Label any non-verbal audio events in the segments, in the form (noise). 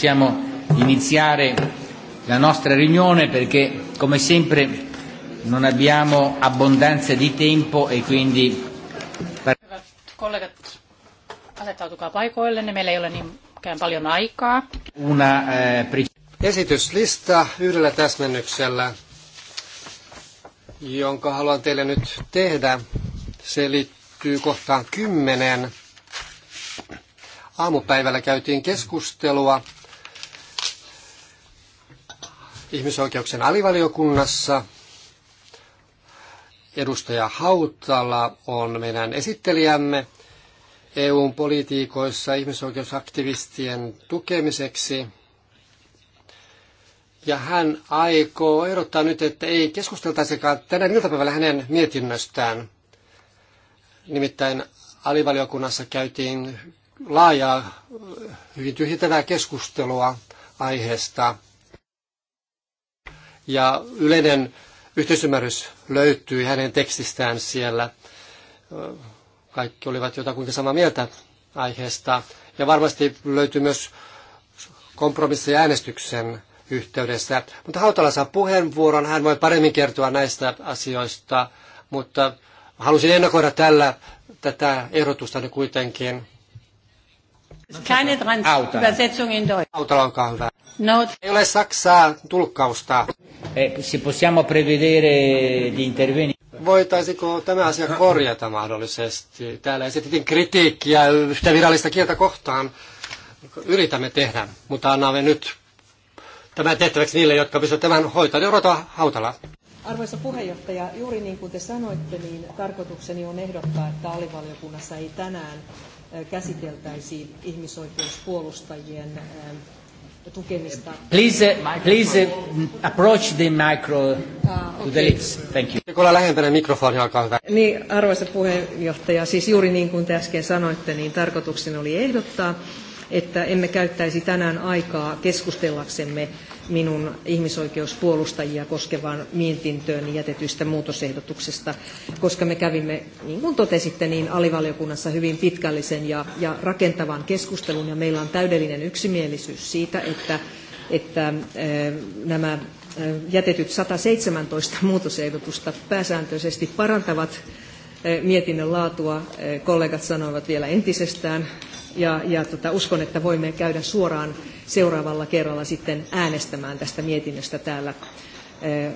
Possiamo iniziare la nostra riunione perché, come sempre, non abbiamo abbondanza di tempo e quindi... kollegat, asettautukaa paikoille, niin meillä ei ole niinkään paljon aikaa. Una, eh, Esityslista yhdellä täsmennyksellä, jonka haluan teille nyt tehdä. Se liittyy kohtaan kymmenen. Aamupäivällä käytiin keskustelua ihmisoikeuksien alivaliokunnassa. Edustaja Hautala on meidän esittelijämme EUn politiikoissa ihmisoikeusaktivistien tukemiseksi. Ja hän aikoo ehdottaa nyt, että ei keskusteltaisikaan tänään iltapäivällä hänen mietinnöstään. Nimittäin alivaliokunnassa käytiin laajaa, hyvin tyhjentävää keskustelua aiheesta ja yleinen yhteisymmärrys löytyi hänen tekstistään siellä. Kaikki olivat jotakuinkin samaa mieltä aiheesta. Ja varmasti löytyy myös kompromissi äänestyksen yhteydessä. Mutta Hautala saa puheenvuoron, hän voi paremmin kertoa näistä asioista, mutta halusin ennakoida tällä tätä ehdotusta nyt kuitenkin. Keine Hautala, olkaa hyvä. Not. Ei ole Saksaa tulkkausta. Eh, se possiamo prevedere di intervenire? Voitaisiko tämä asia korjata mahdollisesti? Täällä esitettiin kritiikkiä yhtä virallista kieltä kohtaan. Yritämme tehdä, mutta annamme nyt tämän tehtäväksi niille, jotka pystyvät tämän hoitamaan. Eurota hautala. Arvoisa puheenjohtaja, juuri niin kuin te sanoitte, niin tarkoitukseni on ehdottaa, että alivaliokunnassa ei tänään eh, käsiteltäisi ihmisoikeuspuolustajien eh, tukemista. Please, uh, please uh, approach the micro ah, to the lips. Thank you. Kola lähempänä mikrofoni alkaa. hyvä. Niin, arvoisa puheenjohtaja, siis juuri niin kuin te äsken sanoitte, niin tarkoituksena oli ehdottaa, että emme käyttäisi tänään aikaa keskustellaksemme minun ihmisoikeuspuolustajia koskevaan mietintöön jätetyistä muutosehdotuksista, koska me kävimme, niin kuin totesitte, niin alivaliokunnassa hyvin pitkällisen ja, ja rakentavan keskustelun, ja meillä on täydellinen yksimielisyys siitä, että, että äh, nämä äh, jätetyt 117 muutosehdotusta pääsääntöisesti parantavat äh, mietinnön laatua. Kollegat sanoivat vielä entisestään, ja, ja tota, uskon, että voimme käydä suoraan seuraavalla kerralla sitten äänestämään tästä mietinnöstä täällä eh,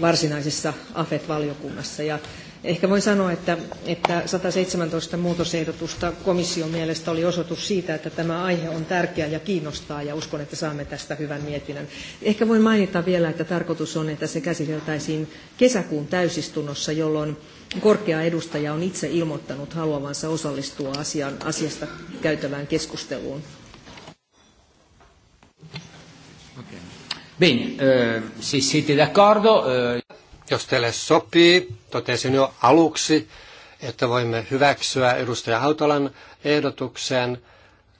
varsinaisessa AFET-valiokunnassa. Ja ehkä voin sanoa, että, että 117 muutosehdotusta komission mielestä oli osoitus siitä, että tämä aihe on tärkeä ja kiinnostaa ja uskon, että saamme tästä hyvän mietinnön. Ehkä voin mainita vielä, että tarkoitus on, että se käsiteltäisiin kesäkuun täysistunnossa, jolloin korkea edustaja on itse ilmoittanut haluavansa osallistua asian, asiasta käytävään keskusteluun Bene, eh, se siete d'accordo... Eh... Jos teille sopii, totesin jo aluksi, että voimme hyväksyä edustaja Hautalan ehdotuksen.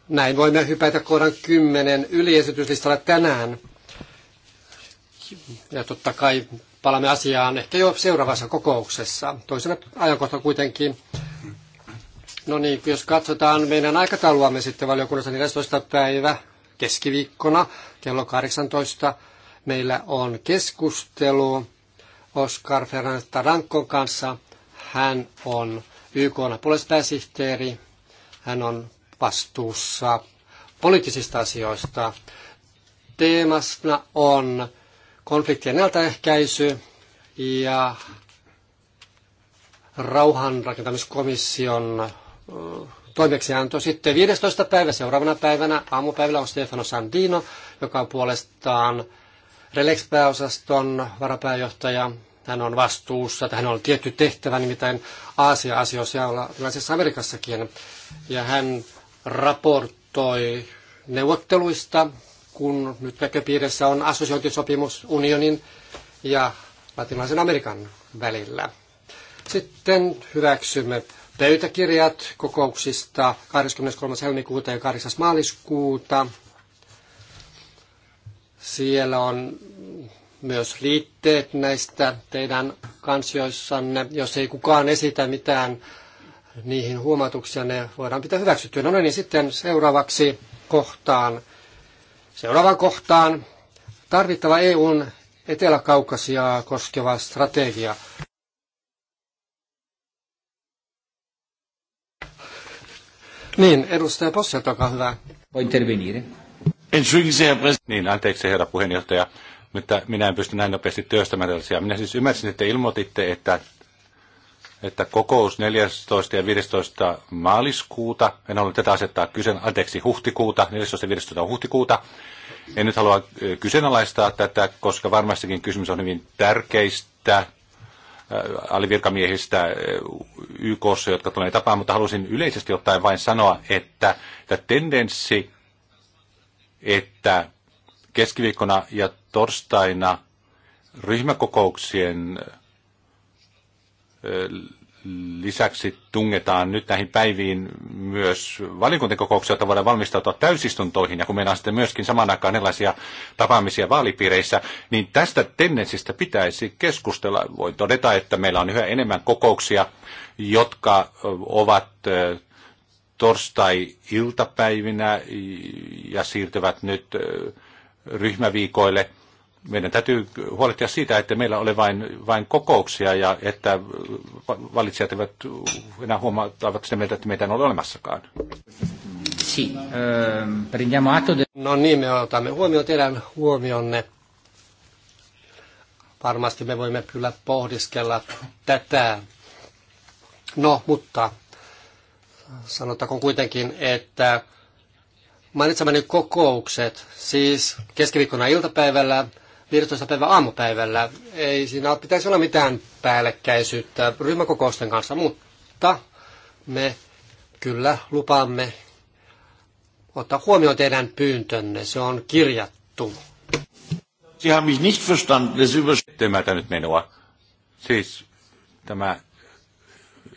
Näin voimme hypätä kohdan kymmenen yliesityslistalla tänään. Ja totta kai palaamme asiaan ehkä jo seuraavassa kokouksessa. Toisena ajankohta kuitenkin. No niin, jos katsotaan meidän aikatauluamme sitten valiokunnassa niin 14. päivä keskiviikkona kello 18 meillä on keskustelu Oscar Fernandez Tarankon kanssa. Hän on YK apulaispääsihteeri. Hän on vastuussa poliittisista asioista. Teemasta on konfliktien ennaltaehkäisy ja rauhanrakentamiskomission toimeksianto. Sitten 15. päivä seuraavana päivänä aamupäivällä on Stefano Sandino, joka on puolestaan Relex-pääosaston varapääjohtaja. Hän on vastuussa, hän on tietty tehtävä, nimittäin Aasia-asioissa ja laisessa Amerikassakin. Ja hän raportoi neuvotteluista, kun nyt näköpiirissä on assosiointisopimus unionin ja latinalaisen Amerikan välillä. Sitten hyväksymme pöytäkirjat kokouksista 23. helmikuuta ja 8. maaliskuuta. Siellä on myös liitteet näistä teidän kansioissanne. Jos ei kukaan esitä mitään niihin huomautuksia, ne voidaan pitää hyväksyttyä. No niin, sitten seuraavaksi kohtaan. Seuraavaan kohtaan tarvittava EUn Etelä-Kaukasiaa koskeva strategia. Niin, edustaja Posselt, olkaa hyvä. Voin intervenire. Niin, anteeksi herra puheenjohtaja, mutta minä en pysty näin nopeasti työstämään tällaisia. Minä siis ymmärsin, että ilmoititte, että, että kokous 14. ja 15. maaliskuuta, en halua tätä asettaa kyseen, anteeksi, huhtikuuta, 14. ja 15. huhtikuuta, en nyt halua kyseenalaistaa tätä, koska varmastikin kysymys on hyvin tärkeistä Äh, alivirkamiehistä äh, YKssa, jotka tulee tapaan, mutta halusin yleisesti ottaen vain sanoa, että, että tendenssi, että keskiviikkona ja torstaina ryhmäkokouksien äh, lisäksi tungetaan nyt näihin päiviin myös valiokuntakokouksia, jotta voidaan valmistautua täysistuntoihin. Ja kun meillä on sitten myöskin samaan aikaan erilaisia tapaamisia vaalipiireissä, niin tästä tendenssistä pitäisi keskustella. Voi todeta, että meillä on yhä enemmän kokouksia, jotka ovat torstai-iltapäivinä ja siirtyvät nyt ryhmäviikoille – meidän täytyy huolehtia siitä, että meillä ole vain, vain kokouksia ja että valitsijat eivät enää huomaa sitä mieltä, että meitä ei ole olemassakaan. Ehm, no niin, me otamme huomioon teidän huomionne. Varmasti me voimme kyllä pohdiskella tätä. No, mutta sanotaanko kuitenkin, että mainitsemani kokoukset, siis keskiviikkona iltapäivällä 15. päivä aamupäivällä. Ei siinä pitäisi olla mitään päällekkäisyyttä ryhmäkokousten kanssa, mutta me kyllä lupaamme ottaa huomioon teidän pyyntönne. Se on kirjattu. Sie haben mich nicht verstanden. ymmärtänyt minua. Siis tämä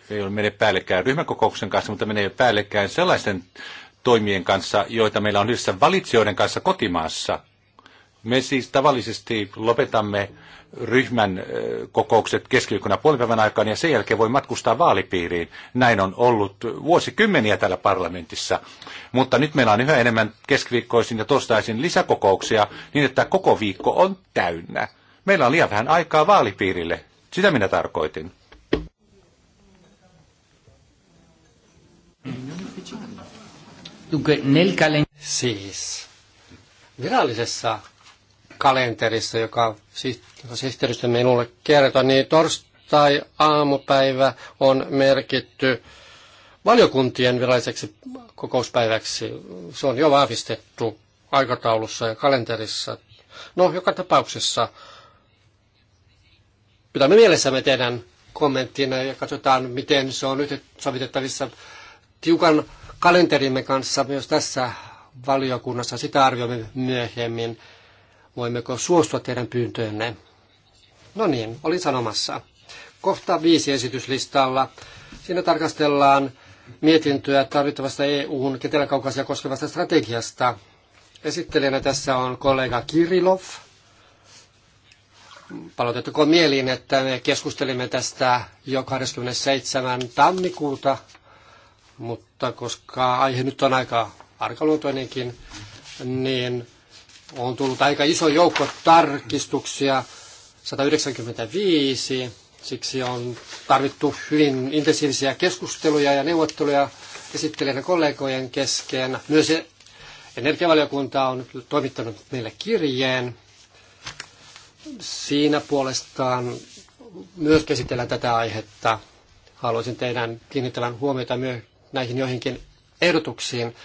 ei ole mene päällekkäin ryhmäkokouksen kanssa, mutta menee päällekkäin sellaisten toimien kanssa, joita meillä on yhdessä valitsijoiden kanssa kotimaassa – me siis tavallisesti lopetamme ryhmän kokoukset keskiviikkona puolipäivän aikaan ja sen jälkeen voi matkustaa vaalipiiriin. Näin on ollut vuosikymmeniä täällä parlamentissa. Mutta nyt meillä on yhä enemmän keskiviikkoisin ja torstaisin lisäkokouksia niin, että koko viikko on täynnä. Meillä on liian vähän aikaa vaalipiirille. Sitä minä tarkoitin. Siis virallisessa kalenterissa, joka sihteeristö minulle kertoi, niin torstai aamupäivä on merkitty valiokuntien viralliseksi kokouspäiväksi. Se on jo vahvistettu aikataulussa ja kalenterissa. No, joka tapauksessa pidämme mielessämme teidän kommenttina ja katsotaan, miten se on nyt sovitettavissa tiukan kalenterimme kanssa myös tässä valiokunnassa. Sitä arvioimme myöhemmin. Voimmeko suostua teidän pyyntöönne? No niin, olin sanomassa. Kohta viisi esityslistalla. Siinä tarkastellaan mietintöä tarvittavasta EUn ketelä koskevasta strategiasta. Esittelijänä tässä on kollega Kirilov. Palautettakoon mieliin, että me keskustelimme tästä jo 27. tammikuuta, mutta koska aihe nyt on aika arkaluontoinenkin, niin on tullut aika iso joukko tarkistuksia, 195, siksi on tarvittu hyvin intensiivisiä keskusteluja ja neuvotteluja esittelijöiden kollegojen kesken. Myös energiavaliokunta on toimittanut meille kirjeen. Siinä puolestaan myös käsitellään tätä aihetta. Haluaisin teidän kiinnittävän huomiota myös näihin joihinkin ehdotuksiin,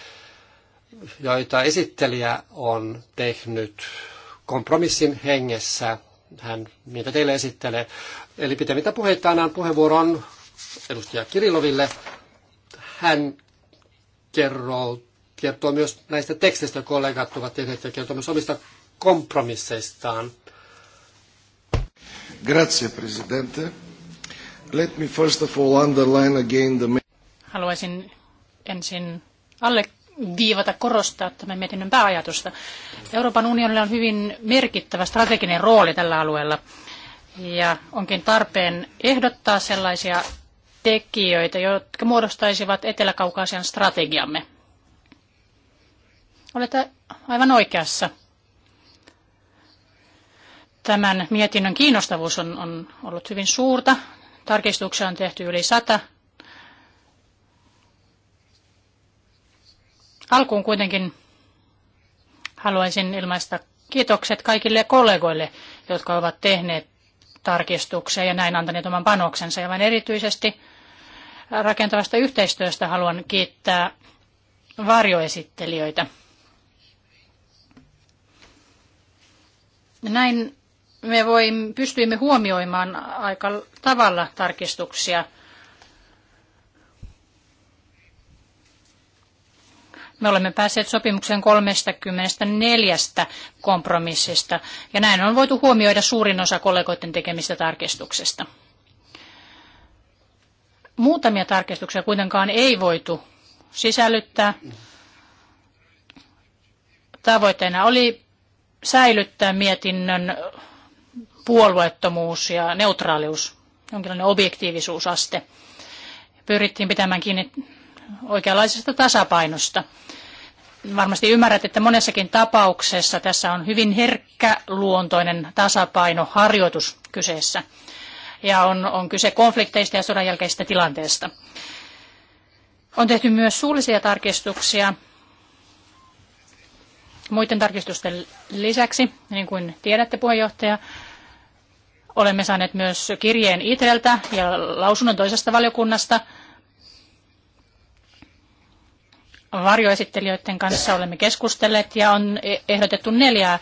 joita esittelijä on tehnyt kompromissin hengessä. Hän niitä teille esittelee. Eli pitemmittä puheita annan puheenvuoron edustaja Kiriloville. Hän kertoo, kertoo myös näistä teksteistä, kollegat ovat tehneet, ja kertoo myös omista kompromisseistaan. Grazie, Presidente. Let me first of all underline again the... Haluaisin ensin alle viivata, korostaa tämän mietinnön pääajatusta. Euroopan unionilla on hyvin merkittävä strateginen rooli tällä alueella ja onkin tarpeen ehdottaa sellaisia tekijöitä, jotka muodostaisivat Etelä-Kaukaasian strategiamme. Olette aivan oikeassa. Tämän mietinnön kiinnostavuus on, on ollut hyvin suurta. Tarkistuksia on tehty yli sata Alkuun kuitenkin haluaisin ilmaista kiitokset kaikille kollegoille, jotka ovat tehneet tarkistuksia ja näin antaneet oman panoksensa. Ja vain erityisesti rakentavasta yhteistyöstä haluan kiittää varjoesittelijöitä. Näin me voimme, pystyimme huomioimaan aika tavalla tarkistuksia – Me olemme päässeet sopimukseen 34 kompromissista ja näin on voitu huomioida suurin osa kollegoiden tekemistä tarkistuksista. Muutamia tarkistuksia kuitenkaan ei voitu sisällyttää. Tavoitteena oli säilyttää mietinnön puolueettomuus ja neutraalius, jonkinlainen objektiivisuusaste. Pyrittiin pitämään kiinni oikeanlaisesta tasapainosta. Varmasti ymmärrät, että monessakin tapauksessa tässä on hyvin herkkä luontoinen tasapainoharjoitus kyseessä. Ja on, on kyse konflikteista ja sodan jälkeisestä tilanteesta. On tehty myös suullisia tarkistuksia muiden tarkistusten lisäksi, niin kuin tiedätte puheenjohtaja, olemme saaneet myös kirjeen Itreltä ja lausunnon toisesta valiokunnasta – varjoesittelijöiden kanssa olemme keskustelleet ja on e- ehdotettu neljää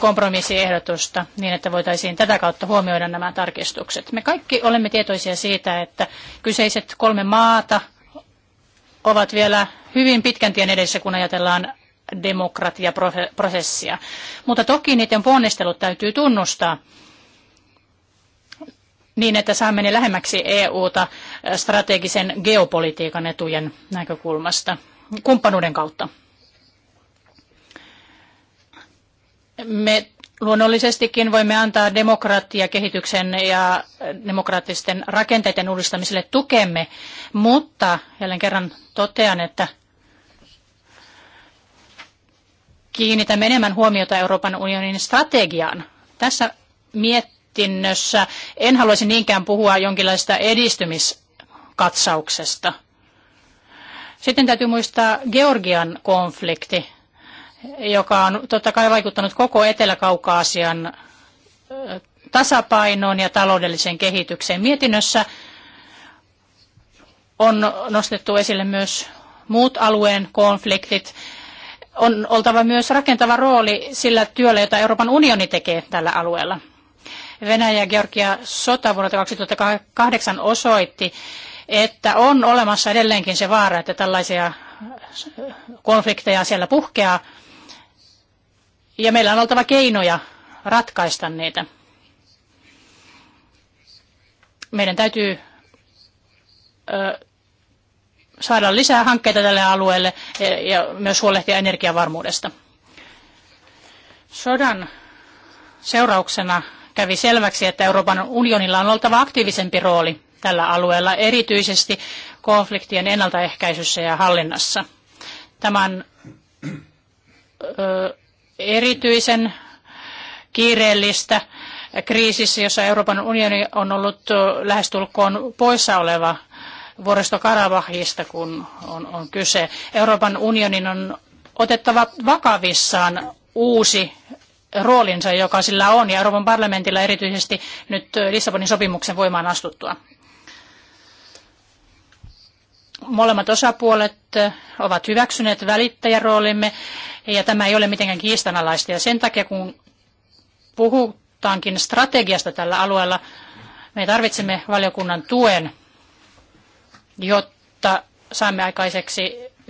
kompromissiehdotusta niin, että voitaisiin tätä kautta huomioida nämä tarkistukset. Me kaikki olemme tietoisia siitä, että kyseiset kolme maata ovat vielä hyvin pitkän tien edessä, kun ajatellaan demokratiaprosessia. Mutta toki niiden ponnistelut täytyy tunnustaa niin, että saamme ne lähemmäksi EUta strategisen geopolitiikan etujen näkökulmasta kumppanuuden kautta. Me luonnollisestikin voimme antaa demokratiakehityksen ja demokraattisten rakenteiden uudistamiselle tukemme, mutta jälleen kerran totean, että kiinnitämme enemmän huomiota Euroopan unionin strategiaan. Tässä mietinnössä en haluaisi niinkään puhua jonkinlaista edistymis katsauksesta. Sitten täytyy muistaa Georgian konflikti, joka on totta kai vaikuttanut koko Etelä-Kaukaasian tasapainoon ja taloudelliseen kehitykseen. Mietinnössä on nostettu esille myös muut alueen konfliktit. On oltava myös rakentava rooli sillä työllä, jota Euroopan unioni tekee tällä alueella. Venäjä ja Georgia sota vuonna 2008 osoitti, että on olemassa edelleenkin se vaara, että tällaisia konflikteja siellä puhkeaa. Ja meillä on oltava keinoja ratkaista niitä. Meidän täytyy ö, saada lisää hankkeita tälle alueelle ja, e, ja myös huolehtia energiavarmuudesta. Sodan seurauksena kävi selväksi, että Euroopan unionilla on oltava aktiivisempi rooli tällä alueella, erityisesti konfliktien ennaltaehkäisyssä ja hallinnassa. Tämä on ö, erityisen kiireellistä kriisissä, jossa Euroopan unioni on ollut lähestulkoon poissa oleva vuoristo Karabahista, kun on, on kyse. Euroopan unionin on otettava vakavissaan uusi roolinsa, joka sillä on, ja Euroopan parlamentilla erityisesti nyt Lissabonin sopimuksen voimaan astuttua. Molemmat osapuolet ovat hyväksyneet välittäjäroolimme ja tämä ei ole mitenkään kiistanalaista. Ja sen takia kun puhutaankin strategiasta tällä alueella, me tarvitsemme valiokunnan tuen, jotta saamme aikaiseksi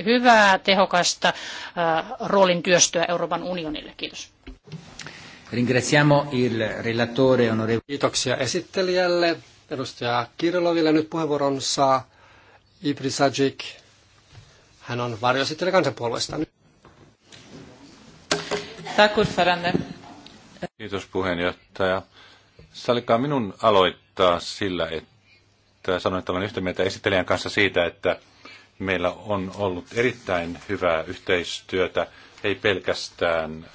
hyvää, tehokasta roolin työstöä Euroopan unionille. Kiitos. Ringraziamo il relatore onorevole. Kiitoksia esittelijälle, edustaja Kirloville. Nyt puheenvuoron saa Ibri Sajik. Hän on varjoesittelijä kansanpuolueesta. Kiitos puheenjohtaja. Sallikaa minun aloittaa sillä, että sanon, että olen yhtä mieltä esittelijän kanssa siitä, että meillä on ollut erittäin hyvää yhteistyötä, ei pelkästään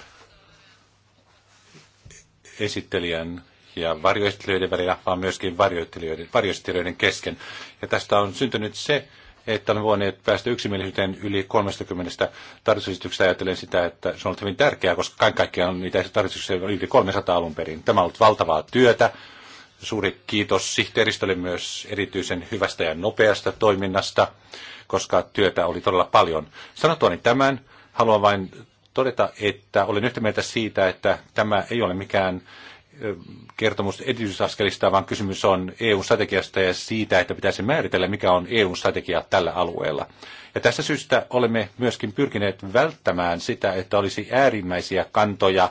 esittelijän ja varjoistelijoiden välillä, vaan myöskin varjoistelijoiden, kesken. Ja tästä on syntynyt se, että olemme voineet päästä yksimielisyyteen yli 30 tarkistusesityksestä ajatellen sitä, että se on ollut hyvin tärkeää, koska kaikki kaikkiaan on niitä tarkistuksia yli 300 alun perin. Tämä on ollut valtavaa työtä. Suuri kiitos sihteeristölle myös erityisen hyvästä ja nopeasta toiminnasta, koska työtä oli todella paljon. Sanotuani tämän, haluan vain todeta, että olen yhtä mieltä siitä, että tämä ei ole mikään kertomus edistysaskelista, vaan kysymys on EU-strategiasta ja siitä, että pitäisi määritellä, mikä on EU-strategia tällä alueella. Ja tästä syystä olemme myöskin pyrkineet välttämään sitä, että olisi äärimmäisiä kantoja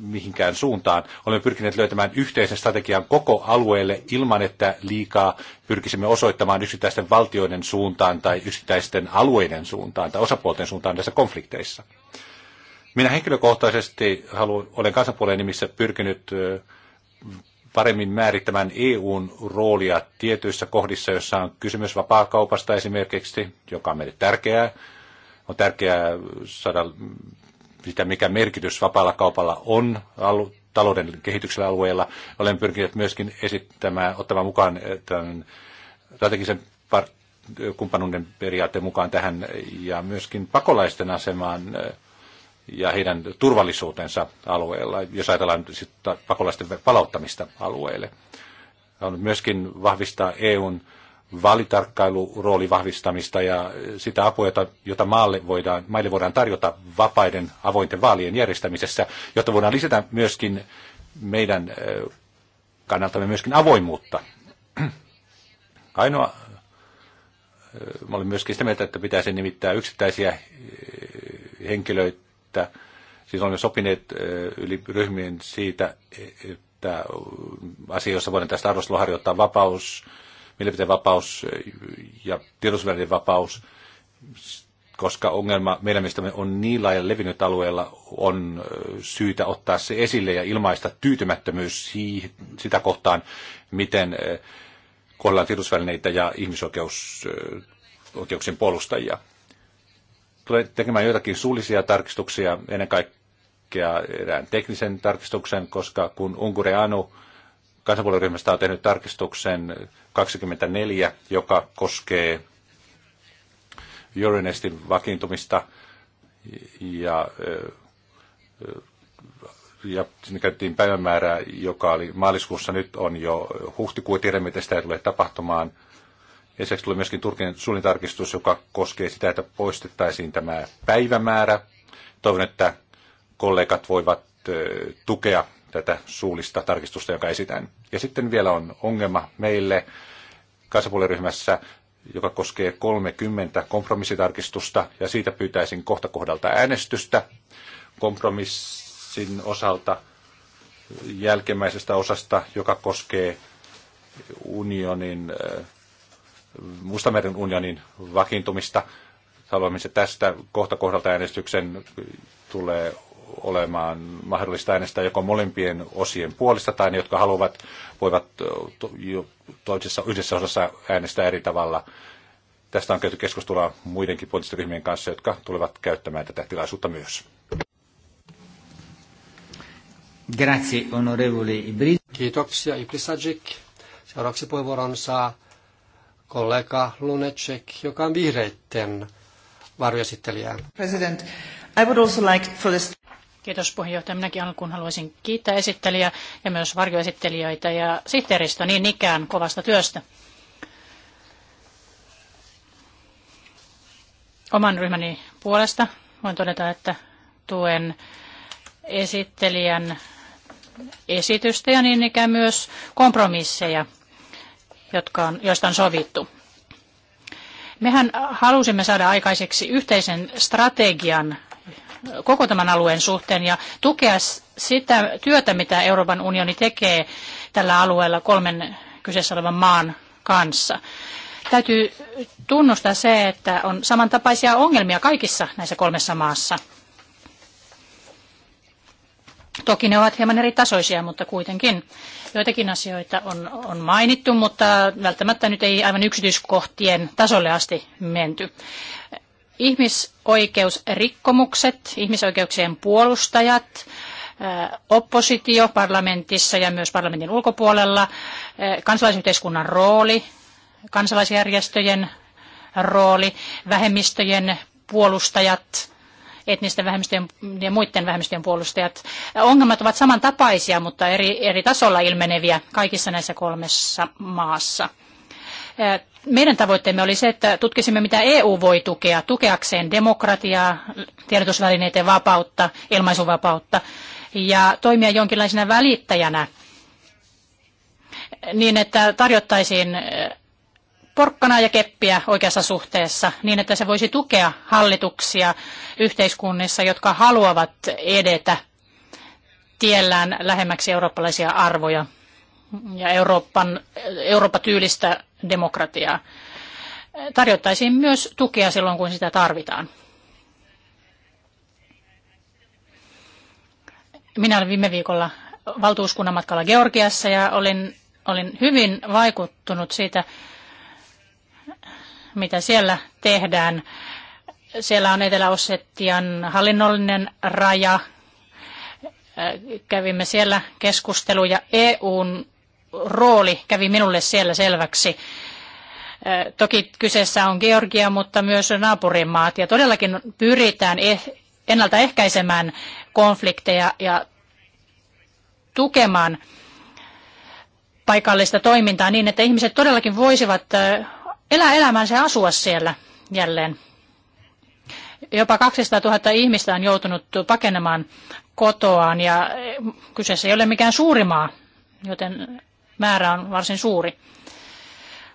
mihinkään suuntaan. Olemme pyrkineet löytämään yhteisen strategian koko alueelle ilman, että liikaa pyrkisimme osoittamaan yksittäisten valtioiden suuntaan tai yksittäisten alueiden suuntaan tai osapuolten suuntaan näissä konflikteissa. Minä henkilökohtaisesti haluan, olen kansanpuolen nimissä pyrkinyt paremmin määrittämään EUn roolia tietyissä kohdissa, joissa on kysymys vapaakaupasta esimerkiksi, joka on meille tärkeää. On tärkeää saada sitä, mikä merkitys vapaalla kaupalla on talouden kehityksellä alueella. Olen pyrkinyt myöskin esittämään, ottamaan mukaan tämän strategisen kumppanuuden periaatteen mukaan tähän ja myöskin pakolaisten asemaan ja heidän turvallisuutensa alueella, jos ajatellaan pakolaisten palauttamista alueelle. On myöskin vahvistaa EUn vaalitarkkailurooli vahvistamista ja sitä apua, jota, jota maalle voidaan, maille voidaan tarjota vapaiden avointen vaalien järjestämisessä, jotta voidaan lisätä myöskin meidän kannaltamme myöskin avoimuutta. Ainoa, mä olin myöskin sitä mieltä, että pitäisi nimittää yksittäisiä henkilöitä että siis olemme sopineet yli ryhmien siitä, että asioissa voidaan tästä arvostelua harjoittaa vapaus, mielipiteen vapaus ja tiedotusvälineiden vapaus, koska ongelma meidän mielestämme on niin laajan levinnyt alueella, on syytä ottaa se esille ja ilmaista tyytymättömyys siihen, sitä kohtaan, miten kohdellaan tiedotusvälineitä ja ihmisoikeuksien puolustajia tulee tekemään joitakin suullisia tarkistuksia, ennen kaikkea erään teknisen tarkistuksen, koska kun Ungureanu kansanpuolueryhmästä on tehnyt tarkistuksen 24, joka koskee Euronestin vakiintumista ja, eh, ja sinne käytettiin päivämäärää, joka oli maaliskuussa, nyt on jo huhtikuun tiedämme, että sitä ei tule tapahtumaan – lisäksi tuli myöskin Turkin suunnitarkistus, joka koskee sitä, että poistettaisiin tämä päivämäärä. Toivon, että kollegat voivat tukea tätä suullista tarkistusta, joka esitän. Ja sitten vielä on ongelma meille kansapuoliryhmässä, joka koskee 30 kompromissitarkistusta, ja siitä pyytäisin kohta kohdalta äänestystä kompromissin osalta jälkimmäisestä osasta, joka koskee unionin Mustameren unionin vakiintumista. Haluamme se tästä kohta kohdalta äänestyksen tulee olemaan mahdollista äänestää joko molempien osien puolesta tai ne, jotka haluavat, voivat toisessa yhdessä osassa äänestää eri tavalla. Tästä on käyty keskustelua muidenkin poliittisten ryhmien kanssa, jotka tulevat käyttämään tätä tilaisuutta myös. Grazie, Kiitoksia, Ibris Seuraavaksi puheenvuoron saa kollega Lunacek, joka on vihreitten varjoesittelijä. President, I would also like for this... Kiitos puheenjohtaja. Minäkin alkuun haluaisin kiittää esittelijää ja myös varjoesittelijöitä ja sihteeristö niin ikään kovasta työstä. Oman ryhmäni puolesta voin todeta, että tuen esittelijän esitystä ja niin ikään myös kompromisseja – jotka on, joista on sovittu. Mehän halusimme saada aikaiseksi yhteisen strategian koko tämän alueen suhteen ja tukea sitä työtä, mitä Euroopan unioni tekee tällä alueella kolmen kyseessä olevan maan kanssa. Täytyy tunnustaa se, että on samantapaisia ongelmia kaikissa näissä kolmessa maassa – Toki ne ovat hieman eri tasoisia, mutta kuitenkin joitakin asioita on, on mainittu, mutta välttämättä nyt ei aivan yksityiskohtien tasolle asti menty. Ihmisoikeusrikkomukset, ihmisoikeuksien puolustajat, äh, oppositio parlamentissa ja myös parlamentin ulkopuolella, äh, kansalaisyhteiskunnan rooli, kansalaisjärjestöjen rooli, vähemmistöjen puolustajat, etnisten vähemmistöjen ja muiden vähemmistöjen puolustajat. Ongelmat ovat samantapaisia, mutta eri, eri tasolla ilmeneviä kaikissa näissä kolmessa maassa. Meidän tavoitteemme oli se, että tutkisimme, mitä EU voi tukea, tukeakseen demokratiaa, tiedotusvälineiden vapautta, ilmaisuvapautta ja toimia jonkinlaisena välittäjänä niin, että tarjottaisiin porkkanaa ja keppiä oikeassa suhteessa, niin että se voisi tukea hallituksia yhteiskunnissa, jotka haluavat edetä tiellään lähemmäksi eurooppalaisia arvoja ja Euroopan, Eurooppa-tyylistä demokratiaa. Tarjottaisiin myös tukea silloin, kun sitä tarvitaan. Minä olin viime viikolla valtuuskunnan matkalla Georgiassa ja olin, olin hyvin vaikuttunut siitä, mitä siellä tehdään. Siellä on Etelä-Ossetian hallinnollinen raja. Äh, kävimme siellä keskusteluja. EUn rooli kävi minulle siellä selväksi. Äh, toki kyseessä on Georgia, mutta myös naapurimaat. Ja todellakin pyritään eh, ennaltaehkäisemään konflikteja ja tukemaan paikallista toimintaa niin, että ihmiset todellakin voisivat äh, elää elämänsä ja asua siellä jälleen. Jopa 200 000 ihmistä on joutunut pakenemaan kotoaan ja kyseessä ei ole mikään suuri maa, joten määrä on varsin suuri.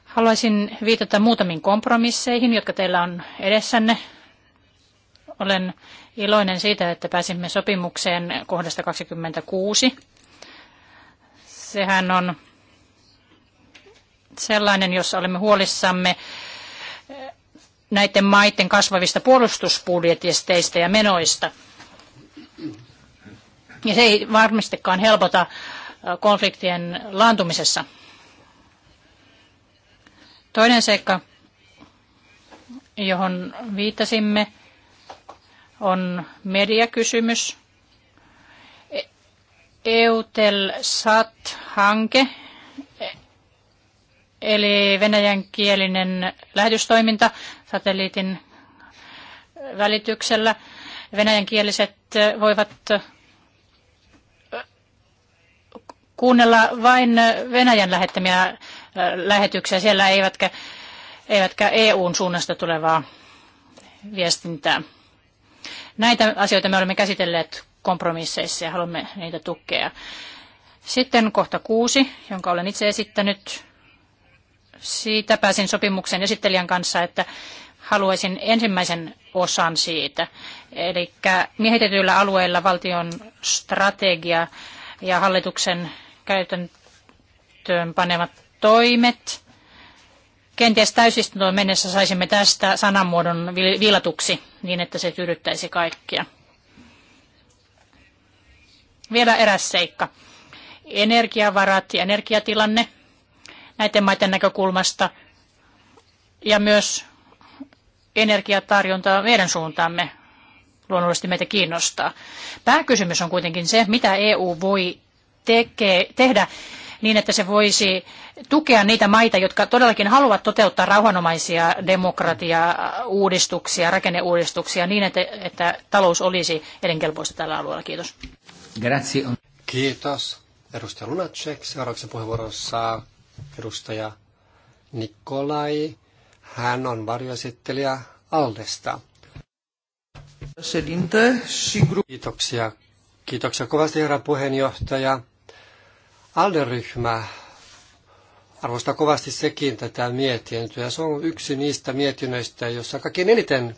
Haluaisin viitata muutamiin kompromisseihin, jotka teillä on edessänne. Olen iloinen siitä, että pääsimme sopimukseen kohdasta 26. Sehän on sellainen, jossa olemme huolissamme näiden maiden kasvavista puolustusbudjetisteista ja menoista. Ja se ei varmastikaan helpota konfliktien laantumisessa. Toinen seikka, johon viittasimme, on mediakysymys. E- EUTEL-SAT-hanke eli venäjänkielinen lähetystoiminta satelliitin välityksellä. Venäjänkieliset voivat kuunnella vain Venäjän lähettämiä lähetyksiä siellä, eivätkä, eivätkä EUn suunnasta tulevaa viestintää. Näitä asioita me olemme käsitelleet kompromisseissa ja haluamme niitä tukea. Sitten kohta kuusi, jonka olen itse esittänyt siitä pääsin sopimuksen esittelijän kanssa, että haluaisin ensimmäisen osan siitä. Eli miehitetyillä alueilla valtion strategia ja hallituksen käytäntöön panemat toimet. Kenties täysistuntoon mennessä saisimme tästä sanamuodon vilatuksi niin, että se tyydyttäisi kaikkia. Vielä eräs seikka. Energiavarat ja energiatilanne näiden maiden näkökulmasta ja myös energiatarjontaa meidän suuntaamme luonnollisesti meitä kiinnostaa. Pääkysymys on kuitenkin se, mitä EU voi tekee, tehdä niin, että se voisi tukea niitä maita, jotka todellakin haluavat toteuttaa rauhanomaisia demokratia-uudistuksia, rakenneuudistuksia niin, että, että talous olisi elinkelpoista tällä alueella. Kiitos. Grazie. Kiitos. Edustaja Lunacek, seuraavaksi puheenvuorossa edustaja Nikolai. Hän on varjoesittelijä Aldesta. Kiitoksia. Kiitoksia kovasti, herra puheenjohtaja. Alderyhmä arvostaa kovasti sekin tätä mietintöä. Se on yksi niistä mietinnöistä, jossa kaikkein eniten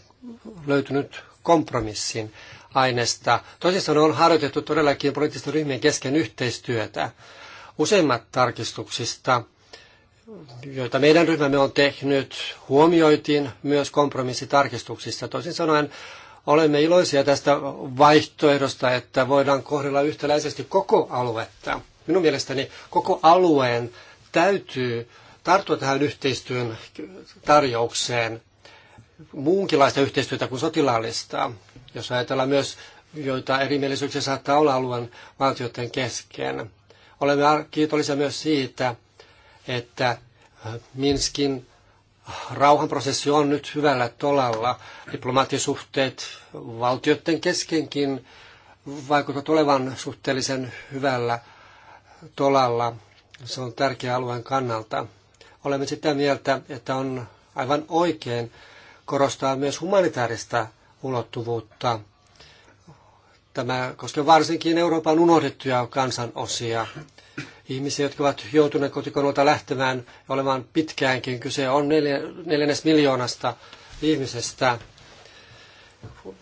löytynyt kompromissin aineesta. Toisin sanoen on harjoitettu todellakin poliittisten ryhmien kesken yhteistyötä. Useimmat tarkistuksista, joita meidän ryhmämme on tehnyt, huomioitiin myös kompromissitarkistuksissa. Toisin sanoen olemme iloisia tästä vaihtoehdosta, että voidaan kohdella yhtäläisesti koko aluetta. Minun mielestäni koko alueen täytyy tarttua tähän yhteistyön tarjoukseen, muunkinlaista yhteistyötä kuin sotilaallista, jos ajatellaan myös joita erimielisyyksiä saattaa olla alueen valtioiden kesken. Olemme kiitollisia myös siitä, että äh, Minskin rauhanprosessi on nyt hyvällä tolalla. Diplomaattisuhteet valtioiden keskenkin vaikuttavat olevan suhteellisen hyvällä tolalla. Se on tärkeä alueen kannalta. Olemme sitä mieltä, että on aivan oikein korostaa myös humanitaarista ulottuvuutta – Tämä koskee varsinkin Euroopan unohdettuja kansanosia. Ihmisiä, jotka ovat joutuneet kotikonulta lähtemään ja olemaan pitkäänkin. Kyse on neljännes miljoonasta ihmisestä.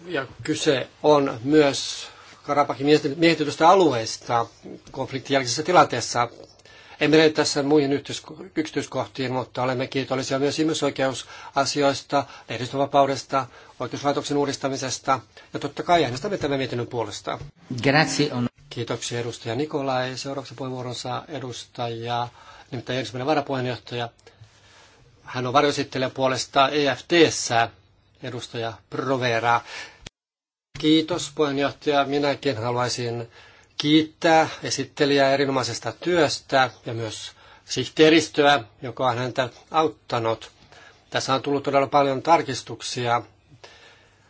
Ja kyse on myös Karapakin miehitetystä alueista konfliktin jälkeisessä tilanteessa. Emme mene tässä muihin yksityiskohtiin, mutta olemme kiitollisia myös ihmisoikeusasioista, lehdistönvapaudesta, oikeuslaitoksen uudistamisesta ja totta kai äänestämme tämän mietinnön puolesta. On. Kiitoksia edustaja Nikolai. Seuraavaksi puheenvuoron saa edustaja, nimittäin ensimmäinen varapuheenjohtaja. Hän on varjoesittelijä puolesta EFTssä, edustaja Provera. Kiitos puheenjohtaja. Minäkin haluaisin kiittää esittelijää erinomaisesta työstä ja myös sihteeristöä, joka on häntä auttanut. Tässä on tullut todella paljon tarkistuksia.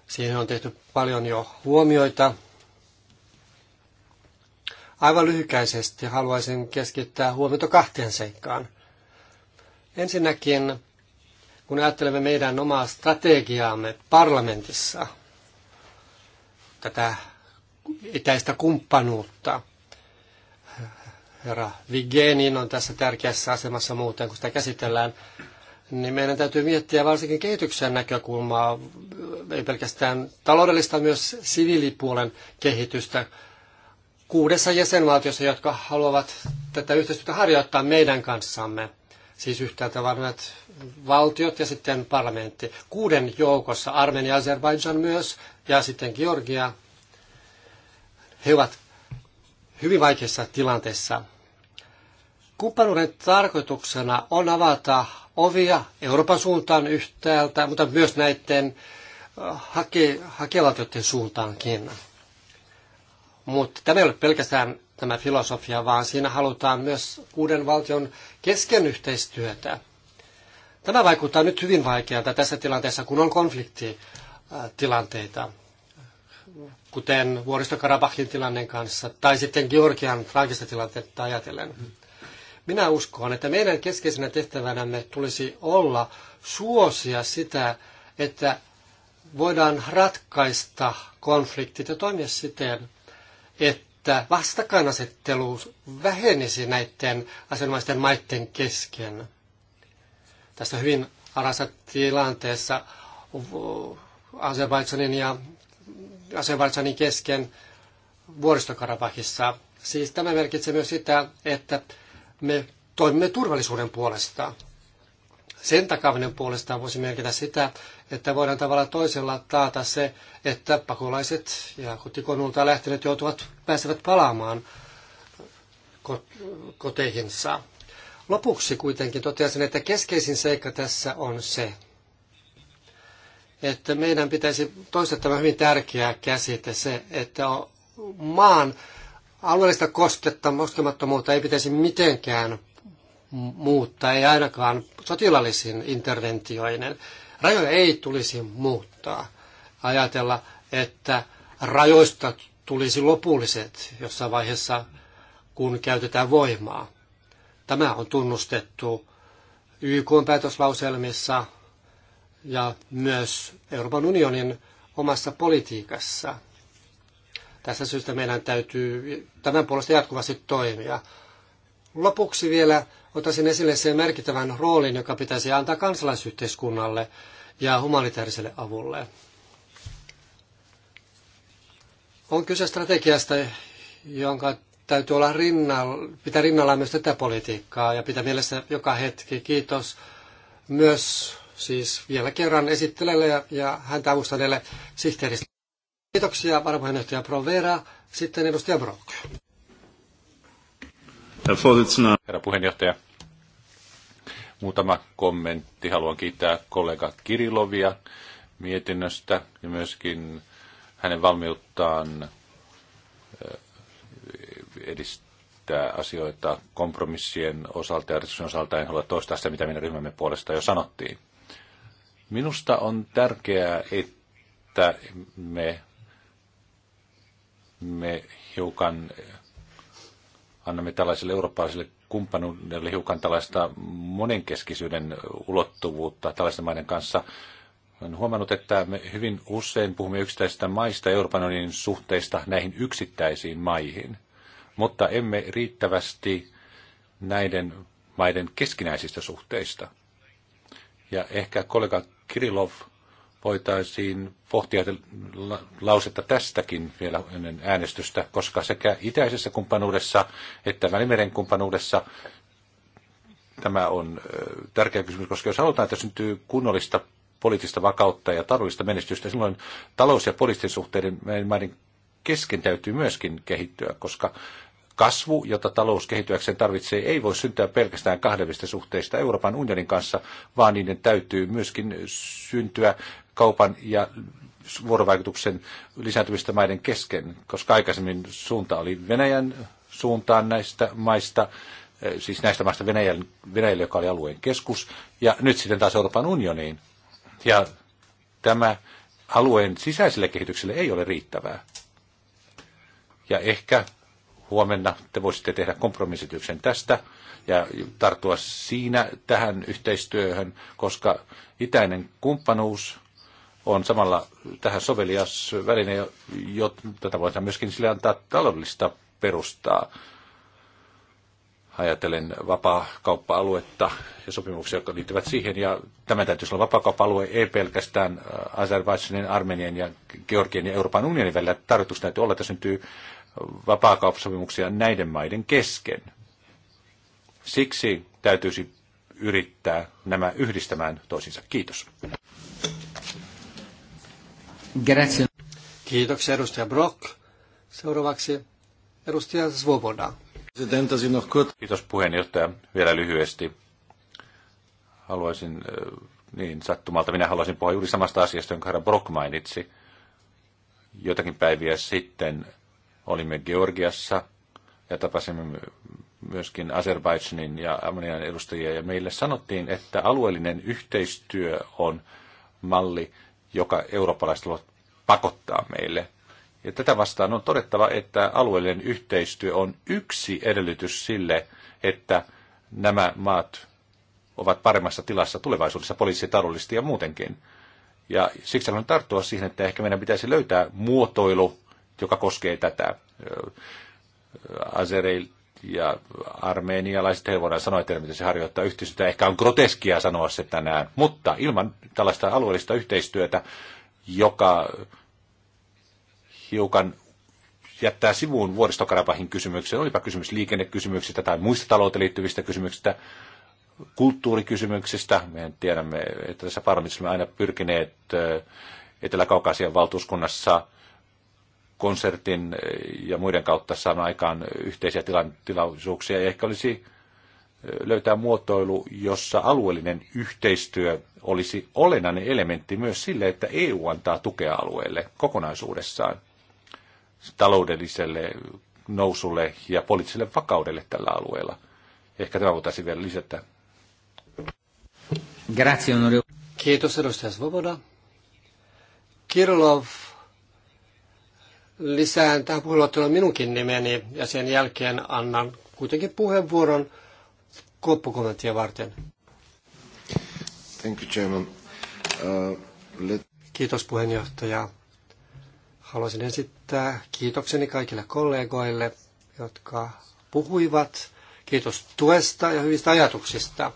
Siihen on tehty paljon jo huomioita. Aivan lyhykäisesti haluaisin keskittää huomiota kahteen seikkaan. Ensinnäkin, kun ajattelemme meidän omaa strategiaamme parlamentissa, tätä etäistä kumppanuutta. Herra Vigenin on tässä tärkeässä asemassa muuten, kun sitä käsitellään niin meidän täytyy miettiä varsinkin kehityksen näkökulmaa, ei pelkästään taloudellista, myös siviilipuolen kehitystä kuudessa jäsenvaltiossa, jotka haluavat tätä yhteistyötä harjoittaa meidän kanssamme. Siis yhtäältä varmat valtiot ja sitten parlamentti. Kuuden joukossa Armenia, Azerbaijan myös ja sitten Georgia. He ovat hyvin vaikeassa tilanteessa. Kumppanuuden tarkoituksena on avata ovia Euroopan suuntaan yhtäältä, mutta myös näiden äh, hake, hakevaltioiden suuntaankin. Mutta tämä ei ole pelkästään tämä filosofia, vaan siinä halutaan myös uuden valtion kesken yhteistyötä. Tämä vaikuttaa nyt hyvin vaikealta tässä tilanteessa, kun on konfliktitilanteita kuten vuoristokarabahin tilanteen kanssa tai sitten Georgian traagista tilannetta ajatellen. Mhm. Minä uskon, että meidän keskeisenä tehtävänämme tulisi olla suosia sitä, että voidaan ratkaista konfliktit ja toimia siten, että vastakkainasettelu vähenisi näiden asianomaisten maiden kesken. Tässä hyvin arassa tilanteessa Azerbaidsanin ja Asevalsanin kesken vuoristokarabahissa. Siis tämä merkitsee myös sitä, että me toimimme turvallisuuden puolesta. Sen takaminen puolestaan voisi merkitä sitä, että voidaan tavalla toisella taata se, että pakolaiset ja kotikonulta lähteneet joutuvat, pääsevät palaamaan koteihinsa. Lopuksi kuitenkin toteaisin, että keskeisin seikka tässä on se, että meidän pitäisi toistaa tämä hyvin tärkeä käsite, se, että maan alueellista kosketta, koskemattomuutta ei pitäisi mitenkään muuttaa, ei ainakaan sotilallisin interventioinen. Rajoja ei tulisi muuttaa. Ajatella, että rajoista tulisi lopulliset jossain vaiheessa, kun käytetään voimaa. Tämä on tunnustettu YK päätöslauselmissa ja myös Euroopan unionin omassa politiikassa. Tässä syystä meidän täytyy tämän puolesta jatkuvasti toimia. Lopuksi vielä ottaisin esille sen merkittävän roolin, joka pitäisi antaa kansalaisyhteiskunnalle ja humanitaariselle avulle. On kyse strategiasta, jonka täytyy olla rinnalla, pitää rinnalla myös tätä politiikkaa ja pitää mielessä joka hetki. Kiitos myös siis vielä kerran esittelelle ja, ja häntä avustaneelle sihteeristä. Kiitoksia varapuheenjohtaja Provera, sitten edustaja Brock. Herra puheenjohtaja, muutama kommentti. Haluan kiittää kollega Kirilovia mietinnöstä ja myöskin hänen valmiuttaan eh, edistää asioita kompromissien osalta ja osalta. En halua toistaa sitä, mitä minä ryhmämme puolesta jo sanottiin. Minusta on tärkeää, että me, me hiukan annamme tällaiselle eurooppalaiselle kumppanuudelle hiukan tällaista monenkeskisyyden ulottuvuutta tällaisten maiden kanssa. Olen huomannut, että me hyvin usein puhumme yksittäisistä maista Euroopan unionin suhteista näihin yksittäisiin maihin, mutta emme riittävästi näiden maiden keskinäisistä suhteista. Ja ehkä kollegat Kirilov voitaisiin pohtia lausetta tästäkin vielä ennen äänestystä, koska sekä itäisessä kumppanuudessa että välimeren kumppanuudessa tämä on tärkeä kysymys, koska jos halutaan, että syntyy kunnollista poliittista vakautta ja taloudellista menestystä, silloin talous- ja poliittisten suhteiden maiden kesken täytyy myöskin kehittyä, koska Kasvu, jota talous kehittyäkseen tarvitsee, ei voi syntyä pelkästään kahdenvälistä suhteista Euroopan unionin kanssa, vaan niiden täytyy myöskin syntyä kaupan ja vuorovaikutuksen lisääntymistä maiden kesken, koska aikaisemmin suunta oli Venäjän suuntaan näistä maista, eh, siis näistä maista Venäjän Venäjälle, joka oli alueen keskus, ja nyt sitten taas Euroopan unioniin. Ja tämä alueen sisäiselle kehitykselle ei ole riittävää. Ja ehkä huomenna te voisitte tehdä kompromissityksen tästä ja tarttua siinä tähän yhteistyöhön, koska itäinen kumppanuus on samalla tähän sovelias väline, jota voidaan myöskin sille antaa taloudellista perustaa. Ajatellen vapaa-kauppa-aluetta ja sopimuksia, jotka liittyvät siihen. Ja tämä täytyisi olla vapaa-kauppa-alue, ei pelkästään Azerbaidžanin, Armenian ja Georgian ja Euroopan unionin välillä. Tarkoitus täytyy olla, että syntyy vapaakauppasopimuksia näiden maiden kesken. Siksi täytyisi yrittää nämä yhdistämään toisiinsa. Kiitos. Grazie. Kiitoksia edustaja Brock. Seuraavaksi edustaja Svoboda. Kiitos puheenjohtaja. Vielä lyhyesti. Haluaisin, äh, niin sattumalta, minä haluaisin puhua juuri samasta asiasta, jonka herra Brock mainitsi jotakin päiviä sitten Olimme Georgiassa ja tapasimme myöskin Azerbaidžanin ja Armenian edustajia, ja meille sanottiin, että alueellinen yhteistyö on malli, joka eurooppalaiset voivat pakottaa meille. Ja tätä vastaan on todettava, että alueellinen yhteistyö on yksi edellytys sille, että nämä maat ovat paremmassa tilassa tulevaisuudessa poliisi, ja muutenkin. Ja siksi haluan tarttua siihen, että ehkä meidän pitäisi löytää muotoilu, joka koskee tätä. Azereil ja armeenialaiset, he voidaan sanoa, että se harjoittaa yhteistyötä. Ehkä on groteskia sanoa se tänään, mutta ilman tällaista alueellista yhteistyötä, joka hiukan jättää sivuun vuoristokarapahin kysymykseen, olipa kysymys liikennekysymyksistä tai muista talouteen liittyvistä kysymyksistä, kulttuurikysymyksistä. Mehän tiedämme, että tässä parlamentissa me aina pyrkineet Etelä-Kaukasian valtuuskunnassa konsertin eh, ja muiden kautta saada aikaan yhteisiä tilaisuuksia. Ja ehkä olisi eh, löytää muotoilu, jossa alueellinen yhteistyö olisi olennainen elementti myös sille, että EU antaa tukea alueelle kokonaisuudessaan taloudelliselle nousulle ja poliittiselle vakaudelle tällä alueella. Ehkä tämä voitaisiin vielä lisätä. Grazie, Kiitos edustaja Svoboda. Kirilov lisään tähän puheenluetteloon minunkin nimeni ja sen jälkeen annan kuitenkin puheenvuoron loppukommenttia varten. Thank you, Chairman. Uh, let... Kiitos puheenjohtaja. Haluaisin esittää kiitokseni kaikille kollegoille, jotka puhuivat. Kiitos tuesta ja hyvistä ajatuksista.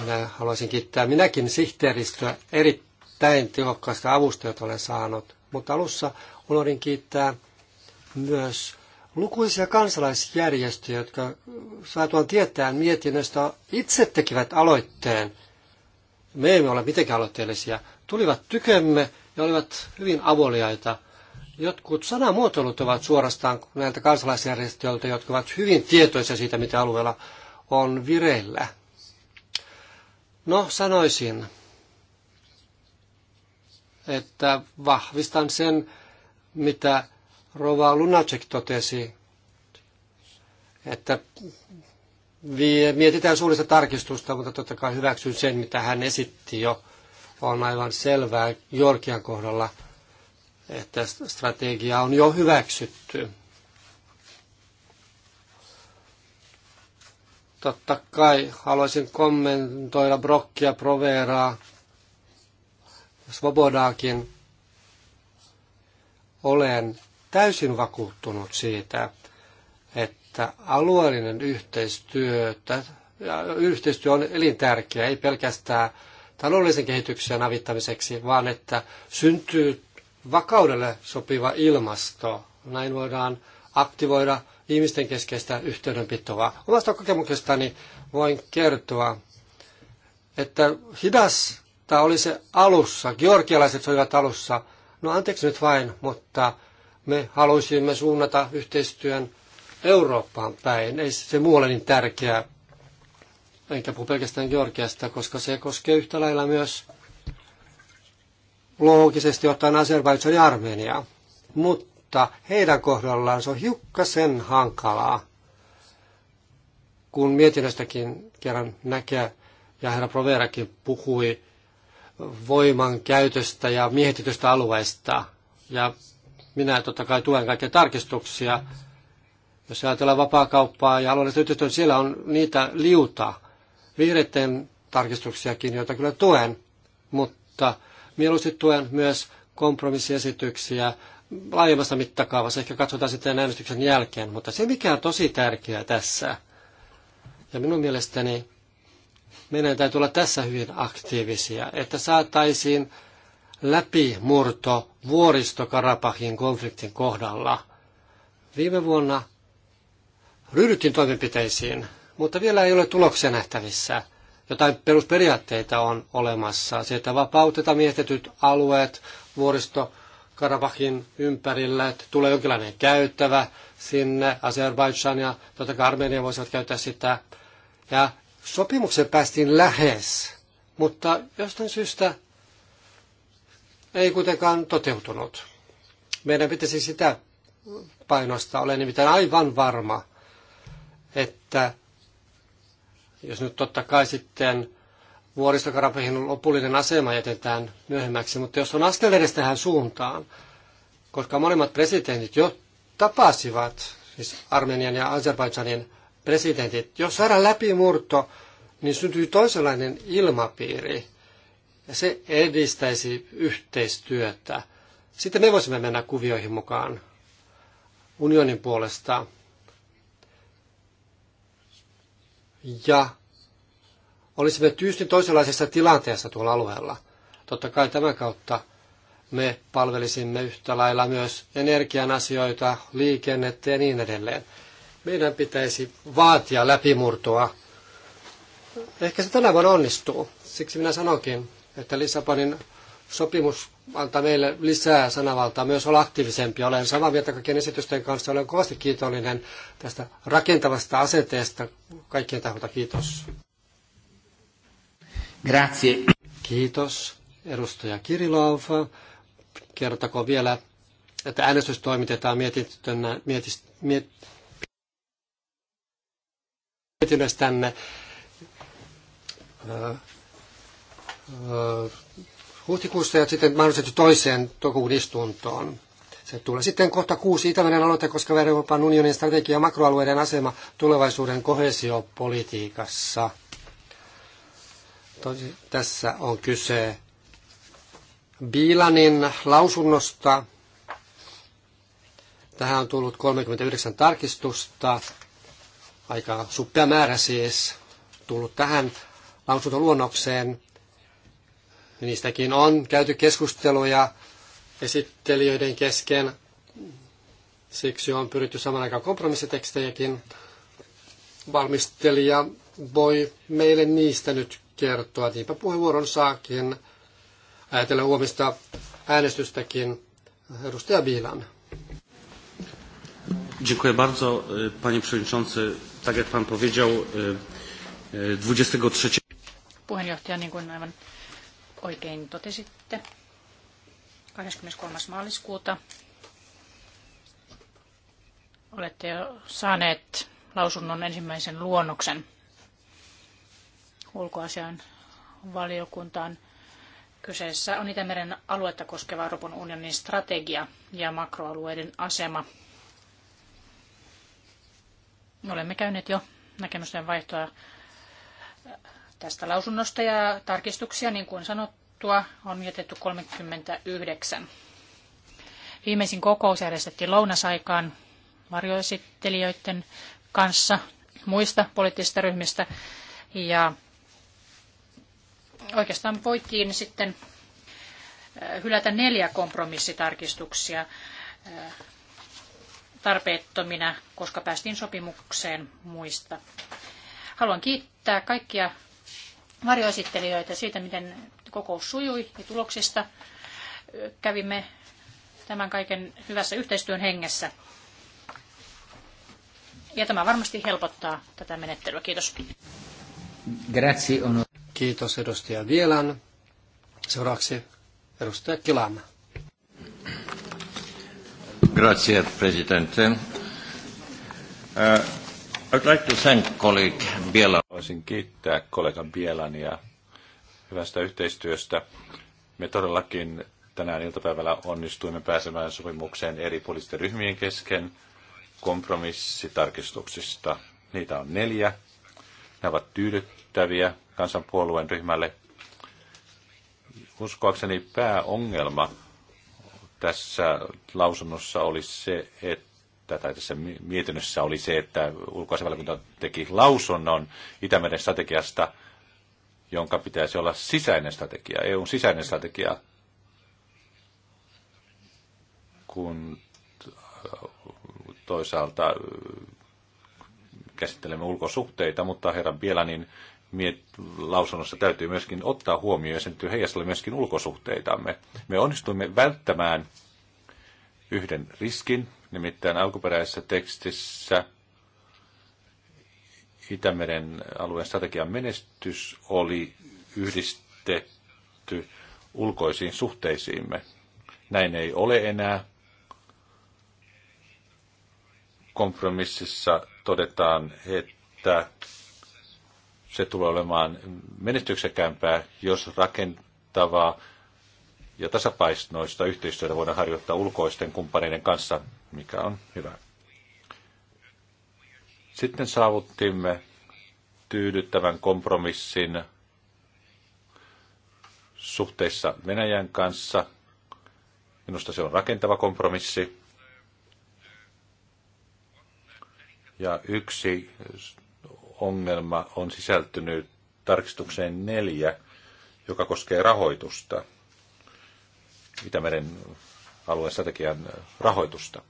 Minä haluaisin kiittää minäkin sihteeristöä erittäin tehokkaasta avusta, jota olen saanut mutta alussa unohdin kiittää myös lukuisia kansalaisjärjestöjä, jotka saatuaan tietää mietinnöstä itse tekivät aloitteen. Me emme ole mitenkään aloitteellisia. Tulivat tykemme ja olivat hyvin avoliaita. Jotkut sanamuotoilut ovat suorastaan näiltä kansalaisjärjestöiltä, jotka ovat hyvin tietoisia siitä, mitä alueella on vireillä. No, sanoisin, että vahvistan sen, mitä Rova Lunacek totesi, että mietitään suurista tarkistusta, mutta totta kai hyväksyn sen, mitä hän esitti jo. On aivan selvää Georgian kohdalla, että strategia on jo hyväksytty. Totta kai haluaisin kommentoida Brokkia Proveraa Svobodaakin, olen täysin vakuuttunut siitä, että alueellinen yhteistyö, yhteistyö on elintärkeä, ei pelkästään taloudellisen kehityksen avittamiseksi, vaan että syntyy vakaudelle sopiva ilmasto. Näin voidaan aktivoida ihmisten keskeistä yhteydenpitoa. Omasta kokemuksestani voin kertoa, että hidas tai oli se alussa, georgialaiset olivat alussa, no anteeksi nyt vain, mutta me haluaisimme suunnata yhteistyön Eurooppaan päin. Ei se muu ole niin tärkeää, enkä puhu pelkästään Georgiasta, koska se koskee yhtä lailla myös loogisesti ottaen Azerbaidžan ja Armeniaa. Mutta heidän kohdallaan se on hiukkasen hankalaa, kun mietinnöstäkin kerran näkee, ja herra Proverakin puhui voiman käytöstä ja miehitetystä alueesta. Ja minä totta kai tuen kaikkia tarkistuksia. Jos ajatellaan vapaakauppaa ja alueellista yhteistyötä, siellä on niitä liuta vihreiden tarkistuksiakin, joita kyllä tuen, mutta mieluusti tuen myös kompromissiesityksiä laajemmassa mittakaavassa. Ehkä katsotaan sitten äänestyksen jälkeen, mutta se mikä on tosi tärkeää tässä, ja minun mielestäni meidän täytyy olla tässä hyvin aktiivisia, että saataisiin läpimurto Vuoristo-Karabahin konfliktin kohdalla. Viime vuonna ryhdyttiin toimenpiteisiin, mutta vielä ei ole tuloksia nähtävissä. Jotain perusperiaatteita on olemassa. Se, että vapautetaan mietityt alueet vuoristo Karabahin ympärillä, että tulee jonkinlainen käyttävä sinne. Azerbaidžan ja totta kai Armenia voisivat käyttää sitä. Ja Sopimukseen päästiin lähes, mutta jostain syystä ei kuitenkaan toteutunut. Meidän pitäisi sitä painosta. Olen nimittäin aivan varma, että jos nyt totta kai sitten vuoristokarapehin lopullinen asema jätetään myöhemmäksi, mutta jos on askel edes tähän suuntaan, koska molemmat presidentit jo tapasivat, siis Armenian ja Azerbaidžanin presidentit. Jos saadaan läpimurto, niin syntyy toisenlainen ilmapiiri ja se edistäisi yhteistyötä. Sitten me voisimme mennä kuvioihin mukaan unionin puolesta. Ja olisimme tyystin toisenlaisessa tilanteessa tuolla alueella. Totta kai tämän kautta me palvelisimme yhtä lailla myös energian asioita, liikennettä ja niin edelleen. Meidän pitäisi vaatia läpimurtoa. Ehkä se tänä vuonna onnistuu. Siksi minä sanokin, että Lissabonin sopimus antaa meille lisää sanavaltaa, myös olla aktiivisempi Olen samaa mieltä kaikkien esitysten kanssa. Olen kovasti kiitollinen tästä rakentavasta asenteesta kaikkien taholta. Kiitos. Grazie. Kiitos, edustaja Kirilov. Kertako vielä, että äänestys toimitetaan mietintönä, mietist, miet, tänne huhtikuussa ja sitten mahdollisesti toiseen tokuun istuntoon. Se tulee sitten kohta kuusi Itämeren aloite koska Euroopan unionin strategia makroalueiden asema tulevaisuuden kohesiopolitiikassa. Tosi, tässä on kyse Biilanin lausunnosta. Tähän on tullut 39 tarkistusta aika suppea määrä siis tullut tähän lausuntoluonnokseen. Niistäkin on käyty keskusteluja esittelijöiden kesken. Siksi on pyritty saman aikaan kompromissitekstejäkin. Valmistelija voi meille niistä nyt kertoa. Niinpä puheenvuoron saakin. ajatella huomista äänestystäkin edustaja Viilan. Dziękuję bardzo, panie przewodniczący tak jak pan powiedział, 23. Puheenjohtaja, niin kuin aivan oikein totesitte, 23. maaliskuuta olette jo saaneet lausunnon ensimmäisen luonnoksen ulkoasian valiokuntaan. Kyseessä on Itämeren aluetta koskeva Euroopan unionin strategia ja makroalueiden asema – Olemme käyneet jo näkemysten vaihtoa tästä lausunnosta ja tarkistuksia, niin kuin sanottua, on jätetty 39. Viimeisin kokous järjestettiin lounasaikaan varjoesittelijöiden kanssa muista poliittisista ryhmistä. Ja oikeastaan voitiin sitten äh, hylätä neljä kompromissitarkistuksia. Äh, tarpeettomina, koska päästiin sopimukseen muista. Haluan kiittää kaikkia varjoesittelijöitä siitä, miten kokous sujui ja tuloksista. Kävimme tämän kaiken hyvässä yhteistyön hengessä. Ja tämä varmasti helpottaa tätä menettelyä. Kiitos. Grazie. Kiitos edustaja Vielan. Seuraavaksi edustaja Kilama. Grazie, Presidente. Uh, I'd like to thank colleague Voisin kiittää kollega Bielania hyvästä yhteistyöstä. Me todellakin tänään iltapäivällä onnistuimme pääsemään sopimukseen eri poliittisten ryhmien kesken kompromissitarkistuksista. Niitä on neljä. Ne ovat tyydyttäviä kansanpuolueen ryhmälle. Uskoakseni pääongelma tässä lausunnossa oli se, että, tai tässä mietinnössä oli se, että ulkoasiavaliokunta teki lausunnon Itämeren strategiasta, jonka pitäisi olla sisäinen strategia, EUn sisäinen strategia, kun toisaalta käsittelemme ulkosuhteita, mutta herra Bielanin miet- lausunnossa täytyy myöskin ottaa huomioon ja sen täytyy heijastella myöskin ulkosuhteitamme. Me onnistuimme välttämään yhden riskin, nimittäin alkuperäisessä tekstissä Itämeren alueen strategian menestys oli yhdistetty ulkoisiin suhteisiimme. Näin ei ole enää. Kompromississa todetaan, että se tulee olemaan menestyksekämpää, jos rakentavaa ja tasapainoista yhteistyötä voidaan harjoittaa ulkoisten kumppaneiden kanssa, mikä on hyvä. Sitten saavuttimme tyydyttävän kompromissin suhteissa Venäjän kanssa. Minusta se on rakentava kompromissi. Ja yksi ongelma on sisältynyt tarkistukseen neljä, joka koskee rahoitusta, Itämeren alueen strategian rahoitusta.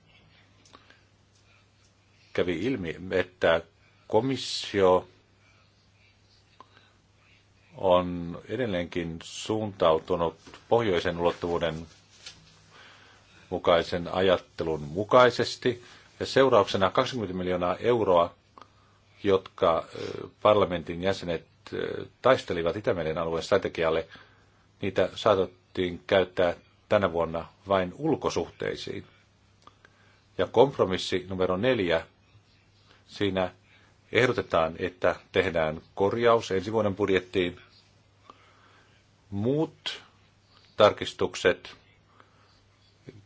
Kävi ilmi, että komissio on edelleenkin suuntautunut pohjoisen ulottuvuuden mukaisen ajattelun mukaisesti, ja seurauksena 20 miljoonaa euroa jotka parlamentin jäsenet taistelivat Itämeren alueen strategialle, niitä saatettiin käyttää tänä vuonna vain ulkosuhteisiin. Ja kompromissi numero neljä, siinä ehdotetaan, että tehdään korjaus ensi vuoden budjettiin. Muut tarkistukset,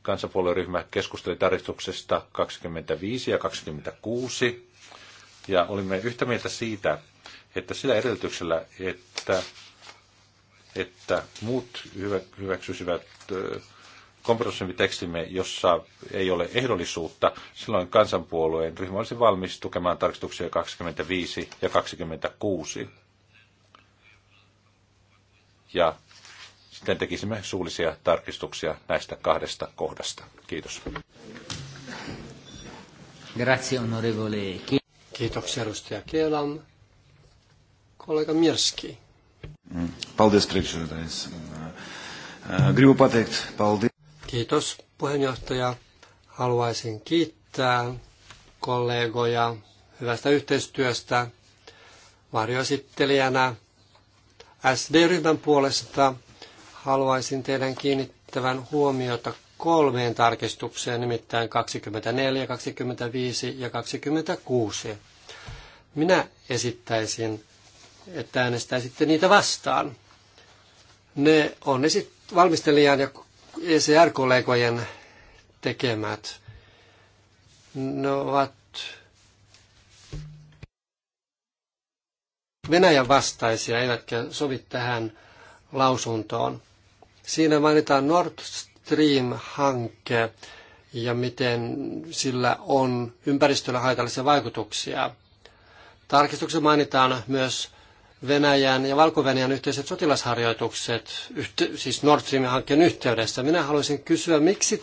kansanpuolueryhmä keskusteli tarkistuksesta 25 ja 26, ja olimme yhtä mieltä siitä, että sillä edellytyksellä, että, että muut hyväksyisivät kompromissitekstimme, jossa ei ole ehdollisuutta, silloin kansanpuolueen ryhmä olisi valmis tukemaan tarkistuksia 25 ja 26. Ja sitten tekisimme suullisia tarkistuksia näistä kahdesta kohdasta. Kiitos. Grazie, onorevole. Kiitoksia edustaja Kollega Mirski. Paldies, priekšsēdētājs. Gribu pateikt, paldies. Kiitos puheenjohtaja. Haluaisin kiittää kollegoja hyvästä yhteistyöstä varjoesittelijänä SD-ryhmän puolesta. Haluaisin teidän kiinnittävän huomiota kolmeen tarkistukseen, nimittäin 24, 25 ja 26. Minä esittäisin, että äänestäisitte niitä vastaan. Ne on esit- valmistelijan ja ECR-kollegojen tekemät. Ne ovat Venäjän vastaisia, eivätkä sovi tähän lausuntoon. Siinä mainitaan Nord Stream-hanke ja miten sillä on ympäristölle haitallisia vaikutuksia. Tarkistuksessa mainitaan myös Venäjän ja valko -Venäjän yhteiset sotilasharjoitukset, yhte, siis Nord Stream-hankkeen yhteydessä. Minä haluaisin kysyä, miksi,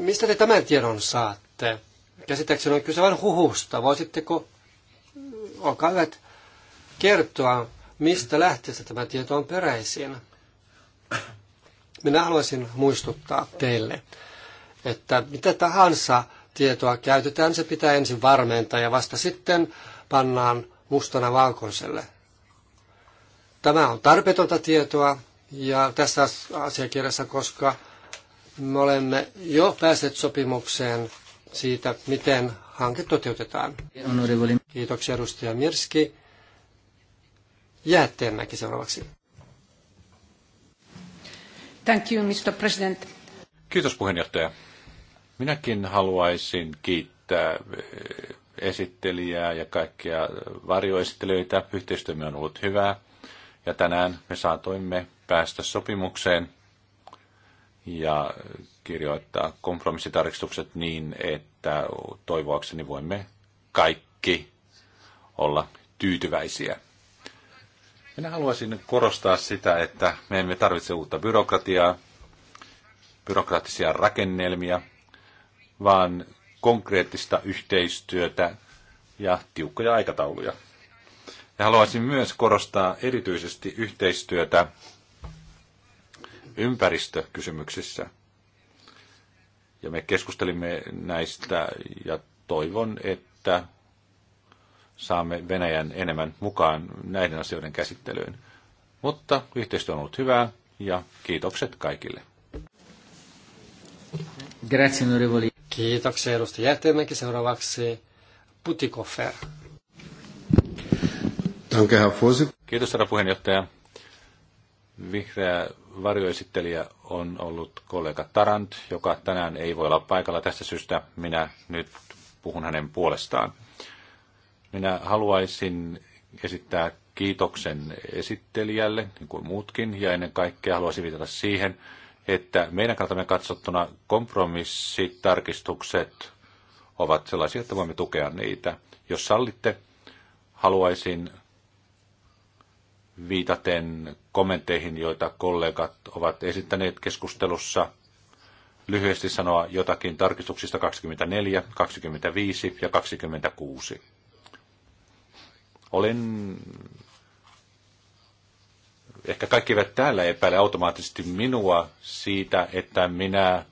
mistä te tämän tiedon saatte? Käsittääkseni on kyse vain huhusta. Voisitteko, olkaa hyvä, kertoa, mistä lähteestä tämä tieto on peräisin? Minä haluaisin muistuttaa teille, että mitä tahansa tietoa käytetään, se pitää ensin varmentaa ja vasta sitten pannaan mustana valkoiselle. Tämä on tarpeetonta tietoa ja tässä asiakirjassa, koska me olemme jo päässeet sopimukseen siitä, miten hanke toteutetaan. Kiitoksia edustaja Mirski. Jäätteenmäki seuraavaksi. Thank you, Mr. President. Kiitos puheenjohtaja. Minäkin haluaisin kiittää eh, esittelijää ja kaikkia varjoesittelijöitä. Yhteistyömme on ollut hyvää ja tänään me saatoimme päästä sopimukseen ja kirjoittaa kompromissitarkistukset niin, että toivoakseni voimme kaikki olla tyytyväisiä. Minä haluaisin korostaa sitä, että me emme tarvitse uutta byrokratiaa, byrokraattisia rakennelmia vaan konkreettista yhteistyötä ja tiukkoja aikatauluja. Ja haluaisin myös korostaa erityisesti yhteistyötä ympäristökysymyksissä. Ja me keskustelimme näistä ja toivon, että saamme Venäjän enemmän mukaan näiden asioiden käsittelyyn. Mutta yhteistyö on ollut hyvää ja kiitokset kaikille. Grazie, onorevoli. Kiitoksia edustaja Jätemäki. Seuraavaksi Putikofer. Kiitos herra puheenjohtaja. Vihreä varjoesittelijä on ollut kollega Tarant, joka tänään ei voi olla paikalla. Tästä syystä minä nyt puhun hänen puolestaan. Minä haluaisin esittää kiitoksen esittelijälle, niin kuin muutkin, ja ennen kaikkea haluaisin viitata siihen, että meidän kannaltamme katsottuna kompromissitarkistukset ovat sellaisia, että voimme tukea niitä. Jos sallitte, haluaisin viitaten kommentteihin, joita kollegat ovat esittäneet keskustelussa, lyhyesti sanoa jotakin tarkistuksista 24, 25 ja 26. Olen ehkä kaikki eivät täällä epäile automaattisesti minua siitä, että minä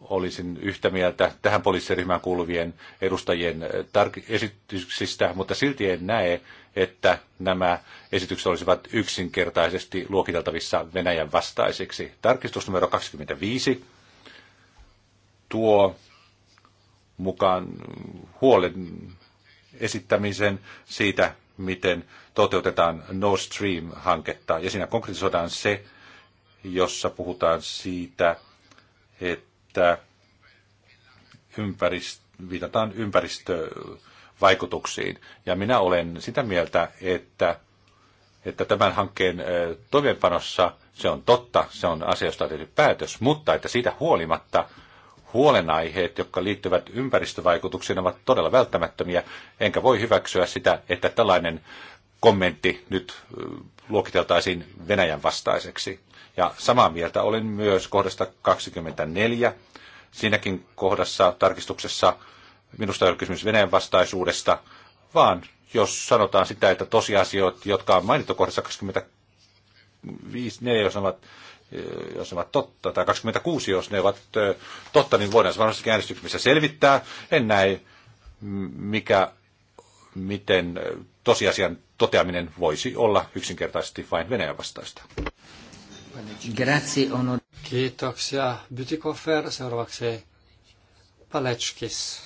olisin yhtä mieltä tähän poliisiryhmään kuuluvien edustajien äh, esityksistä, mutta silti en näe, että nämä esitykset olisivat yksinkertaisesti luokiteltavissa Venäjän vastaisiksi. Tarkistus numero 25 tuo mukaan huolen esittämisen siitä, miten toteutetaan No Stream-hanketta. Ja siinä konkretisoidaan se, jossa puhutaan siitä, että ympärist- viitataan ympäristövaikutuksiin. Ja minä olen sitä mieltä, että, että tämän hankkeen toimeenpanossa se on totta, se on asia, josta on tehty päätös, mutta että siitä huolimatta – huolenaiheet, jotka liittyvät ympäristövaikutuksiin, ovat todella välttämättömiä, enkä voi hyväksyä sitä, että tällainen kommentti nyt luokiteltaisiin Venäjän vastaiseksi. Ja samaa mieltä olen myös kohdasta 24. Siinäkin kohdassa tarkistuksessa minusta ei ole kysymys Venäjän vastaisuudesta, vaan jos sanotaan sitä, että tosiasiat, jotka on mainittu kohdassa 25, 4 jos ovat, jos ne ovat totta, tai 26, jos ne ovat totta, niin voidaan se varmastikin äänestyksessä selvittää. En näe, mikä, miten tosiasian toteaminen voisi olla yksinkertaisesti vain Venäjän vastaista. Grazie, Kiitoksia. Bytikofer, seuraavaksi Palechkis.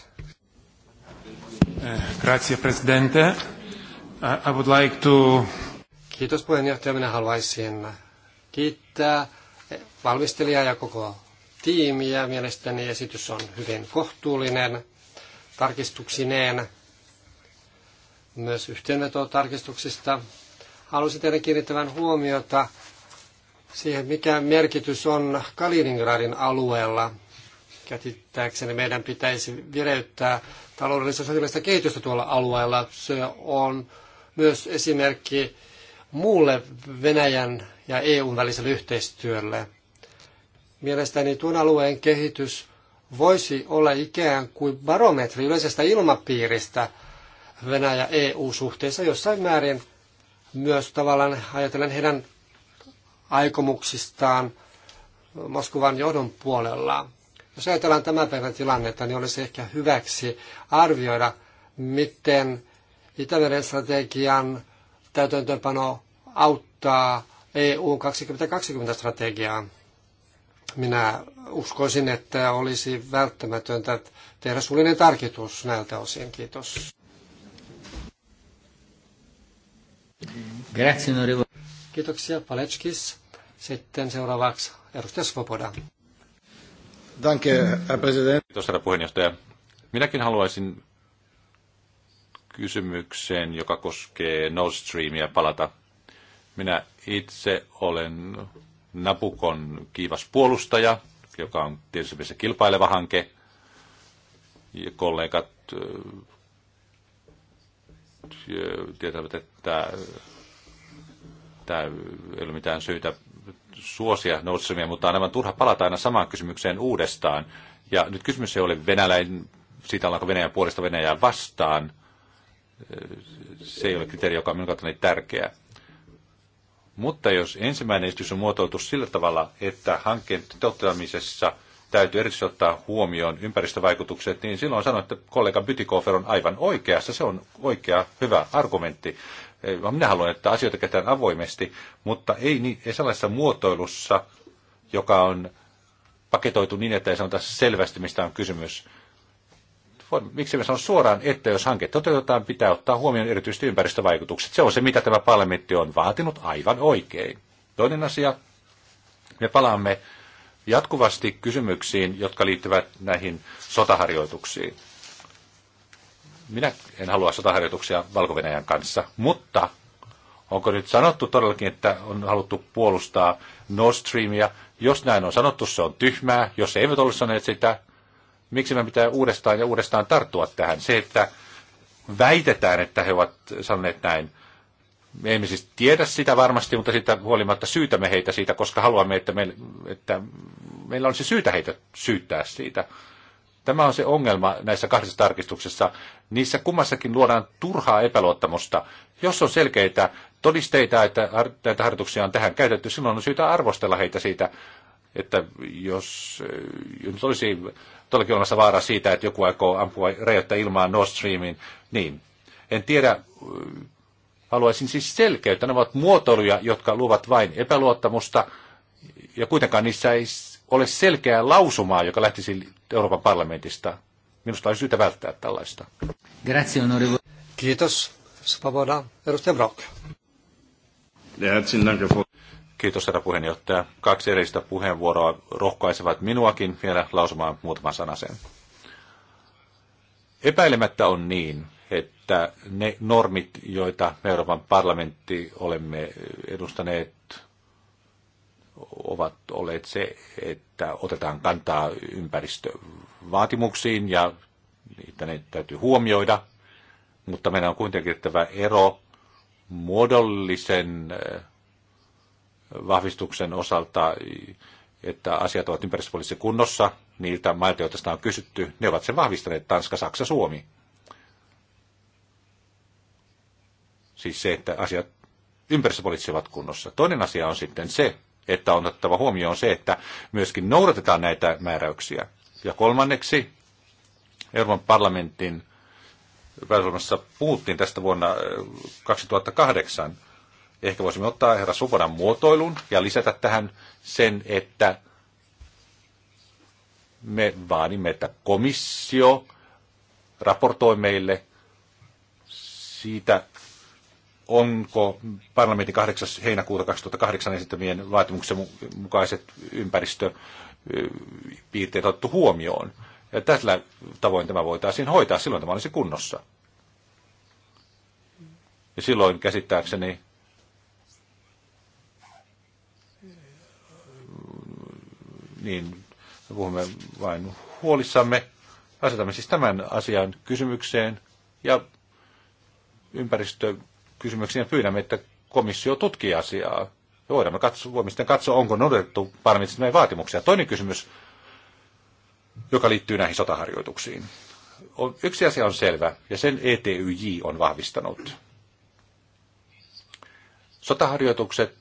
Eh, grazie, presidente. Eh, I would like to... Kiitos puheenjohtaja. Minä haluaisin kiittää valmistelijaa ja koko tiimiä. Mielestäni esitys on hyvin kohtuullinen tarkistuksineen, myös tarkistuksista. Haluaisin teidän kiinnittävän huomiota siihen, mikä merkitys on Kaliningradin alueella. Käsittääkseni meidän pitäisi vireyttää taloudellista sosiaalista kehitystä tuolla alueella. Se on myös esimerkki muulle Venäjän ja EUn väliselle yhteistyölle. Mielestäni tuon alueen kehitys voisi olla ikään kuin barometri yleisestä ilmapiiristä Venäjä-EU-suhteessa jossain määrin myös tavallaan ajatellen heidän aikomuksistaan Moskovan johdon puolella. Jos ajatellaan tämän päivän tilannetta, niin olisi ehkä hyväksi arvioida, miten Itämeren strategian täytäntöönpano auttaa EU 2020-strategiaa. Minä uskoisin, että olisi välttämätöntä tehdä suullinen tarkitus näiltä osin. Kiitos. Kiitoksia, Palečkis, Sitten seuraavaksi edustaja Svoboda. Danke, President. Kiitos, herra puheenjohtaja. Minäkin haluaisin kysymykseen, joka koskee Nord Streamia palata. Minä itse olen Napukon kiivas puolustaja, joka on tietysti se kilpaileva hanke. Ja kollegat äh, tietävät, että äh, tämä ei ole mitään syytä suosia noutsemia, mutta on aivan turha palata aina samaan kysymykseen uudestaan. Ja nyt kysymys ei ole venäläin, siitä ollaanko Venäjän puolesta Venäjää vastaan. Äh, se ei ole kriteeri, joka on minun tärkeä. Mutta jos ensimmäinen esitys on muotoiltu sillä tavalla, että hankkeen toteuttamisessa täytyy erityisesti ottaa huomioon ympäristövaikutukset, niin silloin sanon, että kollega Bytikofer on aivan oikeassa. Se on oikea, hyvä argumentti. Eh, minä haluan, että asioita käsitellään avoimesti, mutta ei, niin, ei sellaisessa muotoilussa, joka on paketoitu niin, että ei sanota selvästi, mistä on kysymys miksi me sanon suoraan, että jos hanke toteutetaan, pitää ottaa huomioon erityisesti ympäristövaikutukset. Se on se, mitä tämä parlamentti on vaatinut aivan oikein. Toinen asia, me palaamme jatkuvasti kysymyksiin, jotka liittyvät näihin sotaharjoituksiin. Minä en halua sotaharjoituksia valko kanssa, mutta onko nyt sanottu todellakin, että on haluttu puolustaa Nord Streamia? Jos näin on sanottu, se on tyhmää. Jos eivät ole sanoneet sitä, Miksi me pitää uudestaan ja uudestaan tarttua tähän? Se, että väitetään, että he ovat sanoneet näin, me emme siis tiedä sitä varmasti, mutta siitä huolimatta syytämme heitä siitä, koska haluamme, että, me, että meillä on se syytä heitä syyttää siitä. Tämä on se ongelma näissä kahdessa tarkistuksessa. Niissä kummassakin luodaan turhaa epäluottamusta. Jos on selkeitä todisteita, että näitä harjoituksia on tähän käytetty, silloin on syytä arvostella heitä siitä, että jos, jos olisi todellakin olemassa vaara siitä, että joku aikoo ampua rajoittaa ilmaan Nord Streamin. Niin. En tiedä, haluaisin siis selkeyttä. Ne ovat muotoiluja, jotka luovat vain epäluottamusta, ja kuitenkaan niissä ei ole selkeää lausumaa, joka lähtisi Euroopan parlamentista. Minusta olisi syytä välttää tällaista. Grazie, Kiitos. Svoboda. Edustaja Brock. Kiitos herra puheenjohtaja. Kaksi erillistä puheenvuoroa rohkaisevat minuakin vielä lausumaan muutaman sanasen. Epäilemättä on niin, että ne normit, joita me Euroopan parlamentti olemme edustaneet, ovat olleet se, että otetaan kantaa ympäristövaatimuksiin ja niitä ne täytyy huomioida, mutta meidän on kuitenkin tehtävä ero muodollisen vahvistuksen osalta, että asiat ovat ympäristöpoliittisessa kunnossa niiltä mailta, joita sitä on kysytty. Ne ovat sen vahvistaneet, Tanska, Saksa, Suomi. Siis se, että asiat ympäristöpoliittisesti ovat kunnossa. Toinen asia on sitten se, että on otettava huomioon se, että myöskin noudatetaan näitä määräyksiä. Ja kolmanneksi Euroopan parlamentin päätelmässä puhuttiin tästä vuonna 2008 äh, Ehkä voisimme ottaa herra Suvonan muotoilun ja lisätä tähän sen, että me vaadimme, että komissio raportoi meille siitä, onko parlamentin 8. heinäkuuta 2008 esittämien vaatimuksen mukaiset ympäristöpiirteet otettu huomioon. Ja tällä tavoin tämä voitaisiin hoitaa, silloin tämä olisi kunnossa. Ja silloin käsittääkseni niin puhumme vain huolissamme. Asetamme siis tämän asian kysymykseen ja ympäristökysymyksiin pyydämme, että komissio tutkii asiaa. Ja voidaan voimme sitten katsoa, onko noudatettu varmistamme vaatimuksia. Toinen kysymys, joka liittyy näihin sotaharjoituksiin. On, yksi asia on selvä, ja sen ETYJ on vahvistanut. Sotaharjoitukset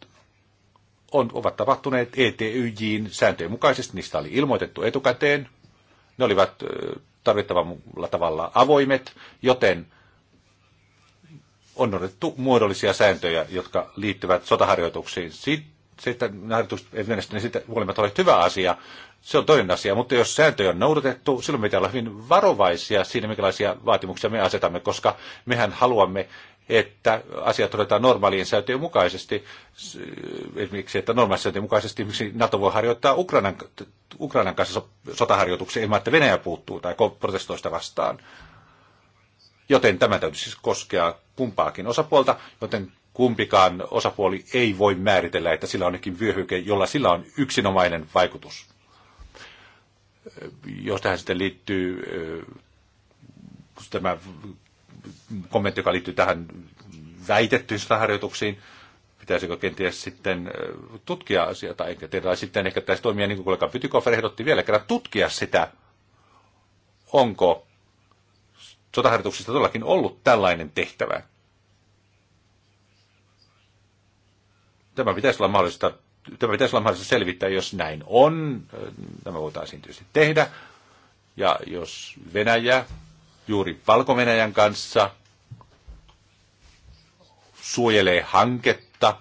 on, ovat tapahtuneet ETYJin sääntöjen mukaisesti. Niistä oli ilmoitettu etukäteen. Ne olivat tarvittavalla tavalla avoimet, joten on odotettu muodollisia sääntöjä, jotka liittyvät sotaharjoituksiin. Sitten harjoitukset mielestäni siitä huolimatta ole hyvä asia. Se on toinen asia, mutta jos sääntöjä on noudatettu, silloin pitää olla hyvin varovaisia siinä, minkälaisia vaatimuksia me asetamme, koska mehän haluamme että asiat todetaan normaaliin säätöjen mukaisesti, esimerkiksi että normaaliin sääntöjen mukaisesti esimerkiksi NATO voi harjoittaa Ukrainan, Ukrainan kanssa sotaharjoituksia ilman, että Venäjä puuttuu tai protestoista vastaan. Joten tämä täytyy siis koskea kumpaakin osapuolta, joten kumpikaan osapuoli ei voi määritellä, että sillä on jokin vyöhyke, jolla sillä on yksinomainen vaikutus. Jos tähän sitten liittyy tämä kommentti, joka liittyy tähän väitettyyn sotaharjoituksiin. Pitäisikö kenties sitten tutkia asiaa, tai enkä tiedä, sitten ehkä pitäisi toimia niin kuin kollega Pytikoffer ehdotti vielä kerran, tutkia sitä, onko sotaharjoituksista todellakin ollut tällainen tehtävä. Tämä pitäisi olla mahdollista, tämä pitäisi olla mahdollista selvittää, jos näin on. Tämä voitaisiin tietysti tehdä. Ja jos Venäjä juuri valko kanssa, suojelee hanketta,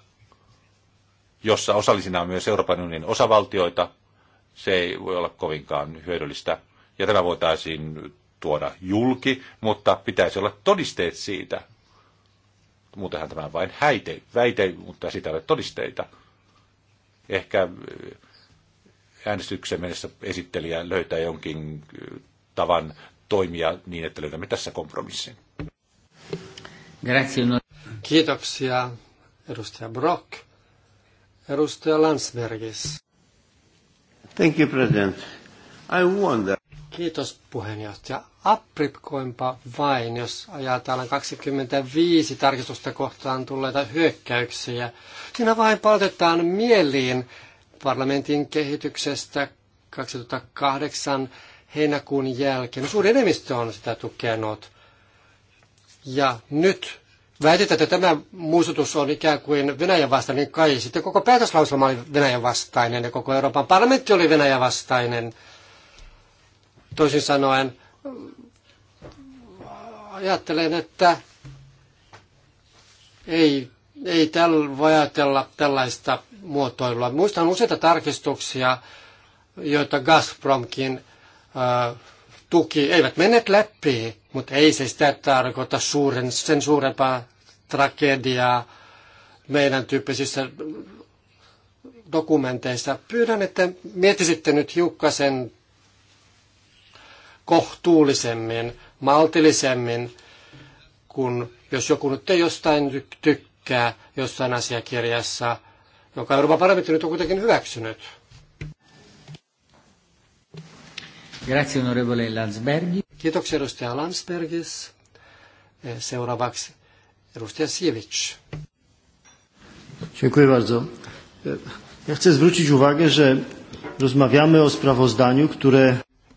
jossa osallisina on myös Euroopan unionin osavaltioita. Se ei voi olla kovinkaan hyödyllistä. Ja tämä voitaisiin tuoda julki, mutta pitäisi olla todisteet siitä. Muutenhan tämä on vain häite, väite, mutta siitä ei ole todisteita. Ehkä äh, äänestyksen mennessä esittelijä löytää jonkin äh, tavan toimia niin, että löydämme tässä kompromissin. No- Kiitoksia, edustaja Brock. Edustaja Landsbergis. Thank you, President. I wonder. Kiitos puheenjohtaja. Aprikoinpa vain, jos ajatellaan 25 tarkistusta kohtaan tulleita hyökkäyksiä. Siinä vain palautetaan mieliin parlamentin kehityksestä 2008 heinäkuun jälkeen. No, suuri enemmistö on sitä tukenut. Ja nyt väitetään, että tämä muistutus on ikään kuin Venäjän vastainen, niin kai sitten koko päätöslauselma oli Venäjän vastainen ja koko Euroopan parlamentti oli Venäjän vastainen. Toisin sanoen ajattelen, että ei, ei tällä voi ajatella tällaista muotoilua. Muistan useita tarkistuksia, joita Gazpromkin tuki eivät menneet läpi, mutta ei se sitä tarkoita suuren, sen suurempaa tragediaa meidän tyyppisissä dokumenteissa. Pyydän, että miettisitte nyt hiukkasen kohtuullisemmin, maltillisemmin, kun jos joku nyt ei jostain tykkää jossain asiakirjassa, joka Euroopan parlamentti nyt on kuitenkin hyväksynyt. Grazie, onorevole Landsbergi. Kiitoksia, edustaja Landsbergis. Seuraavaksi edustaja Dziękuję bardzo. Ja chcę zwrócić uwagę, że rozmawiamy o sprawozdaniu, które...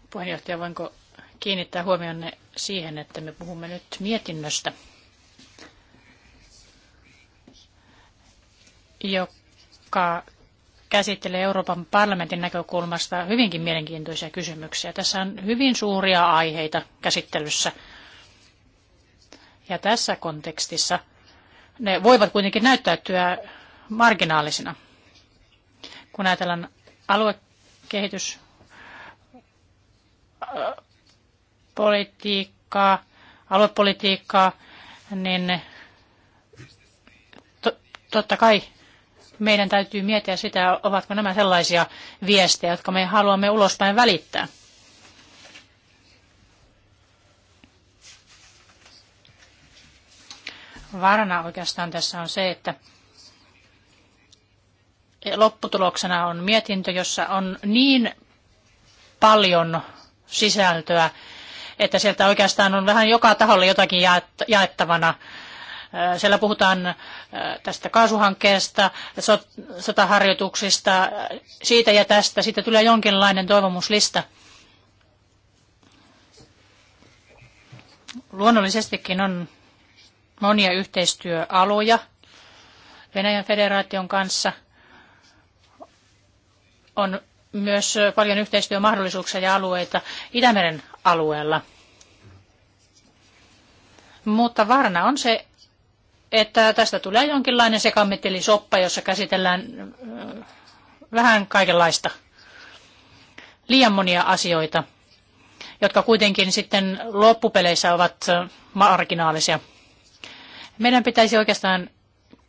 Puheenjohtaja, voinko kiinnittää huomionne siihen, että me puhumme nyt mietinnöstä, joka käsittelee Euroopan parlamentin näkökulmasta hyvinkin mielenkiintoisia kysymyksiä. Tässä on hyvin suuria aiheita käsittelyssä. Ja tässä kontekstissa ne voivat kuitenkin näyttäytyä marginaalisina. Kun ajatellaan aluekehityspolitiikkaa, aluepolitiikkaa, niin to, totta kai meidän täytyy miettiä sitä, ovatko nämä sellaisia viestejä, jotka me haluamme ulospäin välittää. Varana oikeastaan tässä on se, että lopputuloksena on mietintö, jossa on niin paljon sisältöä, että sieltä oikeastaan on vähän joka taholle jotakin jaettavana Äh, siellä puhutaan äh, tästä kaasuhankkeesta, sotaharjoituksista, äh, siitä ja tästä. Siitä tulee jonkinlainen toivomuslista. Luonnollisestikin on monia yhteistyöaloja Venäjän federaation kanssa. On myös paljon yhteistyömahdollisuuksia ja alueita Itämeren alueella. Mutta varna on se, että tästä tulee jonkinlainen sekametelisoppa, jossa käsitellään vähän kaikenlaista liian monia asioita, jotka kuitenkin sitten loppupeleissä ovat marginaalisia. Meidän pitäisi oikeastaan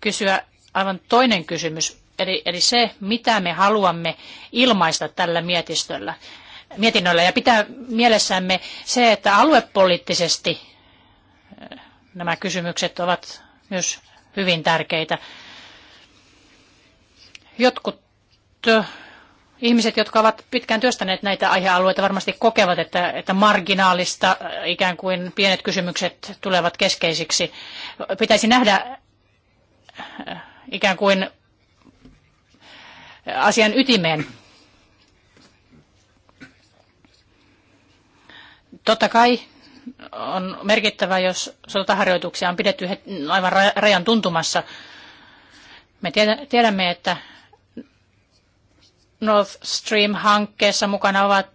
kysyä aivan toinen kysymys, eli, eli se, mitä me haluamme ilmaista tällä mietistöllä, mietinnöllä. Ja pitää mielessämme se, että aluepoliittisesti nämä kysymykset ovat myös hyvin tärkeitä. Jotkut ihmiset, jotka ovat pitkään työstäneet näitä aihealueita, varmasti kokevat, että, että marginaalista ikään kuin pienet kysymykset tulevat keskeisiksi. Pitäisi nähdä ikään kuin asian ytimeen. Totta kai on merkittävä, jos sotaharjoituksia on pidetty aivan rajan tuntumassa. Me tiedämme, että North Stream-hankkeessa mukana ovat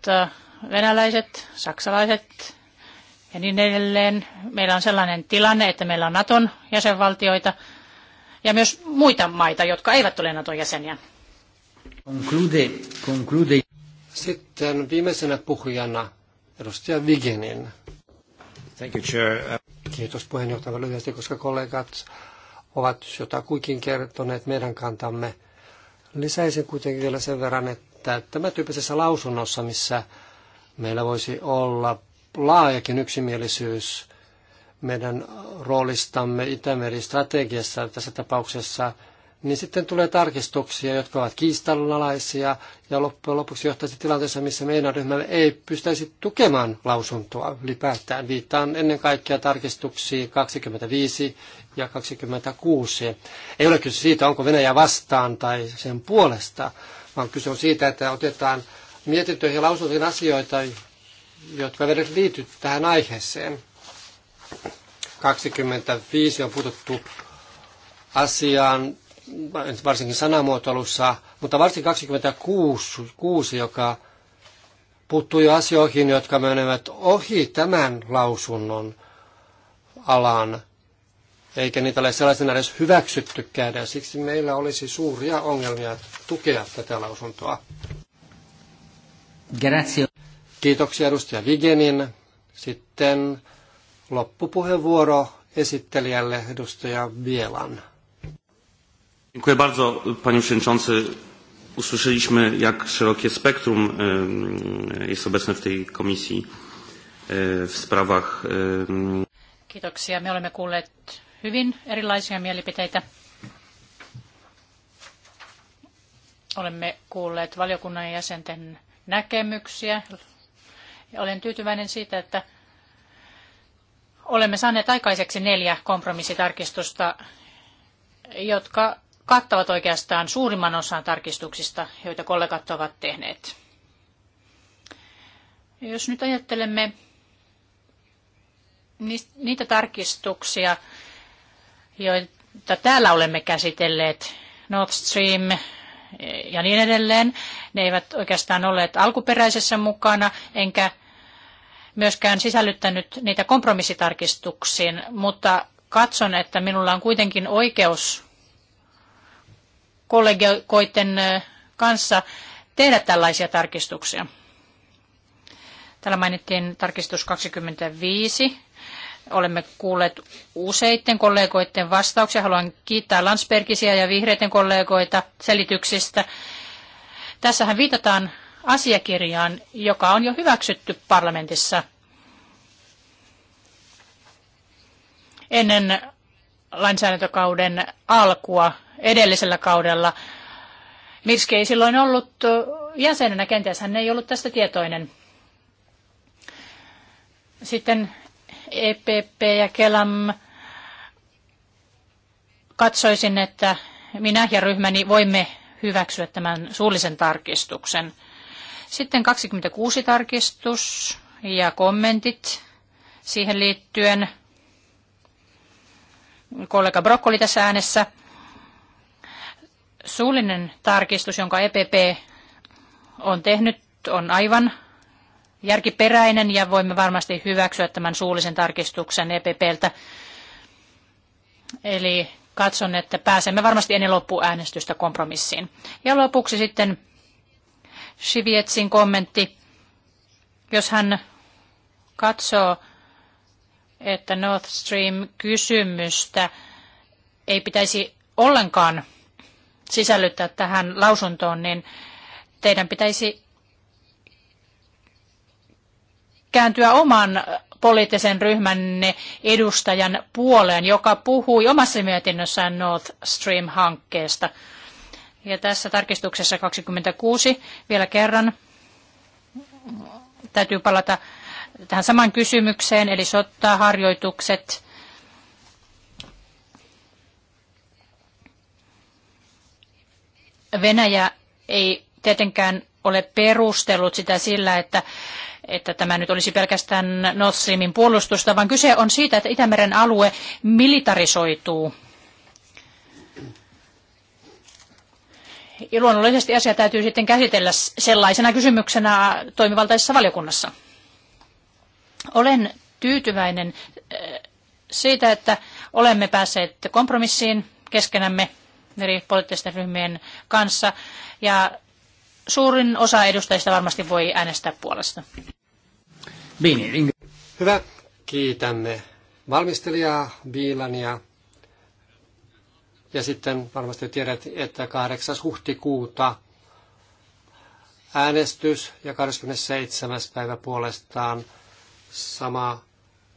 venäläiset, saksalaiset ja niin edelleen. Meillä on sellainen tilanne, että meillä on Naton jäsenvaltioita ja myös muita maita, jotka eivät ole Naton jäseniä. Conclude, conclude. Sitten viimeisenä puhujana edustaja Vigenin. Thank you, Chair. Kiitos puheenjohtajalle lyhyesti, koska kollegat ovat jotakuinkin kertoneet meidän kantamme. Lisäisin kuitenkin vielä sen verran, että tämä tyyppisessä lausunnossa, missä meillä voisi olla laajakin yksimielisyys meidän roolistamme Itämeri-strategiassa tässä tapauksessa – niin sitten tulee tarkistuksia, jotka ovat kiistanalaisia ja loppujen lopuksi johtaisi tilanteessa, missä meidän ryhmälle ei pystyisi tukemaan lausuntoa ylipäätään. Viittaan ennen kaikkea tarkistuksiin 25 ja 26. Ei ole kyse siitä, onko Venäjä vastaan tai sen puolesta, vaan kyse on siitä, että otetaan mietintöihin ja lausuntoihin asioita, jotka eivät liity tähän aiheeseen. 25 on puututtu asiaan varsinkin sanamuotoilussa, mutta varsinkin 26, 6, joka puuttuu jo asioihin, jotka menevät ohi tämän lausunnon alan, eikä niitä ole sellaisena edes hyväksyttykään, ja siksi meillä olisi suuria ongelmia tukea tätä lausuntoa. Grazie. Kiitoksia edustaja Vigenin. Sitten loppupuheenvuoro esittelijälle edustaja Bielan. Dziękuję bardzo, panie przewodniczący. Usłyszeliśmy, jak szerokie spektrum jest obecne w tej komisji e, w sprawach. Kiitoksia. Me olemme kuulleet hyvin erilaisia mielipiteitä. Olemme kuulleet valiokunnan jäsenten näkemyksiä. olen tyytyväinen siitä, että olemme saaneet aikaiseksi neljä kompromissitarkistusta, jotka kattavat oikeastaan suurimman osan tarkistuksista, joita kollegat ovat tehneet. Jos nyt ajattelemme niitä tarkistuksia, joita täällä olemme käsitelleet, Nord Stream ja niin edelleen, ne eivät oikeastaan olleet alkuperäisessä mukana, enkä myöskään sisällyttänyt niitä kompromissitarkistuksiin, mutta katson, että minulla on kuitenkin oikeus kollegoiden kanssa tehdä tällaisia tarkistuksia. Täällä mainittiin tarkistus 25. Olemme kuulleet useiden kollegoiden vastauksia. Haluan kiittää Landsbergisiä ja vihreiden kollegoita selityksistä. Tässähän viitataan asiakirjaan, joka on jo hyväksytty parlamentissa ennen lainsäädäntökauden alkua edellisellä kaudella. Mirski ei silloin ollut jäsenenä, kenties hän ei ollut tästä tietoinen. Sitten EPP ja Kelam katsoisin, että minä ja ryhmäni voimme hyväksyä tämän suullisen tarkistuksen. Sitten 26 tarkistus ja kommentit siihen liittyen. Kollega Brokkoli tässä äänessä. Suullinen tarkistus, jonka EPP on tehnyt, on aivan järkiperäinen ja voimme varmasti hyväksyä tämän suullisen tarkistuksen EPPltä. Eli katson, että pääsemme varmasti ennen loppuäänestystä kompromissiin. Ja lopuksi sitten Sivietsin kommentti. Jos hän katsoo, että North Stream-kysymystä ei pitäisi ollenkaan sisällyttää tähän lausuntoon, niin teidän pitäisi kääntyä oman poliittisen ryhmänne edustajan puoleen, joka puhui omassa mietinnössään North Stream-hankkeesta. Ja tässä tarkistuksessa 26 vielä kerran täytyy palata tähän samaan kysymykseen, eli sotaharjoitukset Venäjä ei tietenkään ole perustellut sitä sillä, että, että tämä nyt olisi pelkästään Nord Streamin puolustusta, vaan kyse on siitä, että Itämeren alue militarisoituu. Ja luonnollisesti asia täytyy sitten käsitellä sellaisena kysymyksenä toimivaltaisessa valiokunnassa. Olen tyytyväinen äh, siitä, että olemme päässeet kompromissiin keskenämme eri poliittisten ryhmien kanssa ja suurin osa edustajista varmasti voi äänestää puolesta. Hyvä, kiitämme valmistelijaa Biilania. Ja sitten varmasti tiedät, että 8. huhtikuuta äänestys ja 27. päivä puolestaan sama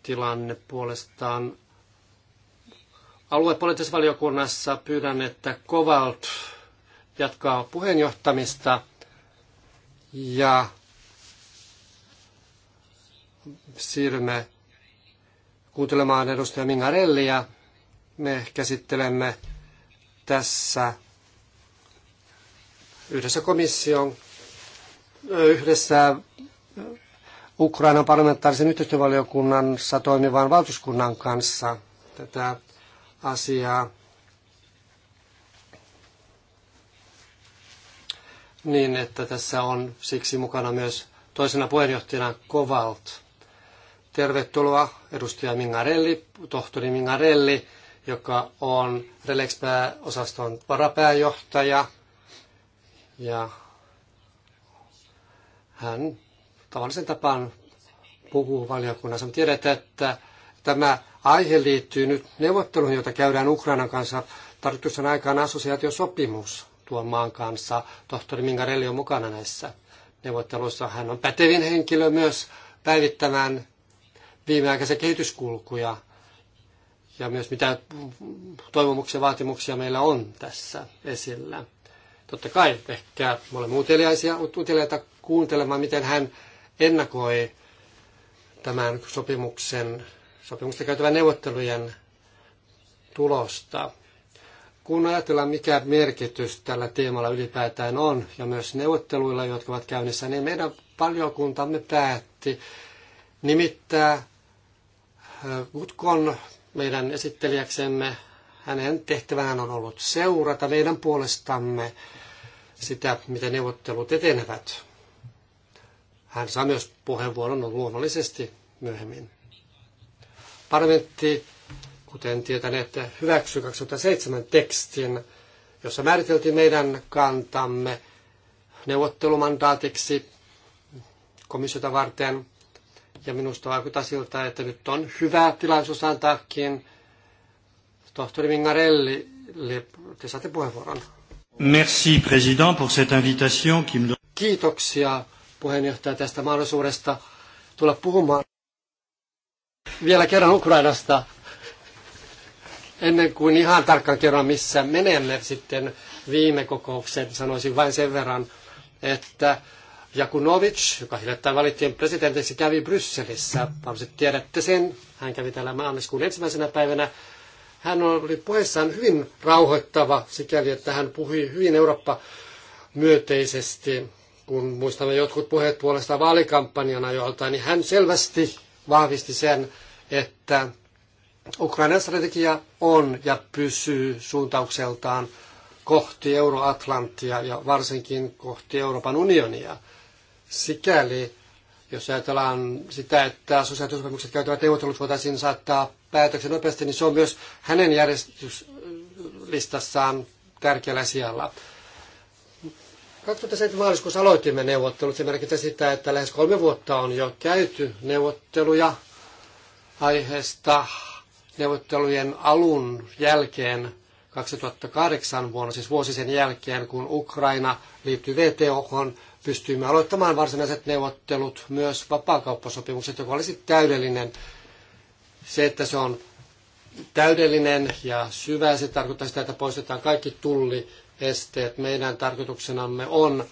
tilanne puolestaan Aluepoliittisessa valiokunnassa pyydän, että Kovalt jatkaa puheenjohtamista ja siirrymme kuuntelemaan edustaja Mingarellia. Me käsittelemme tässä yhdessä komission, yhdessä Ukrainan parlamentaarisen yhteistyövaliokunnan toimivan valtuuskunnan kanssa tätä asiaa, niin että tässä on siksi mukana myös toisena puheenjohtajana Kovalt. Tervetuloa edustaja Mingarelli, tohtori Mingarelli, joka on Relex-osaston varapääjohtaja. Ja hän tavallisen tapaan puhuu valiokunnassa. Me tiedät, että Tämä aihe liittyy nyt neuvotteluihin, joita käydään Ukrainan kanssa. Tarkoitus on aikaan assosiaatiosopimus tuon maan kanssa. Tohtori Mingarelli on mukana näissä neuvotteluissa. Hän on pätevin henkilö myös päivittämään viimeaikaisia kehityskulkuja ja myös mitä toivomuksia ja vaatimuksia meillä on tässä esillä. Totta kai ehkä me olemme uteliaisia, uteliaita kuuntelemaan, miten hän ennakoi tämän sopimuksen sopimusta käytävän neuvottelujen tulosta. Kun ajatellaan, mikä merkitys tällä teemalla ylipäätään on, ja myös neuvotteluilla, jotka ovat käynnissä, niin meidän valiokuntamme päätti nimittää Utkon meidän esittelijäksemme. Hänen tehtävään on ollut seurata meidän puolestamme sitä, miten neuvottelut etenevät. Hän saa myös puheenvuoron luonnollisesti myöhemmin. Parlamentti, kuten tietäneette, hyväksyi 2007 tekstin, jossa määriteltiin meidän kantamme neuvottelumandaatiksi komissiota varten. Ja minusta vaikuttaa siltä, että nyt on hyvä tilaisuus antaakin tohtori Mingarelli, te saatte puheenvuoron. Merci, président, pour cette invitation qui me... Kiitoksia puheenjohtaja tästä mahdollisuudesta tulla puhumaan vielä kerran Ukrainasta, ennen kuin ihan tarkkaan kerran missä menemme sitten viime kokouksen Sanoisin vain sen verran, että Jakunovic, joka hiljattain valittiin presidentiksi, kävi Brysselissä. Varmasti tiedätte sen. Hän kävi täällä maaliskuun ensimmäisenä päivänä. Hän oli puheessaan hyvin rauhoittava sikäli, että hän puhui hyvin Eurooppa-myöteisesti. Kun muistamme jotkut puheet puolesta vaalikampanjana joltain, niin hän selvästi vahvisti sen, että Ukrainan strategia on ja pysyy suuntaukseltaan kohti Euroatlanttia ja varsinkin kohti Euroopan unionia. Sikäli, jos ajatellaan sitä, että sosiaalitusopimukset käytävät neuvottelut voitaisiin saattaa päätöksen nopeasti, niin se on myös hänen järjestyslistassaan tärkeällä sijalla. 2007 maaliskuussa aloitimme neuvottelut. Se merkitsee sitä, että lähes kolme vuotta on jo käyty neuvotteluja aiheesta neuvottelujen alun jälkeen 2008 vuonna, siis vuosi sen jälkeen, kun Ukraina liittyi VTOhon, pystyimme aloittamaan varsinaiset neuvottelut, myös vapaakauppasopimukset, joka olisi täydellinen. Se, että se on täydellinen ja syvä, se tarkoittaa sitä, että poistetaan kaikki tulliesteet. Meidän tarkoituksenamme on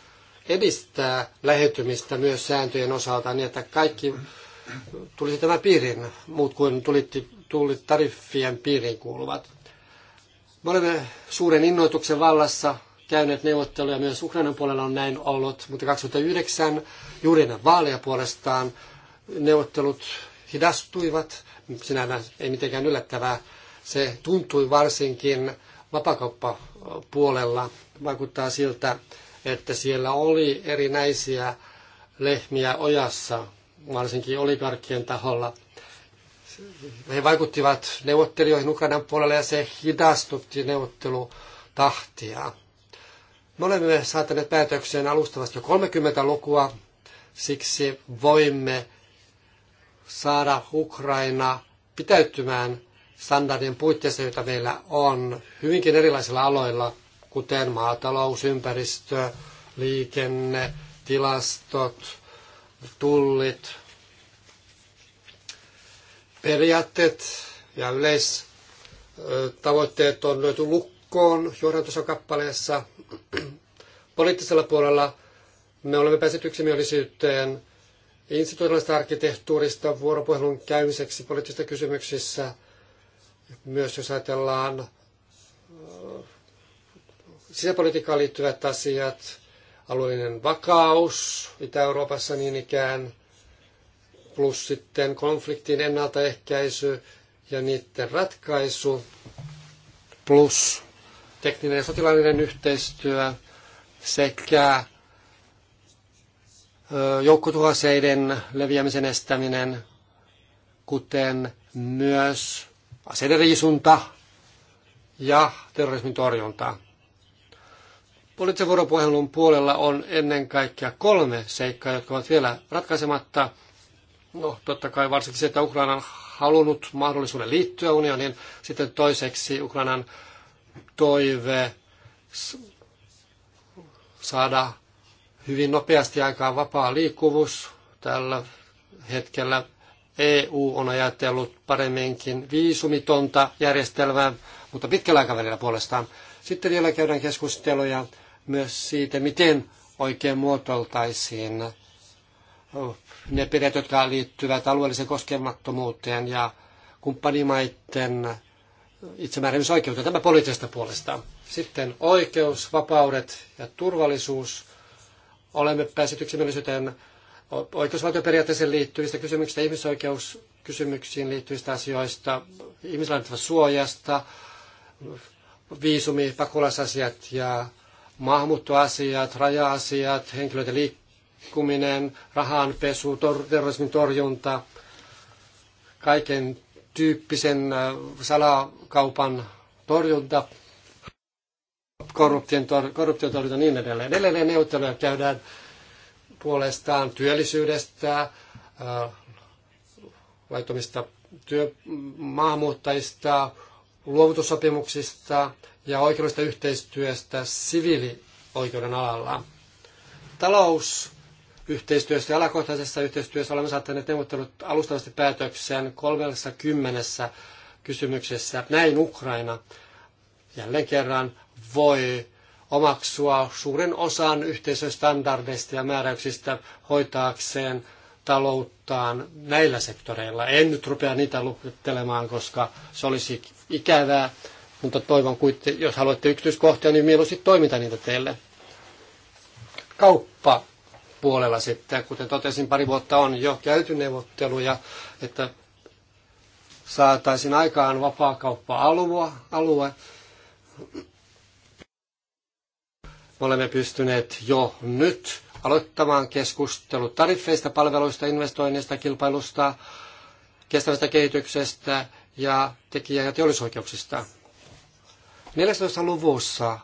edistää lähetymistä myös sääntöjen osalta niin, että kaikki tulisi tämä piiriin, muut kuin tulitti, tuli tariffien piiriin kuuluvat. Me olemme suuren innoituksen vallassa käyneet neuvotteluja, myös Ukrainan puolella on näin ollut, mutta 2009 juuri ennen vaaleja puolestaan neuvottelut hidastuivat, sinänsä ei mitenkään yllättävää. Se tuntui varsinkin vapakauppapuolella. Vaikuttaa siltä, että siellä oli erinäisiä lehmiä ojassa varsinkin oligarkkien taholla. He vaikuttivat neuvottelijoihin Ukrainan puolella ja se hidastutti neuvottelutahtia. Me olemme saattaneet päätökseen alustavasti jo 30 lukua, siksi voimme saada Ukraina pitäytymään standardien puitteissa, joita meillä on hyvinkin erilaisilla aloilla, kuten maatalous, ympäristö, liikenne, tilastot, tullit, periaatteet ja yleistavoitteet on löyty lukkoon johdantosan kappaleessa. Poliittisella puolella me olemme päässeet yksimielisyyteen institutionaalista arkkitehtuurista vuoropuhelun käymiseksi poliittisissa kysymyksissä. Myös jos ajatellaan äh, sisäpolitiikkaan liittyvät asiat, alueellinen vakaus Itä-Euroopassa niin ikään, plus sitten konfliktin ennaltaehkäisy ja niiden ratkaisu, plus tekninen ja sotilaallinen yhteistyö sekä joukkotuhoaseiden leviämisen estäminen, kuten myös aseiden riisunta ja terrorismin torjunta. Poliittisen vuoropuhelun puolella on ennen kaikkea kolme seikkaa, jotka ovat vielä ratkaisematta. No, totta kai varsinkin se, että Ukraina on halunnut mahdollisuuden liittyä unioniin. Sitten toiseksi Ukrainan toive saada hyvin nopeasti aikaan vapaa liikkuvuus. Tällä hetkellä EU on ajatellut paremminkin viisumitonta järjestelmää, mutta pitkällä aikavälillä puolestaan. Sitten vielä käydään keskusteluja myös siitä, miten oikein muotoiltaisiin ne periaat, jotka liittyvät alueelliseen koskemattomuuteen ja kumppanimaiden itsemääräämisoikeuteen. Tämä poliittisesta puolesta. Sitten oikeus, vapaudet ja turvallisuus. Olemme päässeet yksimielisyyteen oikeusvaltioperiaatteeseen liittyvistä kysymyksistä, ihmisoikeuskysymyksiin liittyvistä asioista, ihmislähdettävä suojasta, viisumi, pakolaisasiat ja maahanmuuttoasiat, raja-asiat, henkilöiden liikkuminen, rahanpesu, tor- terrorismin torjunta, kaiken tyyppisen äh, salakaupan torjunta, korruption, tor- korruption torjunta ja niin edelleen. Edelleen neuvotteluja käydään puolestaan työllisyydestä, äh, laittomista työ- maahanmuuttajista, luovutussopimuksista ja oikeudellisesta yhteistyöstä siviilioikeuden alalla. Talous yhteistyössä ja alakohtaisessa yhteistyössä olemme saattaneet neuvottelut alustavasti päätökseen 30 kysymyksessä. Näin Ukraina jälleen kerran voi omaksua suuren osan yhteisöstandardeista ja määräyksistä hoitaakseen talouttaan näillä sektoreilla. En nyt rupea niitä luettelemaan, koska se olisi ikävää, mutta toivon, kuitte, jos haluatte yksityiskohtia, niin mieluusti toimita niitä teille. Kauppa puolella sitten, kuten totesin, pari vuotta on jo käyty neuvotteluja, että saataisiin aikaan vapaakauppa-alue. Alue. Me olemme pystyneet jo nyt aloittamaan keskustelut tariffeista, palveluista, investoinneista, kilpailusta, kestävästä kehityksestä ja tekijä- ja teollisoikeuksista. 14. luvussa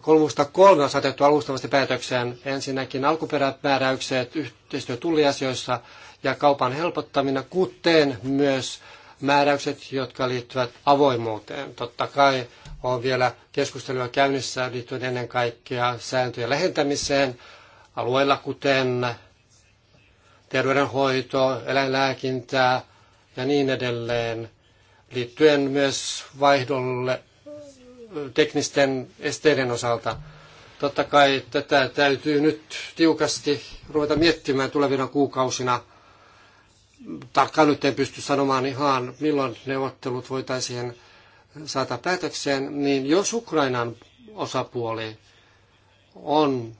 kolmusta kolme on saatettu alustavasti päätökseen ensinnäkin alkuperämääräykset yhteistyö tulliasioissa ja kaupan helpottaminen, kuten myös määräykset, jotka liittyvät avoimuuteen. Totta kai on vielä keskustelua käynnissä liittyen ennen kaikkea sääntöjen lähentämiseen alueilla, kuten terveydenhoito, eläinlääkintää ja niin edelleen, liittyen myös vaihdolle teknisten esteiden osalta. Totta kai tätä täytyy nyt tiukasti ruveta miettimään tulevina kuukausina. Tarkkaan nyt en pysty sanomaan ihan, milloin neuvottelut voitaisiin saada päätökseen, niin jos Ukrainan osapuoli on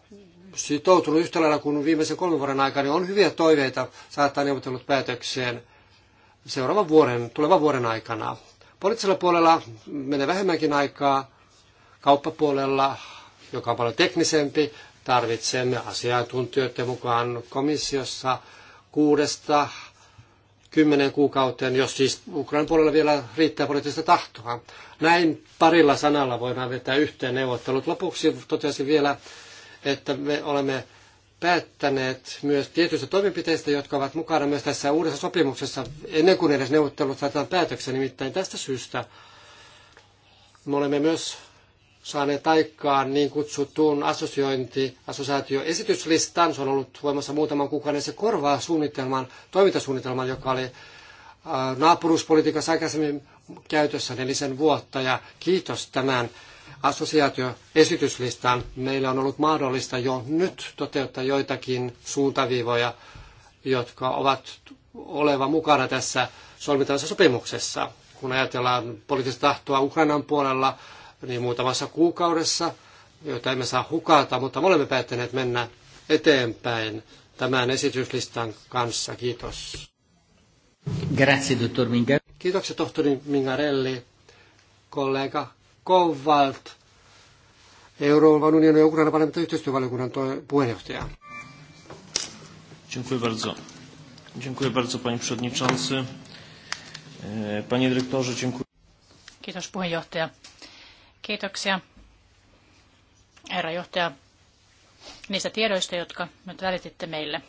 sitoutunut yhtä lailla kuin viimeisen kolmen vuoden aikana, niin on hyviä toiveita saattaa neuvottelut päätökseen seuraavan vuoden, tulevan vuoden aikana. Poliittisella puolella menee vähemmänkin aikaa. Kauppapuolella, joka on paljon teknisempi, tarvitsemme asiantuntijoiden mukaan komissiossa kuudesta kymmenen kuukauteen, jos siis Ukrainan puolella vielä riittää poliittista tahtoa. Näin parilla sanalla voidaan vetää yhteen neuvottelut. Lopuksi totesin vielä, että me olemme päättäneet myös tietyistä toimenpiteistä, jotka ovat mukana myös tässä uudessa sopimuksessa, ennen kuin edes neuvottelut saatetaan päätöksen. Nimittäin tästä syystä me olemme myös saaneet aikaan niin kutsutun assosiointi, assosiaatioesityslistan. Se on ollut voimassa muutaman kuukauden. Se korvaa suunnitelman, toimintasuunnitelman, joka oli naapuruuspolitiikassa aikaisemmin käytössä nelisen vuotta. Ja kiitos tämän assosiaatioesityslistaan meillä on ollut mahdollista jo nyt toteuttaa joitakin suuntaviivoja, jotka ovat oleva mukana tässä solmitavassa sopimuksessa. Kun ajatellaan poliittista tahtoa Ukrainan puolella, niin muutamassa kuukaudessa, joita emme saa hukata, mutta me olemme päättäneet mennä eteenpäin tämän esityslistan kanssa. Kiitos. Grazie, dottor Mingarelli. Kiitoksia, tohtori Mingarelli. Kollega Kovalt, Euroopan unionin ja Ukrainan parlamentin yhteistyövaliokunnan puheenjohtaja. Dziękuję bardzo. Dziękuję bardzo panie przewodniczący. E, panie dyrektorze, dziękuję. Kiitos puheenjohtaja. Kiitoksia herra johtaja niistä tiedoista, jotka nyt välititte meille.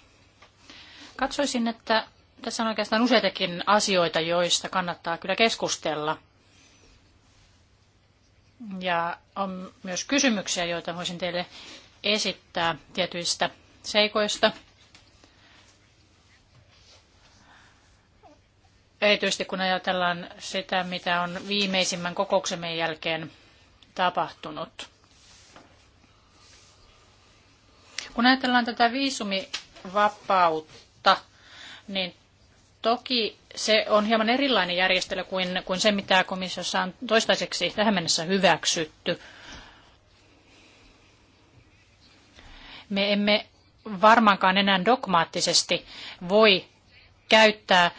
Katsoisin, että tässä on oikeastaan useitakin asioita, joista kannattaa kyllä keskustella – ja on myös kysymyksiä, joita voisin teille esittää tietyistä seikoista. Erityisesti kun ajatellaan sitä, mitä on viimeisimmän kokouksemme jälkeen tapahtunut. Kun ajatellaan tätä viisumivapautta, niin Toki se on hieman erilainen järjestely kuin, kuin se, mitä komissiossa on toistaiseksi tähän mennessä hyväksytty. Me emme varmaankaan enää dogmaattisesti voi käyttää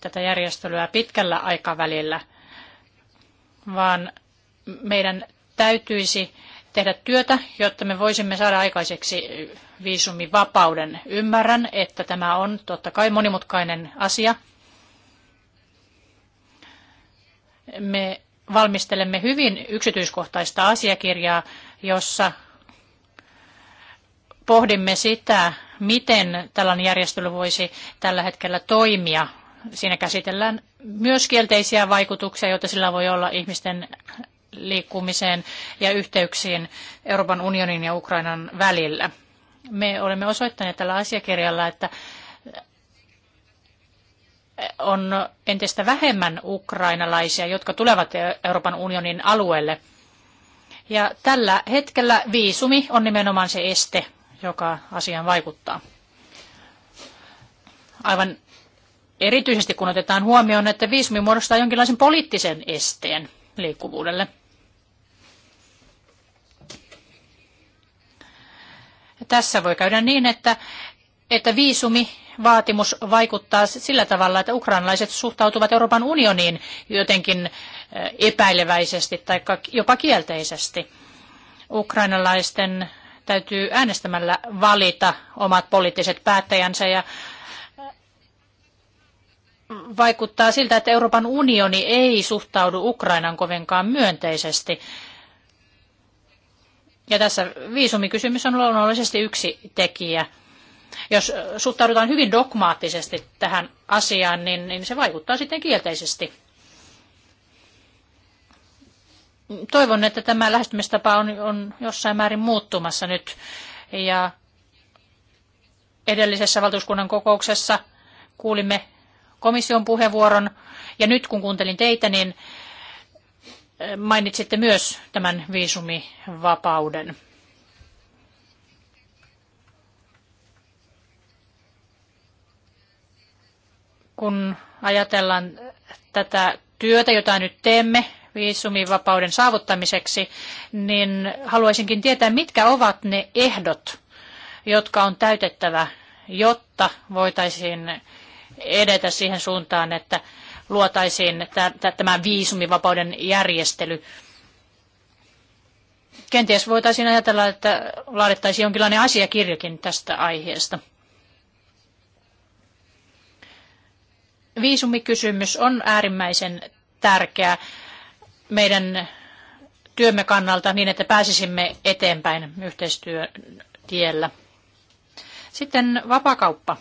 tätä järjestelyä pitkällä aikavälillä, vaan meidän täytyisi tehdä työtä, jotta me voisimme saada aikaiseksi viisumivapauden. Ymmärrän, että tämä on totta kai monimutkainen asia. Me valmistelemme hyvin yksityiskohtaista asiakirjaa, jossa pohdimme sitä, miten tällainen järjestely voisi tällä hetkellä toimia. Siinä käsitellään myös kielteisiä vaikutuksia, joita sillä voi olla ihmisten liikkumiseen ja yhteyksiin Euroopan unionin ja Ukrainan välillä. Me olemme osoittaneet tällä asiakirjalla, että on entistä vähemmän ukrainalaisia, jotka tulevat Euroopan unionin alueelle. Ja tällä hetkellä viisumi on nimenomaan se este, joka asiaan vaikuttaa. Aivan erityisesti kun otetaan huomioon, että viisumi muodostaa jonkinlaisen poliittisen esteen liikkuvuudelle. tässä voi käydä niin, että, että viisumi vaatimus vaikuttaa sillä tavalla, että ukrainalaiset suhtautuvat Euroopan unioniin jotenkin epäileväisesti tai jopa kielteisesti. Ukrainalaisten täytyy äänestämällä valita omat poliittiset päättäjänsä ja vaikuttaa siltä, että Euroopan unioni ei suhtaudu Ukrainan kovinkaan myönteisesti. Ja tässä viisumikysymys on luonnollisesti yksi tekijä. Jos suhtaudutaan hyvin dogmaattisesti tähän asiaan, niin, niin se vaikuttaa sitten kielteisesti. Toivon, että tämä lähestymistapa on, on jossain määrin muuttumassa nyt. Ja edellisessä valtuuskunnan kokouksessa kuulimme komission puheenvuoron. Ja nyt kun kuuntelin teitä, niin mainitsitte myös tämän viisumivapauden. Kun ajatellaan tätä työtä, jota nyt teemme viisumivapauden saavuttamiseksi, niin haluaisinkin tietää, mitkä ovat ne ehdot, jotka on täytettävä, jotta voitaisiin edetä siihen suuntaan, että luotaisiin tämä viisumivapauden järjestely. Kenties voitaisiin ajatella, että laadittaisiin jonkinlainen asiakirjakin tästä aiheesta. Viisumikysymys on äärimmäisen tärkeä meidän työmme kannalta niin, että pääsisimme eteenpäin yhteistyötiellä. Sitten vapakauppa.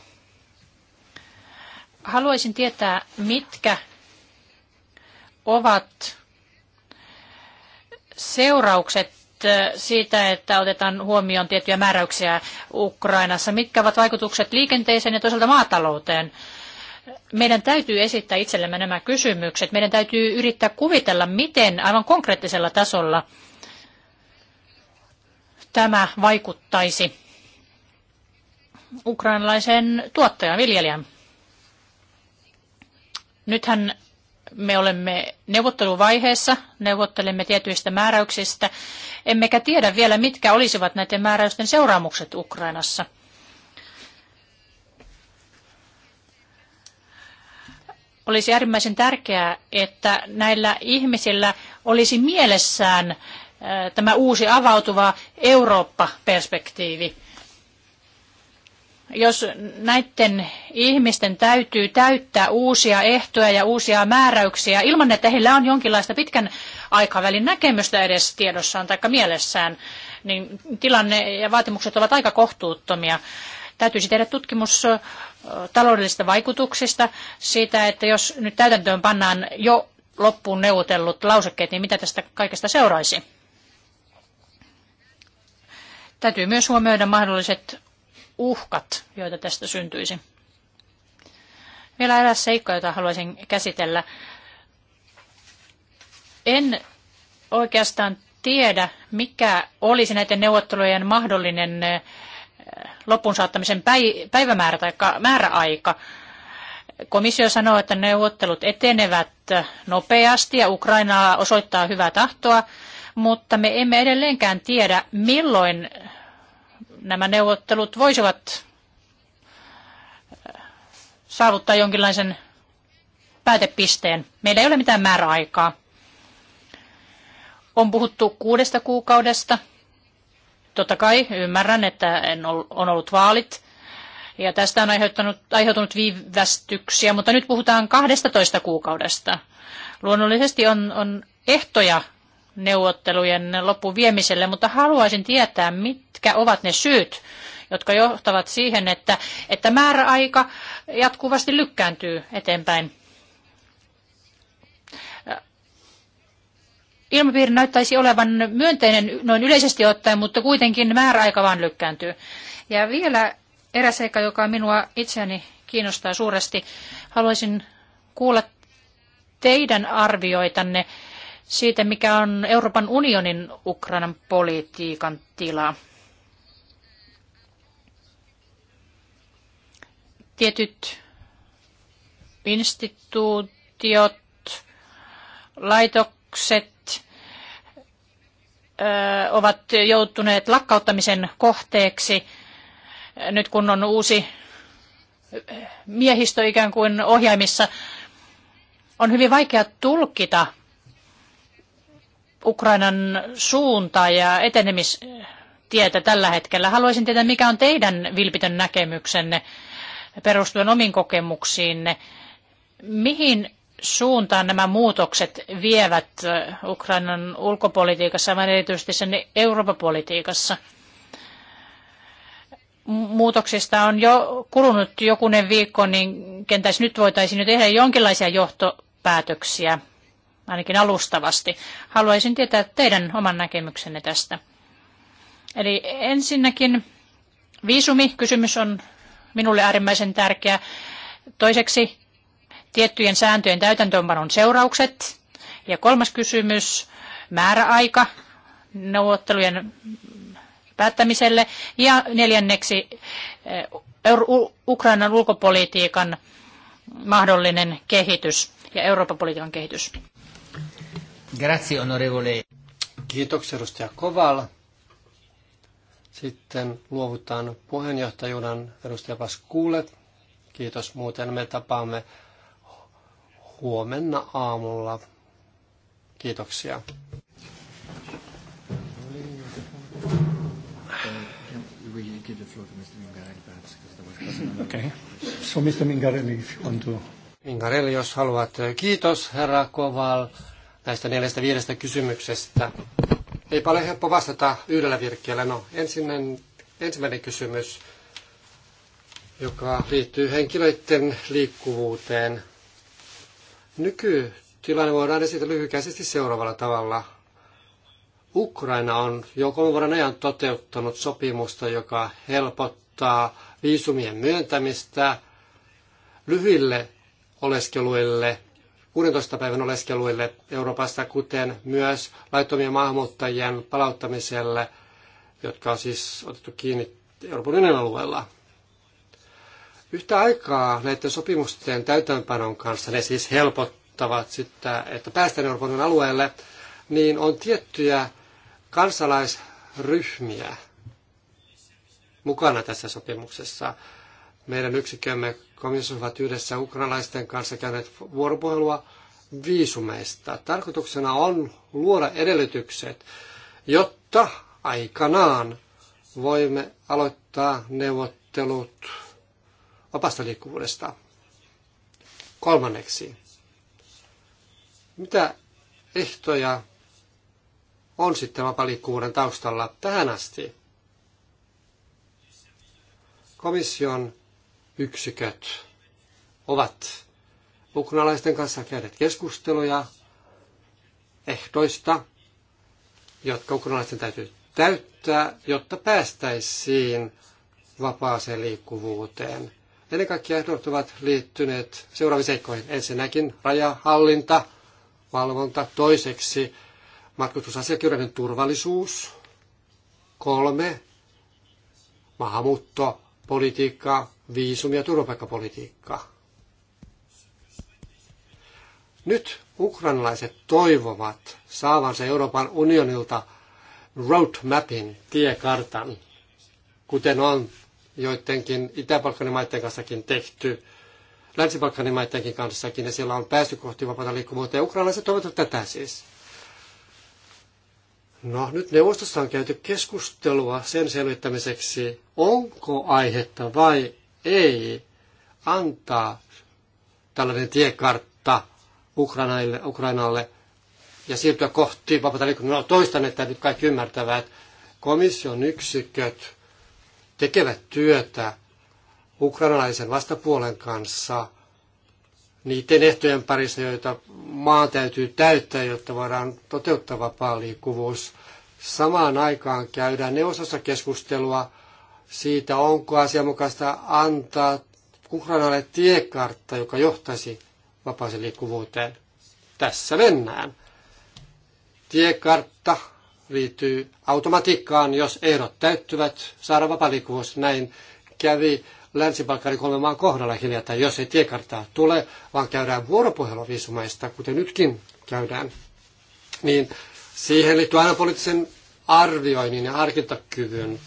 Haluaisin tietää, mitkä ovat seuraukset äh, siitä, että otetaan huomioon tiettyjä määräyksiä Ukrainassa. Mitkä ovat vaikutukset liikenteeseen ja toisaalta maatalouteen? Meidän täytyy esittää itsellemme nämä kysymykset. Meidän täytyy yrittää kuvitella, miten aivan konkreettisella tasolla tämä vaikuttaisi ukrainalaisen tuottajan, viljelijän Nythän me olemme neuvotteluvaiheessa, neuvottelemme tietyistä määräyksistä, emmekä tiedä vielä, mitkä olisivat näiden määräysten seuraamukset Ukrainassa. Olisi äärimmäisen tärkeää, että näillä ihmisillä olisi mielessään tämä uusi avautuva Eurooppa-perspektiivi jos näiden ihmisten täytyy täyttää uusia ehtoja ja uusia määräyksiä ilman, että heillä on jonkinlaista pitkän aikavälin näkemystä edes tiedossaan tai mielessään, niin tilanne ja vaatimukset ovat aika kohtuuttomia. Täytyisi tehdä tutkimus taloudellisista vaikutuksista siitä, että jos nyt täytäntöön pannaan jo loppuun neuvotellut lausekkeet, niin mitä tästä kaikesta seuraisi? Täytyy myös huomioida mahdolliset uhkat, joita tästä syntyisi. Vielä eräs seikka, jota haluaisin käsitellä. En oikeastaan tiedä, mikä olisi näiden neuvottelujen mahdollinen eh, lopun saattamisen päivämäärä tai määräaika. Komissio sanoo, että neuvottelut etenevät nopeasti ja Ukrainaa osoittaa hyvää tahtoa, mutta me emme edelleenkään tiedä, milloin nämä neuvottelut voisivat äh, saavuttaa jonkinlaisen päätepisteen. Meillä ei ole mitään määräaikaa. On puhuttu kuudesta kuukaudesta. Totta kai ymmärrän, että on ollut vaalit – ja tästä on aiheuttanut, aiheutunut viivästyksiä, mutta nyt puhutaan 12 kuukaudesta. Luonnollisesti on, on ehtoja neuvottelujen viemiselle, mutta haluaisin tietää, mitkä ovat ne syyt, jotka johtavat siihen, että, että määräaika jatkuvasti lykkääntyy eteenpäin. Ilmapiiri näyttäisi olevan myönteinen noin yleisesti ottaen, mutta kuitenkin määräaika vaan lykkääntyy. Ja vielä eräs seikka, joka minua itseäni kiinnostaa suuresti. Haluaisin kuulla teidän arvioitanne siitä, mikä on Euroopan unionin Ukrainan politiikan tila. Tietyt instituutiot, laitokset ovat joutuneet lakkauttamisen kohteeksi nyt kun on uusi miehistö ikään kuin ohjaimissa. On hyvin vaikea tulkita Ukrainan suuntaa ja etenemistietä tällä hetkellä. Haluaisin tietää, mikä on teidän vilpitön näkemyksenne perustuen omiin kokemuksiinne. Mihin suuntaan nämä muutokset vievät Ukrainan ulkopolitiikassa, vaan erityisesti sen Euroopan politiikassa? Muutoksista on jo kulunut jokunen viikko, niin kenties nyt voitaisiin jo tehdä jonkinlaisia johtopäätöksiä ainakin alustavasti. Haluaisin tietää teidän oman näkemyksenne tästä. Eli ensinnäkin viisumikysymys on minulle äärimmäisen tärkeä. Toiseksi tiettyjen sääntöjen täytäntöönpanon seuraukset. Ja kolmas kysymys, määräaika neuvottelujen päättämiselle. Ja neljänneksi eh, Ukrainan ulkopolitiikan mahdollinen kehitys ja Euroopan politiikan kehitys. Grazie, onorevole. Kiitoksia, edustaja Koval. Sitten luovutaan puheenjohtajuuden edustaja Paskuulle. Kiitos muuten. Me tapaamme huomenna aamulla. Kiitoksia. Okay. So Mr. Mingarelli, if you want to... Mingarelli, jos haluat. Kiitos, herra Koval näistä neljästä viidestä kysymyksestä. Ei paljon helppo vastata yhdellä virkkeellä. No, ensimmäinen, ensimmäinen kysymys, joka liittyy henkilöiden liikkuvuuteen. Nykytilanne voidaan esitellä lyhykäisesti seuraavalla tavalla. Ukraina on jo kolmen vuoden ajan toteuttanut sopimusta, joka helpottaa viisumien myöntämistä lyhyille oleskeluille 16 päivän oleskeluille Euroopassa, kuten myös laittomien maahanmuuttajien palauttamiselle, jotka on siis otettu kiinni Euroopan unionin alueella. Yhtä aikaa näiden sopimusten täytäntöönpanon kanssa, ne siis helpottavat sitä, että päästään Euroopan unionin alueelle, niin on tiettyjä kansalaisryhmiä mukana tässä sopimuksessa. Meidän yksikömme Komissio ovat yhdessä ukrainalaisten kanssa käyneet vuoropuhelua viisumeista. Tarkoituksena on luoda edellytykset, jotta aikanaan voimme aloittaa neuvottelut vapaasta liikkuvuudesta. Kolmanneksi, mitä ehtoja on sitten vapaliikkuvuuden taustalla tähän asti? Komission yksiköt ovat ukrainalaisten kanssa käyneet keskusteluja ehdoista, jotka ukrainalaisten täytyy täyttää, jotta päästäisiin vapaaseen liikkuvuuteen. Ennen kaikkea ehdot ovat liittyneet seuraaviin seikkoihin. Ensinnäkin rajahallinta, valvonta. Toiseksi matkustusasiakirjojen turvallisuus. Kolme, maahanmuuttopolitiikka, viisumi- ja turvapaikkapolitiikkaa. Nyt ukrainalaiset toivovat saavansa Euroopan unionilta roadmapin, tiekartan, kuten on joidenkin Itä-Balkanimaiden kanssakin tehty, Länsi-Balkanimaidenkin kanssakin, ja siellä on päästy kohti vapaata liikkuvuutta, ja ukrainalaiset toivovat tätä siis. No, nyt neuvostossa on käyty keskustelua sen selvittämiseksi, onko aihetta vai ei antaa tällainen tiekartta Ukrainalle, Ukrainalle ja siirtyä kohti vapaata liikkumista. No, toistan, että nyt kaikki ymmärtävät. Komission yksiköt tekevät työtä ukrainalaisen vastapuolen kanssa niiden ehtojen parissa, joita maa täytyy täyttää, jotta voidaan toteuttaa vapaa liikkuvuus. Samaan aikaan käydään neuvostossa keskustelua siitä, onko asianmukaista antaa Ukrainalle tiekartta, joka johtaisi vapaaseen liikkuvuuteen. Tässä mennään. Tiekartta liittyy automatiikkaan, jos ehdot täyttyvät, saada vapaa liikkuvuus. Näin kävi länsi kolmen maan kohdalla hiljattain, jos ei tiekarttaa tule, vaan käydään vuoropuhelua viisumaista, kuten nytkin käydään. Niin siihen liittyy aina poliittisen arvioinnin ja harkintakyvyn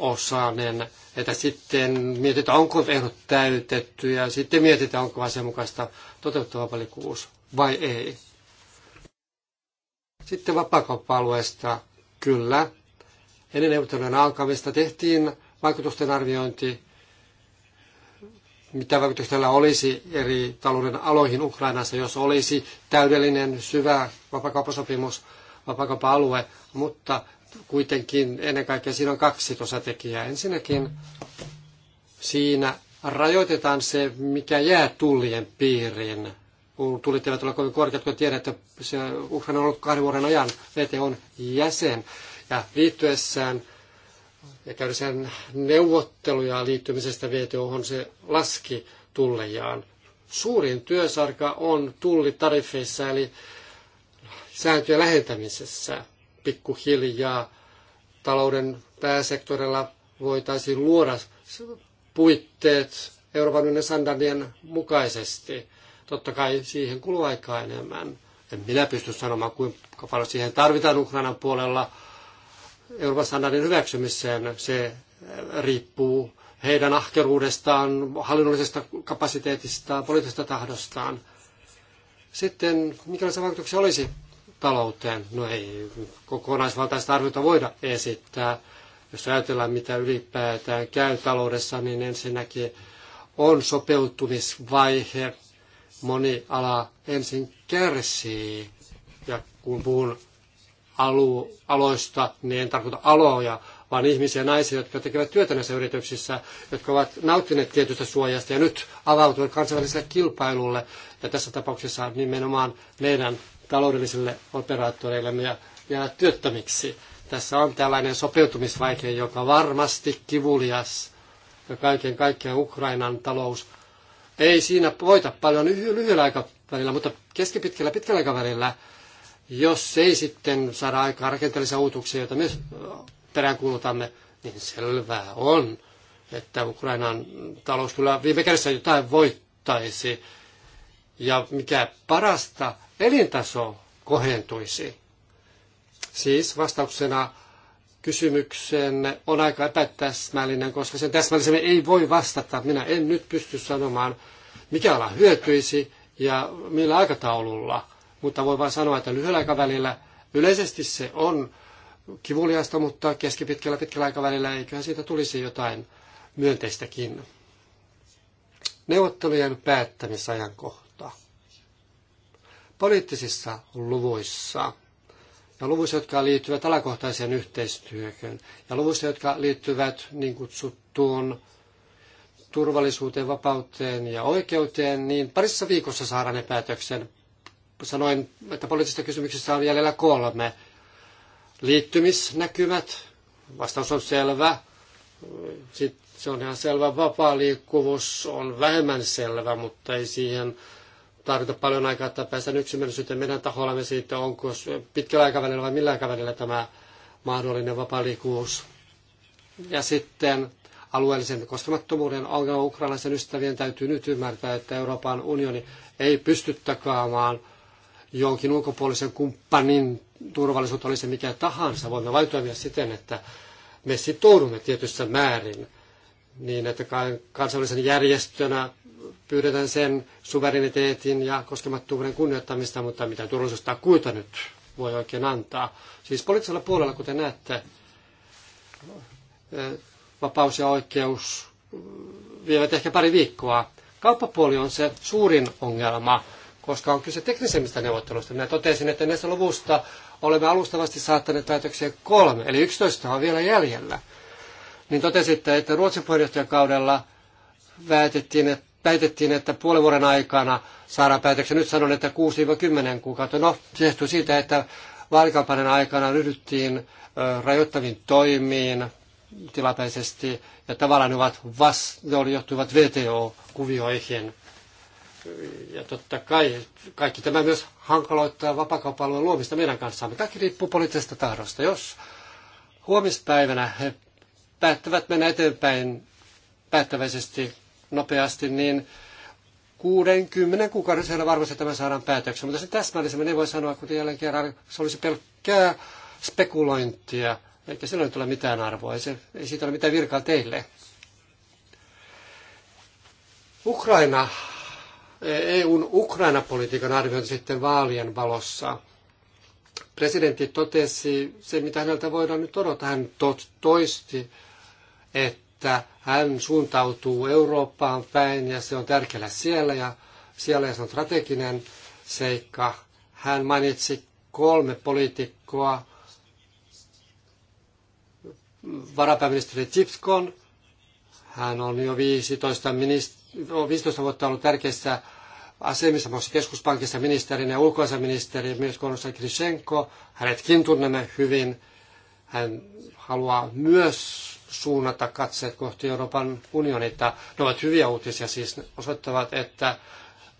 osanen, että sitten mietitään, onko ehdot täytetty ja sitten mietitään, onko asianmukaista toteuttava palikuus vai ei. Sitten vapaakauppa-alueesta, kyllä. Ennen neuvottelujen alkamista tehtiin vaikutusten arviointi, mitä vaikutuksia tällä olisi eri talouden aloihin Ukrainassa, jos olisi täydellinen, syvä vapaakauppasopimus, vapaakauppa-alue, mutta kuitenkin ennen kaikkea siinä on kaksi osatekijää. Ensinnäkin siinä rajoitetaan se, mikä jää tullien piiriin. Tullit eivät ole kovin korkeat, kun tiedät, että se Ukraina on ollut kahden vuoden ajan VTOn jäsen. Ja liittyessään ja käydessään neuvotteluja liittymisestä VTOhon se laski tullejaan. Suurin työsarka on tullitariffeissa, eli sääntöjen lähentämisessä pikkuhiljaa talouden pääsektorilla voitaisiin luoda puitteet Euroopan unionin standardien mukaisesti. Totta kai siihen kuluu aikaa enemmän. En minä pysty sanomaan, kuinka paljon siihen tarvitaan Ukrainan puolella Euroopan standardin hyväksymiseen. Se äh, riippuu heidän ahkeruudestaan, hallinnollisesta kapasiteetistaan, poliittisesta tahdostaan. Sitten minkälaisia vaikutuksia olisi talouteen. No ei kokonaisvaltaista arviota voida esittää. Jos ajatellaan, mitä ylipäätään käy taloudessa, niin ensinnäkin on sopeutumisvaihe. Moni ala ensin kärsii. Ja kun puhun alu, aloista, niin en tarkoita aloja, vaan ihmisiä, naisia, jotka tekevät työtä näissä yrityksissä, jotka ovat nauttineet tietystä suojasta ja nyt avautuvat kansainväliselle kilpailulle. Ja tässä tapauksessa nimenomaan meidän taloudellisille operaattoreille ja jää työttömiksi. Tässä on tällainen sopeutumisvaihe, joka varmasti kivulias ja kaiken kaikkiaan Ukrainan talous ei siinä voita paljon lyhyellä aikavälillä, mutta keskipitkällä pitkällä aikavälillä, jos ei sitten saada aikaa rakenteellisia uutuksia, joita myös peräänkuulutamme, niin selvää on, että Ukrainan talous kyllä viime kädessä jotain voittaisi. Ja mikä parasta, elintaso kohentuisi. Siis vastauksena kysymykseen on aika epätäsmällinen, koska sen täsmällisemmin ei voi vastata. Minä en nyt pysty sanomaan, mikä ala hyötyisi ja millä aikataululla, mutta voi vain sanoa, että lyhyellä aikavälillä yleisesti se on kivuliasta, mutta keskipitkällä pitkällä aikavälillä eiköhän siitä tulisi jotain myönteistäkin. Neuvottelujen päättämisajankohta poliittisissa luvuissa ja luvuissa, jotka liittyvät alakohtaiseen yhteistyöhön ja luvuissa, jotka liittyvät niin kutsuttuun turvallisuuteen, vapauteen ja oikeuteen, niin parissa viikossa saadaan ne päätöksen. Sanoin, että poliittisista kysymyksissä on jäljellä kolme. Liittymisnäkymät, vastaus on selvä. Sitten se on ihan selvä. Vapaa liikkuvuus on vähemmän selvä, mutta ei siihen tarvita paljon aikaa, että päästään yksimielisyyteen meidän tahollamme siitä, onko pitkällä aikavälillä vai millä aikavälillä tämä mahdollinen vapaa Ja sitten alueellisen koskemattomuuden ongelma ukrainalaisen ystävien täytyy nyt ymmärtää, että Euroopan unioni ei pysty takaamaan jonkin ulkopuolisen kumppanin turvallisuutta, oli se mikä tahansa. Voimme vain toimia siten, että me sitoudumme tietyssä määrin – niin että kansallisen järjestönä pyydetään sen suvereniteetin ja koskemattomuuden kunnioittamista, mutta mitä turvallisuustakuita nyt voi oikein antaa. Siis poliittisella puolella, kuten näette, eh, vapaus ja oikeus eh, vievät ehkä pari viikkoa. Kauppapuoli on se suurin ongelma, koska on kyse teknisemmistä neuvotteluista. Minä totesin, että näistä luvusta olemme alustavasti saattaneet päätöksiä kolme, eli 11 on vielä jäljellä niin totesitte, että Ruotsin puheenjohtajakaudella väitettiin, että, väitettiin, että puolen vuoden aikana saadaan päätöksen. Nyt sanon, että 6-10 kuukautta. No, se johtuu siitä, että vaalikampanjan aikana ryhdyttiin rajoittaviin toimiin tilapäisesti, ja tavallaan ne, ovat vas, ne johtuivat VTO-kuvioihin. Ja totta kai kaikki tämä myös hankaloittaa vapakauppa luomista meidän kanssamme. Kaikki riippuu poliittisesta tahdosta. Jos huomispäivänä he päättävät mennä eteenpäin päättäväisesti nopeasti, niin 60 kuukauden sisällä varmasti tämä saadaan päätöksen. Mutta se täsmällisemmin ei voi sanoa, kuten jälleen kerran se olisi pelkkää spekulointia, eikä silloin tule mitään arvoa, ei, se, ei siitä ole mitään virkaa teille. Ukraina, EUn Ukraina-politiikan arviointi sitten vaalien valossa. Presidentti totesi se, mitä häneltä voidaan nyt odottaa. Hän toisti että hän suuntautuu Eurooppaan päin ja se on tärkeää siellä ja siellä ja se on strateginen seikka. Hän mainitsi kolme poliitikkoa, varapääministeri Tipskon, hän on jo 15, minist- 15 vuotta ollut tärkeissä asemissa, myös keskuspankissa ministerinä ja ulkoasiaministeri, myös Konstantin Krishenko. Hänetkin tunnemme hyvin. Hän haluaa myös suunnata katseet kohti Euroopan unionita. Ne ovat hyviä uutisia, siis osoittavat, että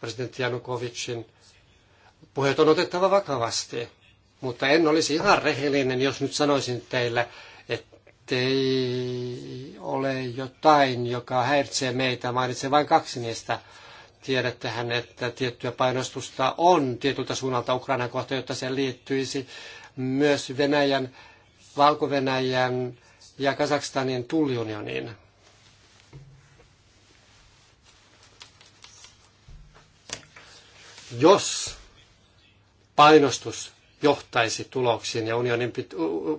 presidentti Janukovicin puheet on otettava vakavasti. Mutta en olisi ihan rehellinen, jos nyt sanoisin teille, ettei ole jotain, joka häiritsee meitä. Mainitsen vain kaksi niistä. Tiedättehän, että tiettyä painostusta on tietyltä suunnalta Ukrainan kohta, jotta se liittyisi myös Venäjän, Valko-Venäjän ja Kazakstanin tulliunioniin. Jos painostus johtaisi tuloksiin ja unionin,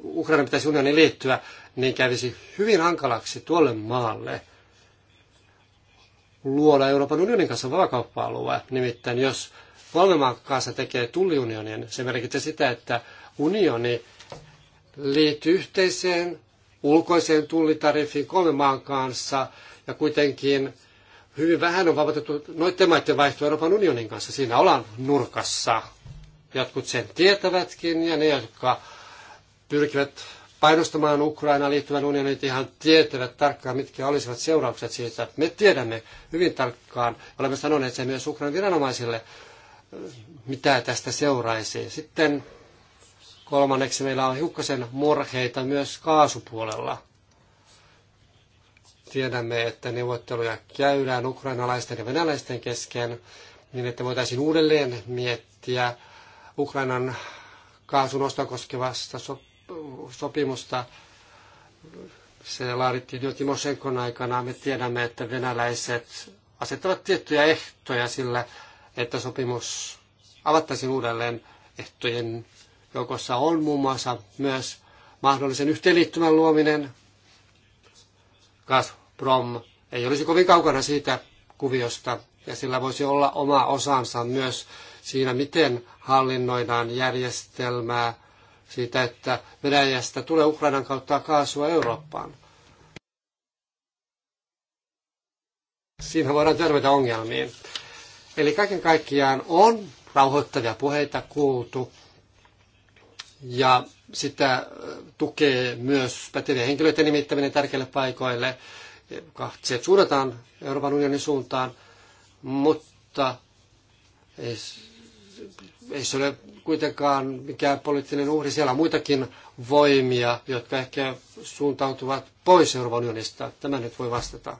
Ukraina pitäisi unionin liittyä, niin kävisi hyvin hankalaksi tuolle maalle luoda Euroopan unionin kanssa vapaakauppa-alue. Nimittäin jos kolme maan kanssa tekee tulliunionin, se merkitsee sitä, että unioni liittyy yhteiseen ulkoiseen tullitariffiin kolmen maan kanssa ja kuitenkin hyvin vähän on vapautettu noiden maiden vaihto Euroopan unionin kanssa. Siinä ollaan nurkassa. Jotkut sen tietävätkin ja ne, jotka pyrkivät painostamaan Ukrainaa liittyvän unionin ihan tietävät tarkkaan, mitkä olisivat seuraukset siitä. Me tiedämme hyvin tarkkaan, olemme sanoneet sen myös Ukrainan viranomaisille, mitä tästä seuraisi. Sitten Kolmanneksi meillä on hiukkasen murheita myös kaasupuolella. Tiedämme, että neuvotteluja käydään ukrainalaisten ja venäläisten kesken niin, että voitaisiin uudelleen miettiä Ukrainan kaasun koskevasta sop- sopimusta. Se laadittiin jo Timoshenkon aikana. Me tiedämme, että venäläiset asettavat tiettyjä ehtoja sillä, että sopimus avattaisiin uudelleen ehtojen joukossa on muun muassa myös mahdollisen yhteenliittymän luominen. Gazprom ei olisi kovin kaukana siitä kuviosta, ja sillä voisi olla oma osansa myös siinä, miten hallinnoidaan järjestelmää siitä, että Venäjästä tulee Ukrainan kautta kaasua Eurooppaan. Siinä voidaan törmätä ongelmiin. Eli kaiken kaikkiaan on rauhoittavia puheita kuultu, ja sitä äh, tukee myös pätevien henkilöiden nimittäminen tärkeille paikoille. se suunnataan Euroopan unionin suuntaan, mutta ei, ei se ole kuitenkaan mikään poliittinen uhri. Siellä on muitakin voimia, jotka ehkä suuntautuvat pois Euroopan unionista. Tämä nyt voi vastata.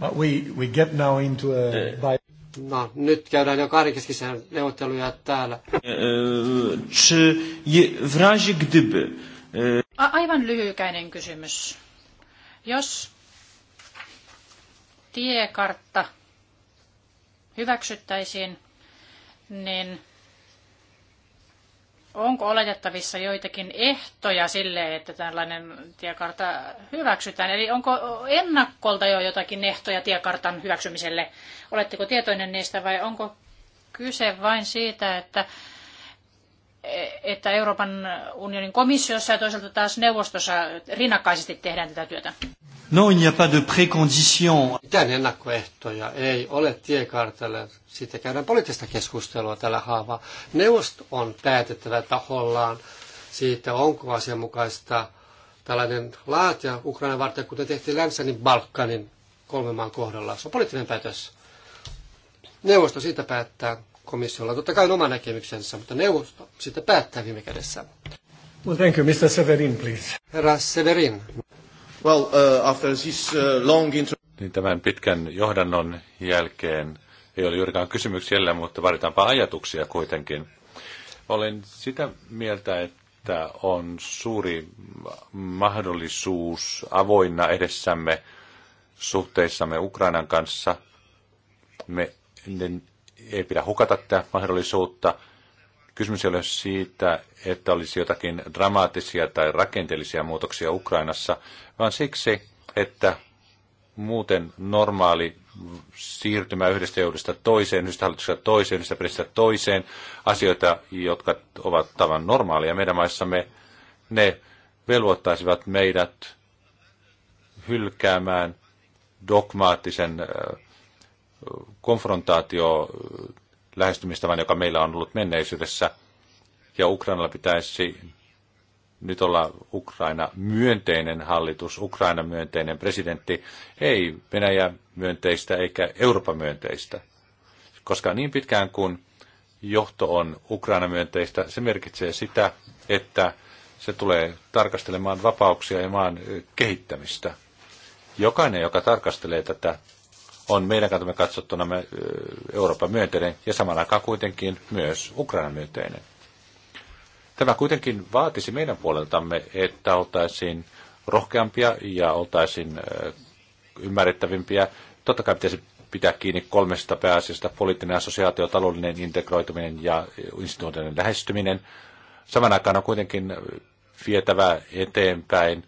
But we, we get now into a... Eh. No, nyt käydään jo kahdenkeskisiä neuvotteluja täällä. E, e, czy w razie gdyby... E, aivan lyhykäinen kysymys. Jos tiekartta hyväksyttäisiin, niin onko oletettavissa joitakin ehtoja sille, että tällainen tiekartta hyväksytään? Eli onko ennakkolta jo jotakin ehtoja tiekartan hyväksymiselle? Oletteko tietoinen niistä vai onko kyse vain siitä, että, että Euroopan unionin komissiossa ja toisaalta taas neuvostossa rinnakkaisesti tehdään tätä työtä? No, il n'y a pas de précondition. Mitään ennakkoehtoja ei ole tiekartalle. Siitä käydään poliittista keskustelua tällä haavaa. Neuvosto on päätettävä tahollaan siitä, onko asianmukaista tällainen laatia Ukrainan varten, kuten tehtiin länsä, niin Balkanin kolmen maan kohdalla. Se on poliittinen päätös. Neuvosto siitä päättää komissiolla. Totta kai on oma näkemyksensä, mutta neuvosto siitä päättää viime kädessä. Well, thank you, Mr. Severin, please. Herra Severin. Well, uh, after this uh, long intro... Niin tämän pitkän johdannon jälkeen ei ole juurikaan kysymyksiä, mutta vaaditaanpa ajatuksia kuitenkin. Olen sitä mieltä, että on suuri mahdollisuus avoinna edessämme suhteissamme Ukrainan kanssa. Me ei pidä hukata tätä mahdollisuutta – Kysymys ei ole siitä, että olisi jotakin dramaattisia tai rakenteellisia muutoksia Ukrainassa, vaan siksi, että muuten normaali siirtymä yhdestä joudusta toiseen, yhdestä hallituksesta toiseen, yhdestä presidentistä toiseen, asioita, jotka ovat tavan normaalia meidän maissamme, ne velvoittaisivat meidät hylkäämään dogmaattisen äh, konfrontaatio lähestymistavan, joka meillä on ollut menneisyydessä. Ja Ukrainalla pitäisi nyt olla Ukraina myönteinen hallitus, Ukraina myönteinen presidentti, ei Venäjä myönteistä eikä Euroopan myönteistä. Koska niin pitkään kuin johto on Ukraina myönteistä, se merkitsee sitä, että se tulee tarkastelemaan vapauksia ja maan kehittämistä. Jokainen, joka tarkastelee tätä, on meidän katsomme katsottuna me Euroopan myönteinen ja samalla aikaa kuitenkin myös Ukrainan myönteinen. Tämä kuitenkin vaatisi meidän puoleltamme, että oltaisiin rohkeampia ja oltaisiin ymmärrettävimpiä. Totta kai pitäisi pitää kiinni kolmesta pääasiasta, poliittinen assosiaatio, taloudellinen integroituminen ja instituutioiden lähestyminen. Saman aikaan on kuitenkin vietävä eteenpäin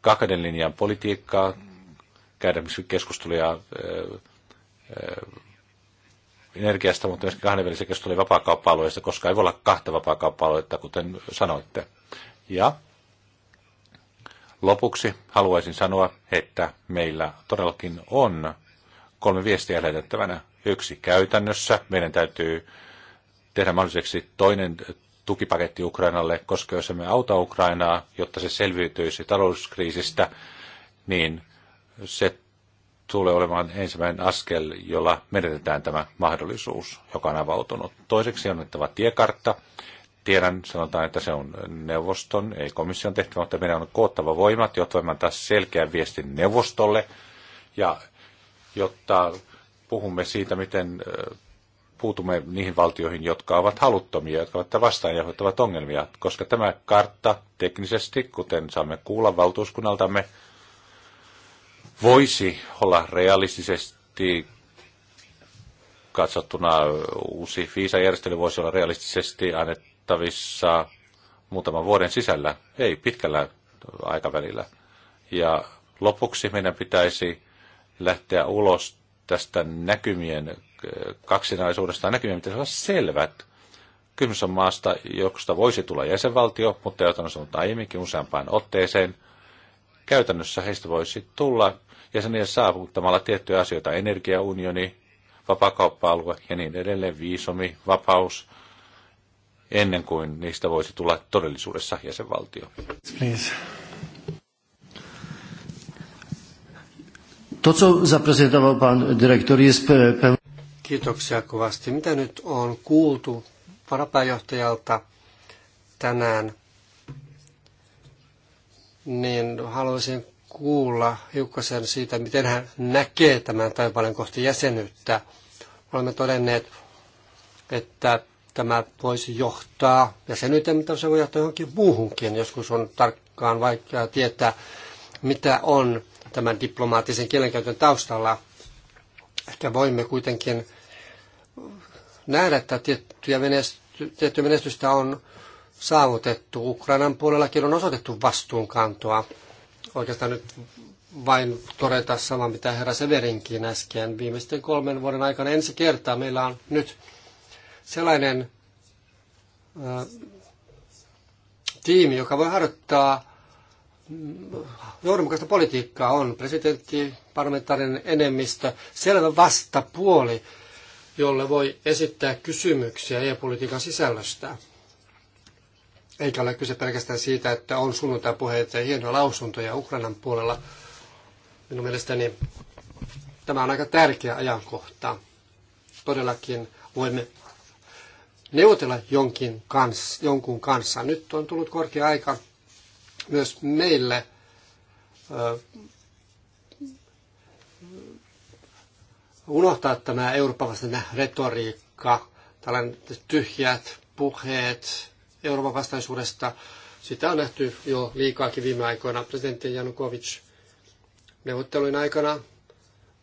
kahden linjan politiikkaa, käydä keskusteluja äh, äh, energiasta, mutta myöskin kahdenvälisiä keskusteluja vapaakauppa-alueista, koska ei voi olla kahta vapaakauppa-aluetta, kuten sanoitte. Ja lopuksi haluaisin sanoa, että meillä todellakin on kolme viestiä lähetettävänä. Yksi käytännössä. Meidän täytyy tehdä mahdolliseksi toinen tukipaketti Ukrainalle, koska jos emme auta Ukrainaa, jotta se selviytyisi talouskriisistä, niin se tulee olemaan ensimmäinen askel, jolla menetetään tämä mahdollisuus, joka on avautunut. Toiseksi on annettava tiekartta. Tiedän, sanotaan, että se on neuvoston, ei komission tehtävä, mutta meidän on koottava voimat, jotta voimme antaa selkeän viestin neuvostolle, ja jotta puhumme siitä, miten puutumme niihin valtioihin, jotka ovat haluttomia, jotka ovat vastaan ja hoitavat ongelmia, koska tämä kartta teknisesti, kuten saamme kuulla valtuuskunnaltamme, voisi olla realistisesti katsottuna uusi FISA-järjestely voisi olla realistisesti annettavissa muutaman vuoden sisällä, ei pitkällä aikavälillä. Ja lopuksi meidän pitäisi lähteä ulos tästä näkymien kaksinaisuudesta. Näkymien pitäisi olla selvät. Kysymys on maasta, josta voisi tulla jäsenvaltio, mutta jota on sanonut aiemminkin useampaan otteeseen – käytännössä heistä voisi tulla jäseniä saavuttamalla tiettyjä asioita, energiaunioni, vapakauppa-alue ja niin edelleen, viisomi, vapaus, ennen kuin niistä voisi tulla todellisuudessa jäsenvaltio. Please. To, co zaprezentował pan dyrektor, jest Kiitoksia kovasti. Mitä nyt on kuultu varapääjohtajalta tänään niin haluaisin kuulla hiukkasen siitä, miten hän näkee tämän taivaallinen kohti jäsenyyttä. Olemme todenneet, että tämä voisi johtaa jäsenyyteen, mutta se voi johtaa johonkin muuhunkin. Joskus on tarkkaan vaikea tietää, mitä on tämän diplomaattisen kielenkäytön taustalla. Ehkä voimme kuitenkin nähdä, että tiettyjä menesty, tiettyä menestystä on saavutettu. Ukrainan puolellakin on osoitettu vastuunkantoa. Oikeastaan nyt vain todeta sama, mitä herra Severinkin äsken. Viimeisten kolmen vuoden aikana ensi kertaa meillä on nyt sellainen ä, tiimi, joka voi harjoittaa mm, johdonmukaista politiikkaa. On presidentti, parlamentaarinen enemmistö, selvä vastapuoli, jolle voi esittää kysymyksiä EU-politiikan sisällöstä eikä ole kyse pelkästään siitä, että on sunnuntai puheita ja hienoja lausuntoja Ukrainan puolella. Minun mielestäni tämä on aika tärkeä ajankohta. Todellakin voimme neuvotella jonkin kans, jonkun kanssa. Nyt on tullut korkea aika myös meille ö, unohtaa tämä Euroopan retoriikka, tällaiset tyhjät puheet, Euroopan vastaisuudesta. Sitä on nähty jo liikaakin viime aikoina. Presidentti Janukovic neuvottelujen aikana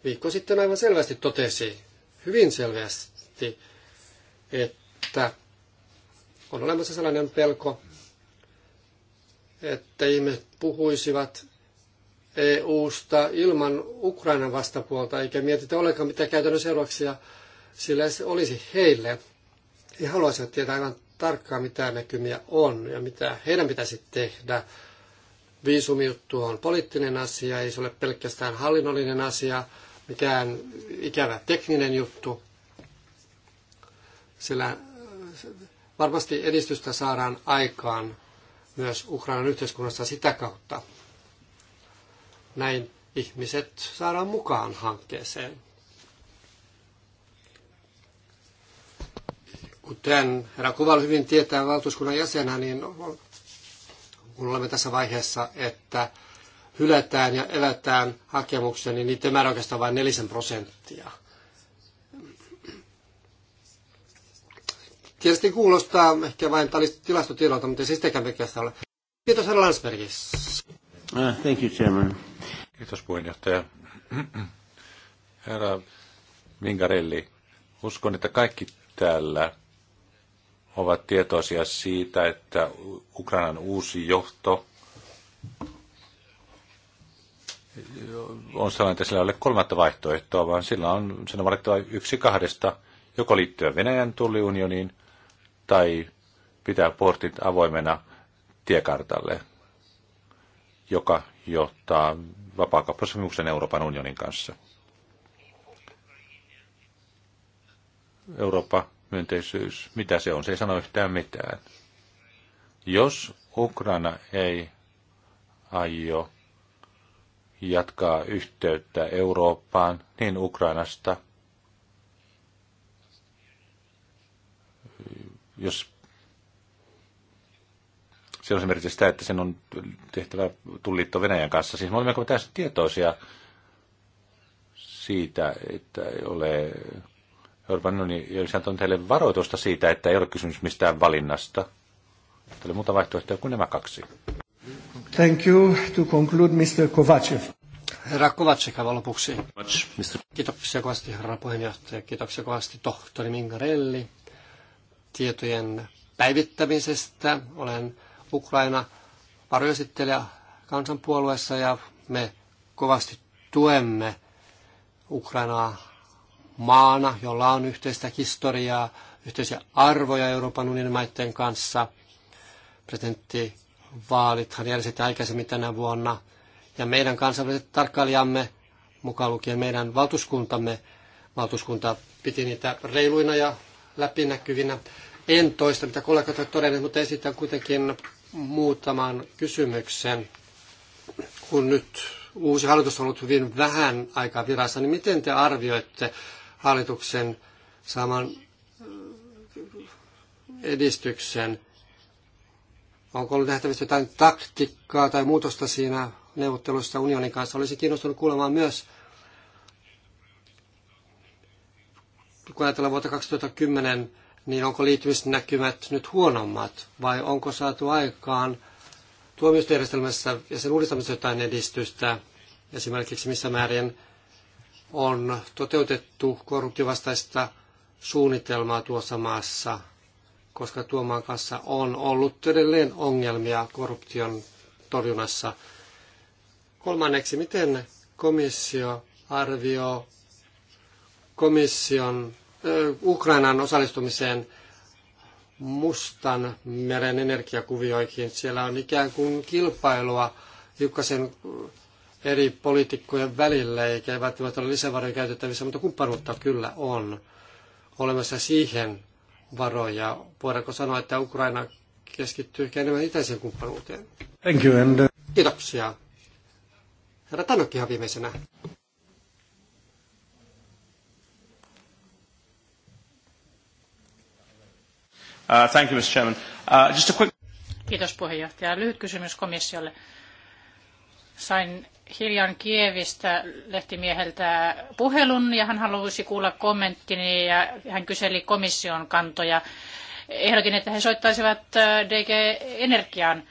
viikko sitten aivan selvästi totesi, hyvin selvästi, että on olemassa sellainen pelko, että ihmiset puhuisivat EU-sta ilman Ukrainan vastapuolta, eikä mietitä ollenkaan mitä käytännön seurauksia sillä se olisi heille. He haluaisivat tietää aivan tarkkaan, mitä näkymiä on ja mitä heidän pitäisi tehdä. Viisumijuttu on poliittinen asia, ei se ole pelkästään hallinnollinen asia, mikään ikävä tekninen juttu. Sillä äh, varmasti edistystä saadaan aikaan myös Ukrainan yhteiskunnassa sitä kautta. Näin ihmiset saadaan mukaan hankkeeseen. Kuten herra Kuval hyvin tietää valtuuskunnan jäsenä, niin kun olemme tässä vaiheessa, että hylätään ja elätään hakemuksia, niin niiden määrä oikeastaan vain nelisen prosenttia. Tietysti kuulostaa ehkä vain tilastotilalta, mutta ei se sitäkään pelkästään ole. Kiitos herra Landsbergis. Uh, thank you, Chairman. Kiitos puheenjohtaja. Herra Mingarelli, uskon, että kaikki täällä ovat tietoisia siitä, että Ukrainan uusi johto on sellainen, että sillä ei ole kolmatta vaihtoehtoa, vaan sillä on, sen on valittava yksi kahdesta, joko liittyä Venäjän tulliunioniin tai pitää portit avoimena tiekartalle, joka johtaa vapaakauppasopimuksen Euroopan unionin kanssa. Eurooppa myönteisyys, mitä se on, se ei sano yhtään mitään. Jos Ukraina ei aio jatkaa yhteyttä Eurooppaan, niin Ukrainasta, jos se on esimerkiksi sitä, että sen on tehtävä tulliitto Venäjän kanssa. Siis me olemme täysin tietoisia siitä, että ei ole Euroopan unioni olisi antanut heille varoitusta siitä, että ei ole kysymys mistään valinnasta. Tuli muuta vaihtoehtoja kuin nämä kaksi. Thank you. To conclude, Mr. Kovacev. Herra Kovacekava lopuksi. Kiitoksia kovasti herra puheenjohtaja, kiitoksia kovasti tohtori Mingarelli tietojen päivittämisestä. Olen Ukraina varjoesittelijä kansanpuolueessa ja me kovasti tuemme Ukrainaa maana, jolla on yhteistä historiaa, yhteisiä arvoja Euroopan unionin maiden kanssa. Presidenttivaalithan järjestettiin aikaisemmin tänä vuonna. Ja meidän kansainväliset tarkkailijamme, mukaan lukien meidän valtuuskuntamme, valtuuskunta piti niitä reiluina ja läpinäkyvinä. En toista, mitä kollegat ovat todenneet, mutta esitän kuitenkin muutaman kysymyksen. Kun nyt uusi hallitus on ollut hyvin vähän aikaa virassa, niin miten te arvioitte hallituksen saaman edistyksen. Onko ollut nähtävissä jotain taktiikkaa tai muutosta siinä neuvottelussa unionin kanssa? Olisi kiinnostunut kuulemaan myös, kun ajatellaan vuotta 2010, niin onko liittymisnäkymät nyt huonommat vai onko saatu aikaan tuomioistuinjärjestelmässä ja sen uudistamisessa jotain edistystä, esimerkiksi missä määrin on toteutettu korruptiovastaista suunnitelmaa tuossa maassa, koska tuomaan kanssa on ollut edelleen ongelmia korruption torjunnassa. Kolmanneksi, miten komissio arvioi komission äh, Ukrainan osallistumiseen Mustan meren energiakuvioihin. Siellä on ikään kuin kilpailua hiukkasen eri poliitikkojen välillä, eikä välttämättä ole lisävaroja käytettävissä, mutta kumppanuutta kyllä on olemassa siihen varoja. Voidaanko sanoa, että Ukraina keskittyy ehkä enemmän itäiseen kumppanuuteen? Thank you, and... Uh, Kiitoksia. Herra ihan viimeisenä. Uh, thank you, Mr. Chairman. Uh, just a quick... Kiitos puheenjohtaja. Lyhyt kysymys komissiolle. Sain Hiljan Kievistä lehtimieheltä puhelun ja hän halusi kuulla kommenttini ja hän kyseli komission kantoja. Ehdotin, että he soittaisivat äh, DG Energiaan.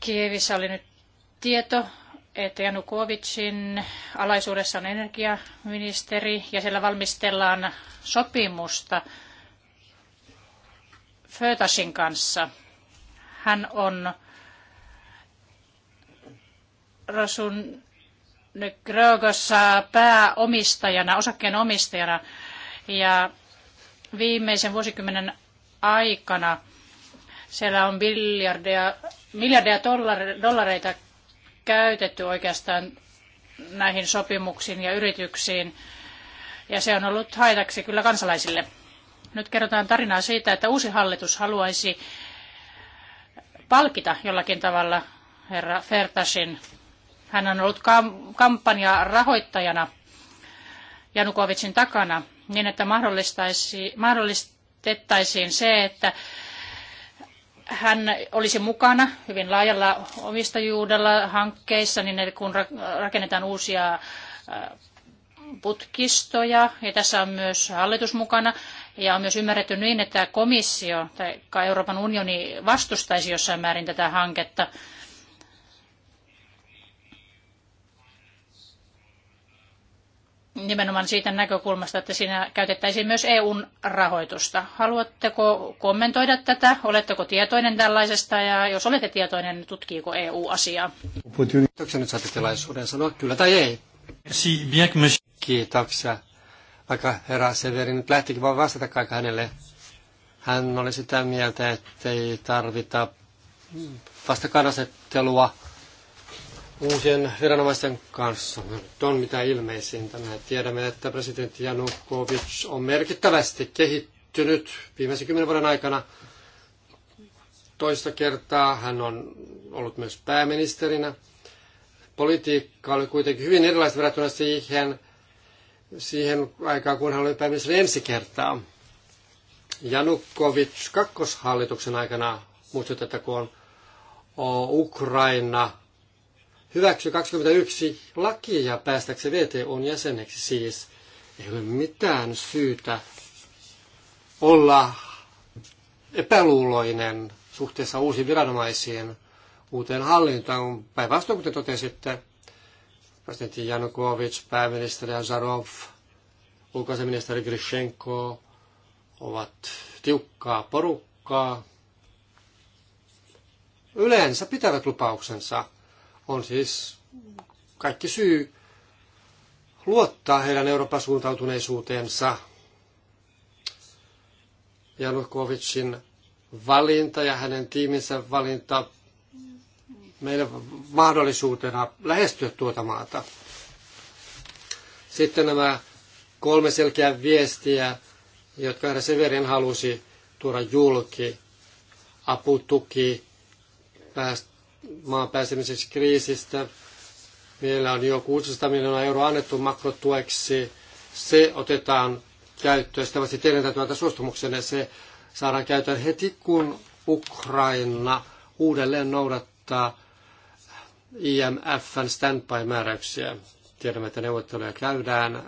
Kievissä oli nyt tieto, että Janukovicin alaisuudessa on energiaministeri ja siellä valmistellaan sopimusta Fötasin kanssa. Hän on Rasun Grögössä pääomistajana, osakkeen omistajana ja viimeisen vuosikymmenen aikana siellä on miljardeja, miljardeja dollareita käytetty oikeastaan näihin sopimuksiin ja yrityksiin ja se on ollut haitaksi kyllä kansalaisille. Nyt kerrotaan tarinaa siitä, että uusi hallitus haluaisi palkita jollakin tavalla herra Fertasin hän on ollut kam- kampanjarahoittajana Janukovicin takana niin, että mahdollistaisi mahdollistettaisiin se, että hän olisi mukana hyvin laajalla omistajuudella hankkeissa, niin että kun rakennetaan uusia äh, putkistoja, ja tässä on myös hallitus mukana, ja on myös ymmärretty niin, että komissio tai Euroopan unioni vastustaisi jossain määrin tätä hanketta. nimenomaan siitä näkökulmasta, että siinä käytettäisiin myös EUn rahoitusta. Haluatteko kommentoida tätä? Oletteko tietoinen tällaisesta ja jos olette tietoinen, niin tutkiiko EU asiaa? Kiitoksia nyt saatte tilaisuuden sanoa kyllä tai ei. Kiitoksia. Vaikka herra Severi nyt lähtikin vaan vastata kaikki hänelle. Hän oli sitä mieltä, että ei tarvita vastakaanasettelua uusien viranomaisten kanssa. Nyt on mitä ilmeisintä. Me tiedämme, että presidentti Janukovic on merkittävästi kehittynyt viimeisen kymmenen vuoden aikana. Toista kertaa hän on ollut myös pääministerinä. Politiikka oli kuitenkin hyvin erilaista verrattuna siihen, siihen aikaan, kun hän oli pääministeri ensi kertaa. Janukovic kakkoshallituksen aikana, muistutettakoon, Ukraina – hyväksy 21 lakia päästäkseen VTOn jäseneksi siis. Ei ole mitään syytä olla epäluuloinen suhteessa uusiin viranomaisiin, uuteen hallintoon, Päinvastoin, kuten totesitte, presidentti Janukovic, pääministeri Azarov, ulkoasiaministeri Grishenko ovat tiukkaa porukkaa. Yleensä pitävät lupauksensa. On siis kaikki syy luottaa heidän Euroopan suuntautuneisuuteensa. Janukovicin valinta ja hänen tiiminsä valinta meille mahdollisuutena lähestyä tuota maata. Sitten nämä kolme selkeää viestiä, jotka herra Severin halusi tuoda julki. Aputuki, päästä maan pääsemiseksi kriisistä. Meillä on jo 600 miljoonaa euroa annettu makrotueksi. Se otetaan käyttöön. Sitä vasta teidän täytyy antaa suostumuksen ja se saadaan käyttöön heti, kun Ukraina uudelleen noudattaa IMFn standby-määräyksiä. Tiedämme, että neuvotteluja käydään äh,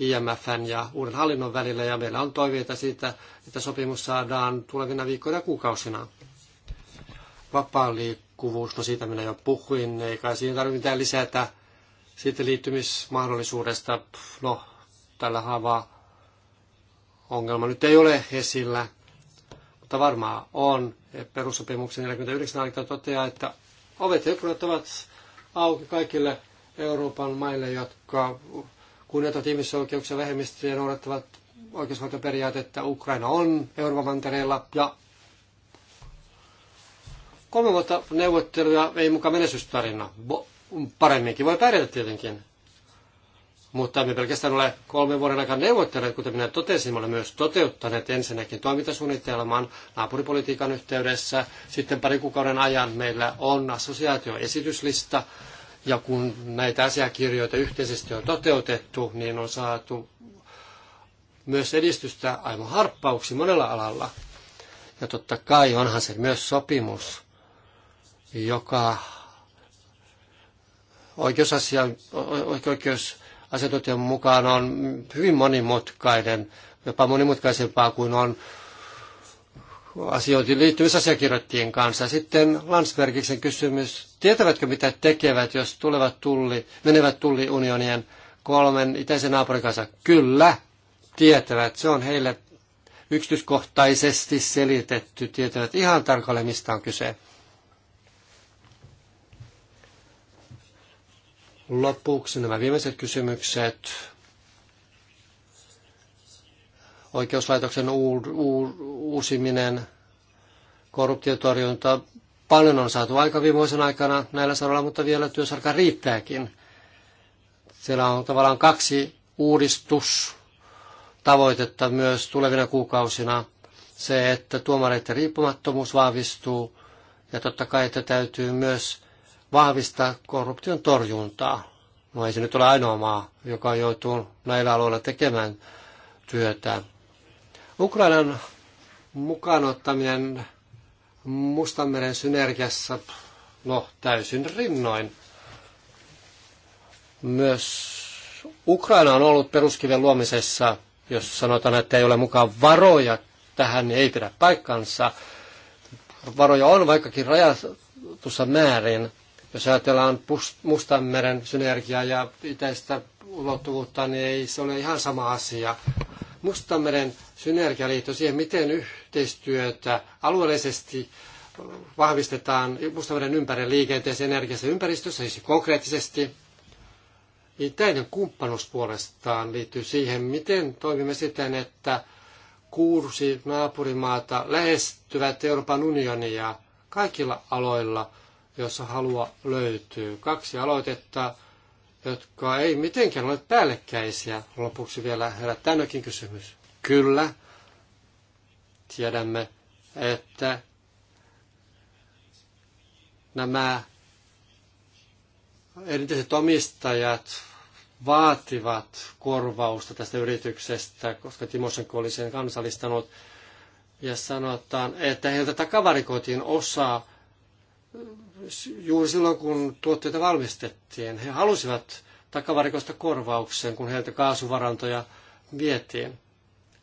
IMFn ja uuden hallinnon välillä ja meillä on toiveita siitä, että sopimus saadaan tulevina viikkoina ja kuukausina. Vapaa liikku liikkuvuus, no siitä minä jo puhuin, eikä siinä tarvitse mitään lisätä. Sitten liittymismahdollisuudesta, no tällä haavaa ongelma nyt ei ole esillä, mutta varmaan on. Perussopimuksen 49 artikla toteaa, että ovet ja ikkunat ovat auki kaikille Euroopan maille, jotka kunnioittavat ihmisoikeuksia vähemmistöjä ja noudattavat oikeusvaltioperiaatetta. Ukraina on Euroopan mantereella ja Kolme vuotta neuvotteluja ei mukaan menestystarina. paremminkin voi pärjätä tietenkin. Mutta me pelkästään ole kolmen vuoden aikana neuvotteleet, kuten minä totesin, me olemme myös toteuttaneet ensinnäkin toimintasuunnitelman naapuripolitiikan yhteydessä. Sitten pari kuukauden ajan meillä on assosiaatioesityslista, ja kun näitä asiakirjoita yhteisesti on toteutettu, niin on saatu myös edistystä aivan harppauksi monella alalla. Ja totta kai onhan se myös sopimus, joka oikeusasia, oikeusasiantuntijan mukaan on hyvin monimutkainen, jopa monimutkaisempaa kuin on asioihin asiakirjoittien kanssa. Sitten Landsbergiksen kysymys, tietävätkö mitä tekevät, jos tulevat tulli, menevät tulliunionien kolmen itäisen naapurin kanssa? Kyllä, tietävät. Se on heille yksityiskohtaisesti selitetty, tietävät ihan tarkalleen mistä on kyse. lopuksi nämä viimeiset kysymykset. Oikeuslaitoksen uusiminen, korruptiotorjunta. Paljon on saatu aika viimeisen aikana näillä saroilla, mutta vielä työsarka riittääkin. Siellä on tavallaan kaksi uudistustavoitetta myös tulevina kuukausina. Se, että tuomareiden riippumattomuus vahvistuu ja totta kai, että täytyy myös vahvistaa korruption torjuntaa. No ei se nyt ole ainoa maa, joka joutuu näillä aloilla tekemään työtä. Ukrainan mukaanottaminen Mustanmeren synergiassa, no täysin rinnoin. Myös Ukraina on ollut peruskiven luomisessa, jos sanotaan, että ei ole mukaan varoja tähän, niin ei pidä paikkansa. Varoja on vaikkakin rajatussa määrin, jos ajatellaan Mustanmeren synergiaa ja itäistä ulottuvuutta, niin ei se ole ihan sama asia. Mustanmeren liittyy siihen, miten yhteistyötä alueellisesti vahvistetaan Mustanmeren ympärillä liikenteessä, energiassa ja ympäristössä, siis konkreettisesti. Itäinen niin kumppanuus puolestaan liittyy siihen, miten toimimme siten, että kuusi naapurimaata lähestyvät Euroopan unionia kaikilla aloilla, jos halua löytyy. Kaksi aloitetta, jotka ei mitenkään ole päällekkäisiä. Lopuksi vielä herättää tännekin kysymys. Kyllä, tiedämme, että nämä erityiset omistajat vaativat korvausta tästä yrityksestä, koska Timosenko oli sen kansallistanut, ja sanotaan, että heiltä takavarikoitiin osaa juuri silloin, kun tuotteita valmistettiin. He halusivat takavarikosta korvauksen, kun heiltä kaasuvarantoja vietiin.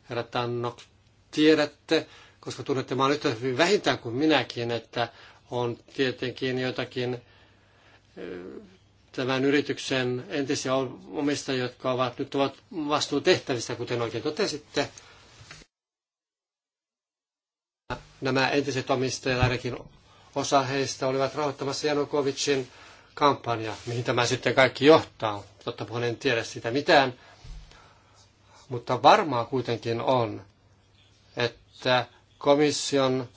Herra Tannok, tiedätte, koska tunnette maan yhtä hyvin vähintään kuin minäkin, että on tietenkin jotakin tämän yrityksen entisiä omistajia, jotka ovat nyt ovat vastuutehtävissä, kuten oikein totesitte. Nämä entiset omistajat ainakin Osa heistä olivat rahoittamassa Janukovicin kampanja. Mihin tämä sitten kaikki johtaa? Totta puhuen en tiedä sitä mitään. Mutta varmaa kuitenkin on, että komission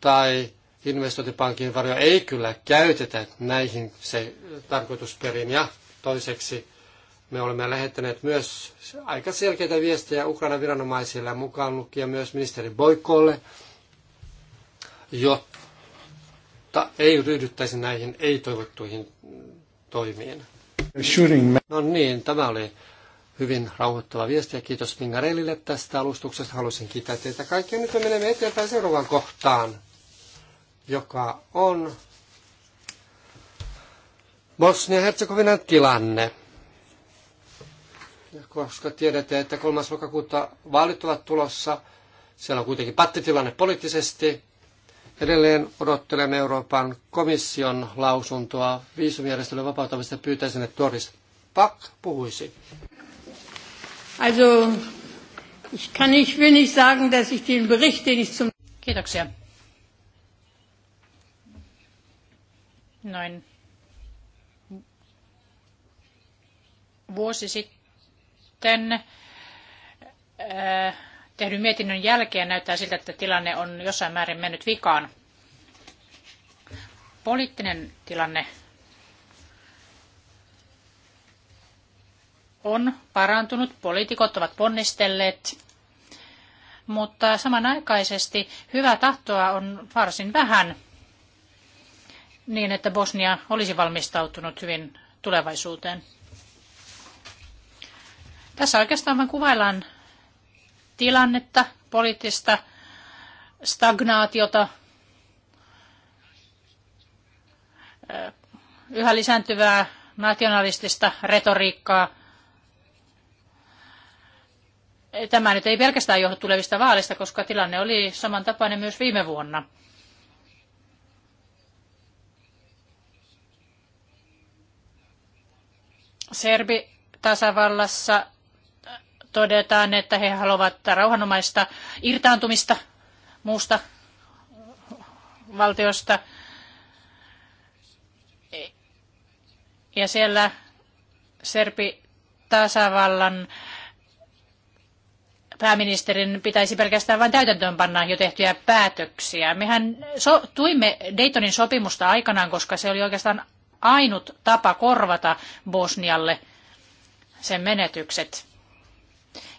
tai investointipankin varoja ei kyllä käytetä näihin se tarkoitusperiin. Ja toiseksi me olemme lähettäneet myös aika selkeitä viestejä Ukrainan viranomaisille mukaan lukien myös ministeri Boikolle, jotta jotta ei ryhdyttäisi näihin ei-toivottuihin toimiin. No niin, tämä oli hyvin rauhoittava viesti ja kiitos Mingarellille tästä alustuksesta. Haluaisin kiittää teitä kaikkia. Nyt me menemme eteenpäin seuraavaan kohtaan, joka on Bosnia-Herzegovinan tilanne. Ja koska tiedätte, että 3. lokakuuta vaalit ovat tulossa, siellä on kuitenkin pattitilanne poliittisesti, Edelleen odottelen Euroopan komission lausuntoa viisumijärjestelyn vapauttamista pyytäisin, että Doris Pak puhuisi. Also, ich kann ich will nicht sagen, dass ich den Bericht, den ich zum... Kiitoksia. Noin vuosi sitten äh, tehdyn mietinnön jälkeen näyttää siltä, että tilanne on jossain määrin mennyt vikaan. Poliittinen tilanne on parantunut, poliitikot ovat ponnistelleet, mutta samanaikaisesti hyvää tahtoa on varsin vähän niin, että Bosnia olisi valmistautunut hyvin tulevaisuuteen. Tässä oikeastaan vain kuvaillaan tilannetta, poliittista stagnaatiota, yhä lisääntyvää nationalistista retoriikkaa. Tämä nyt ei pelkästään johdu tulevista vaaleista, koska tilanne oli samantapainen myös viime vuonna. Serbi tasavallassa todetaan, että he haluavat rauhanomaista irtaantumista muusta valtiosta. Ja siellä Serpi tasavallan pääministerin pitäisi pelkästään vain täytäntöönpanna jo tehtyjä päätöksiä. Mehän so- tuimme Daytonin sopimusta aikanaan, koska se oli oikeastaan ainut tapa korvata Bosnialle sen menetykset.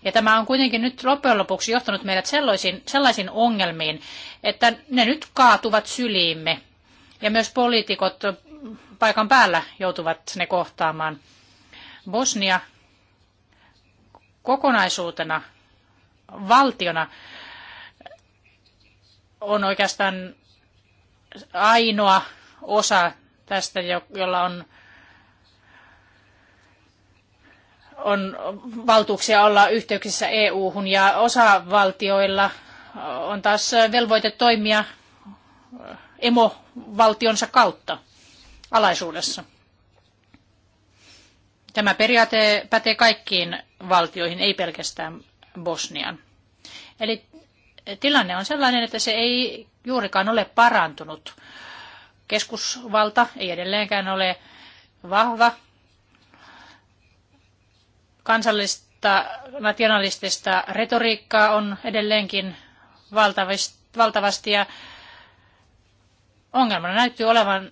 Ja tämä on kuitenkin nyt loppujen lopuksi johtanut meidät sellaisiin, sellaisiin ongelmiin, että ne nyt kaatuvat syliimme. Ja myös poliitikot paikan päällä joutuvat ne kohtaamaan. Bosnia kokonaisuutena, valtiona, on oikeastaan ainoa osa tästä, jolla on on valtuuksia olla yhteyksissä EU-hun ja osavaltioilla on taas velvoite toimia äh, emovaltionsa kautta alaisuudessa. Tämä periaate pätee kaikkiin valtioihin, ei pelkästään Bosnian. Eli tilanne on sellainen, että se ei juurikaan ole parantunut. Keskusvalta ei edelleenkään ole vahva Kansallista nationalistista retoriikkaa on edelleenkin valtavasti ja ongelmana näyttää olevan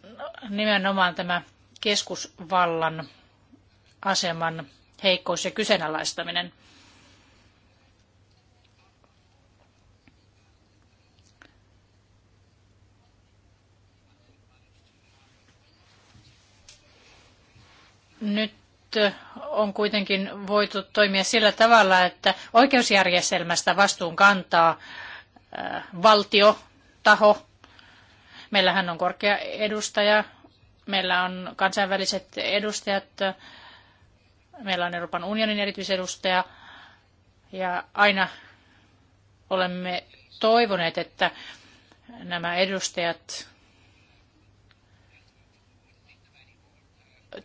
nimenomaan tämä keskusvallan aseman heikkous ja kyseenalaistaminen. Nyt on kuitenkin voitu toimia sillä tavalla, että oikeusjärjestelmästä vastuun kantaa äh, valtio, taho. Meillähän on korkea edustaja, meillä on kansainväliset edustajat, äh, meillä on Euroopan unionin erityisedustaja ja aina olemme toivoneet, että nämä edustajat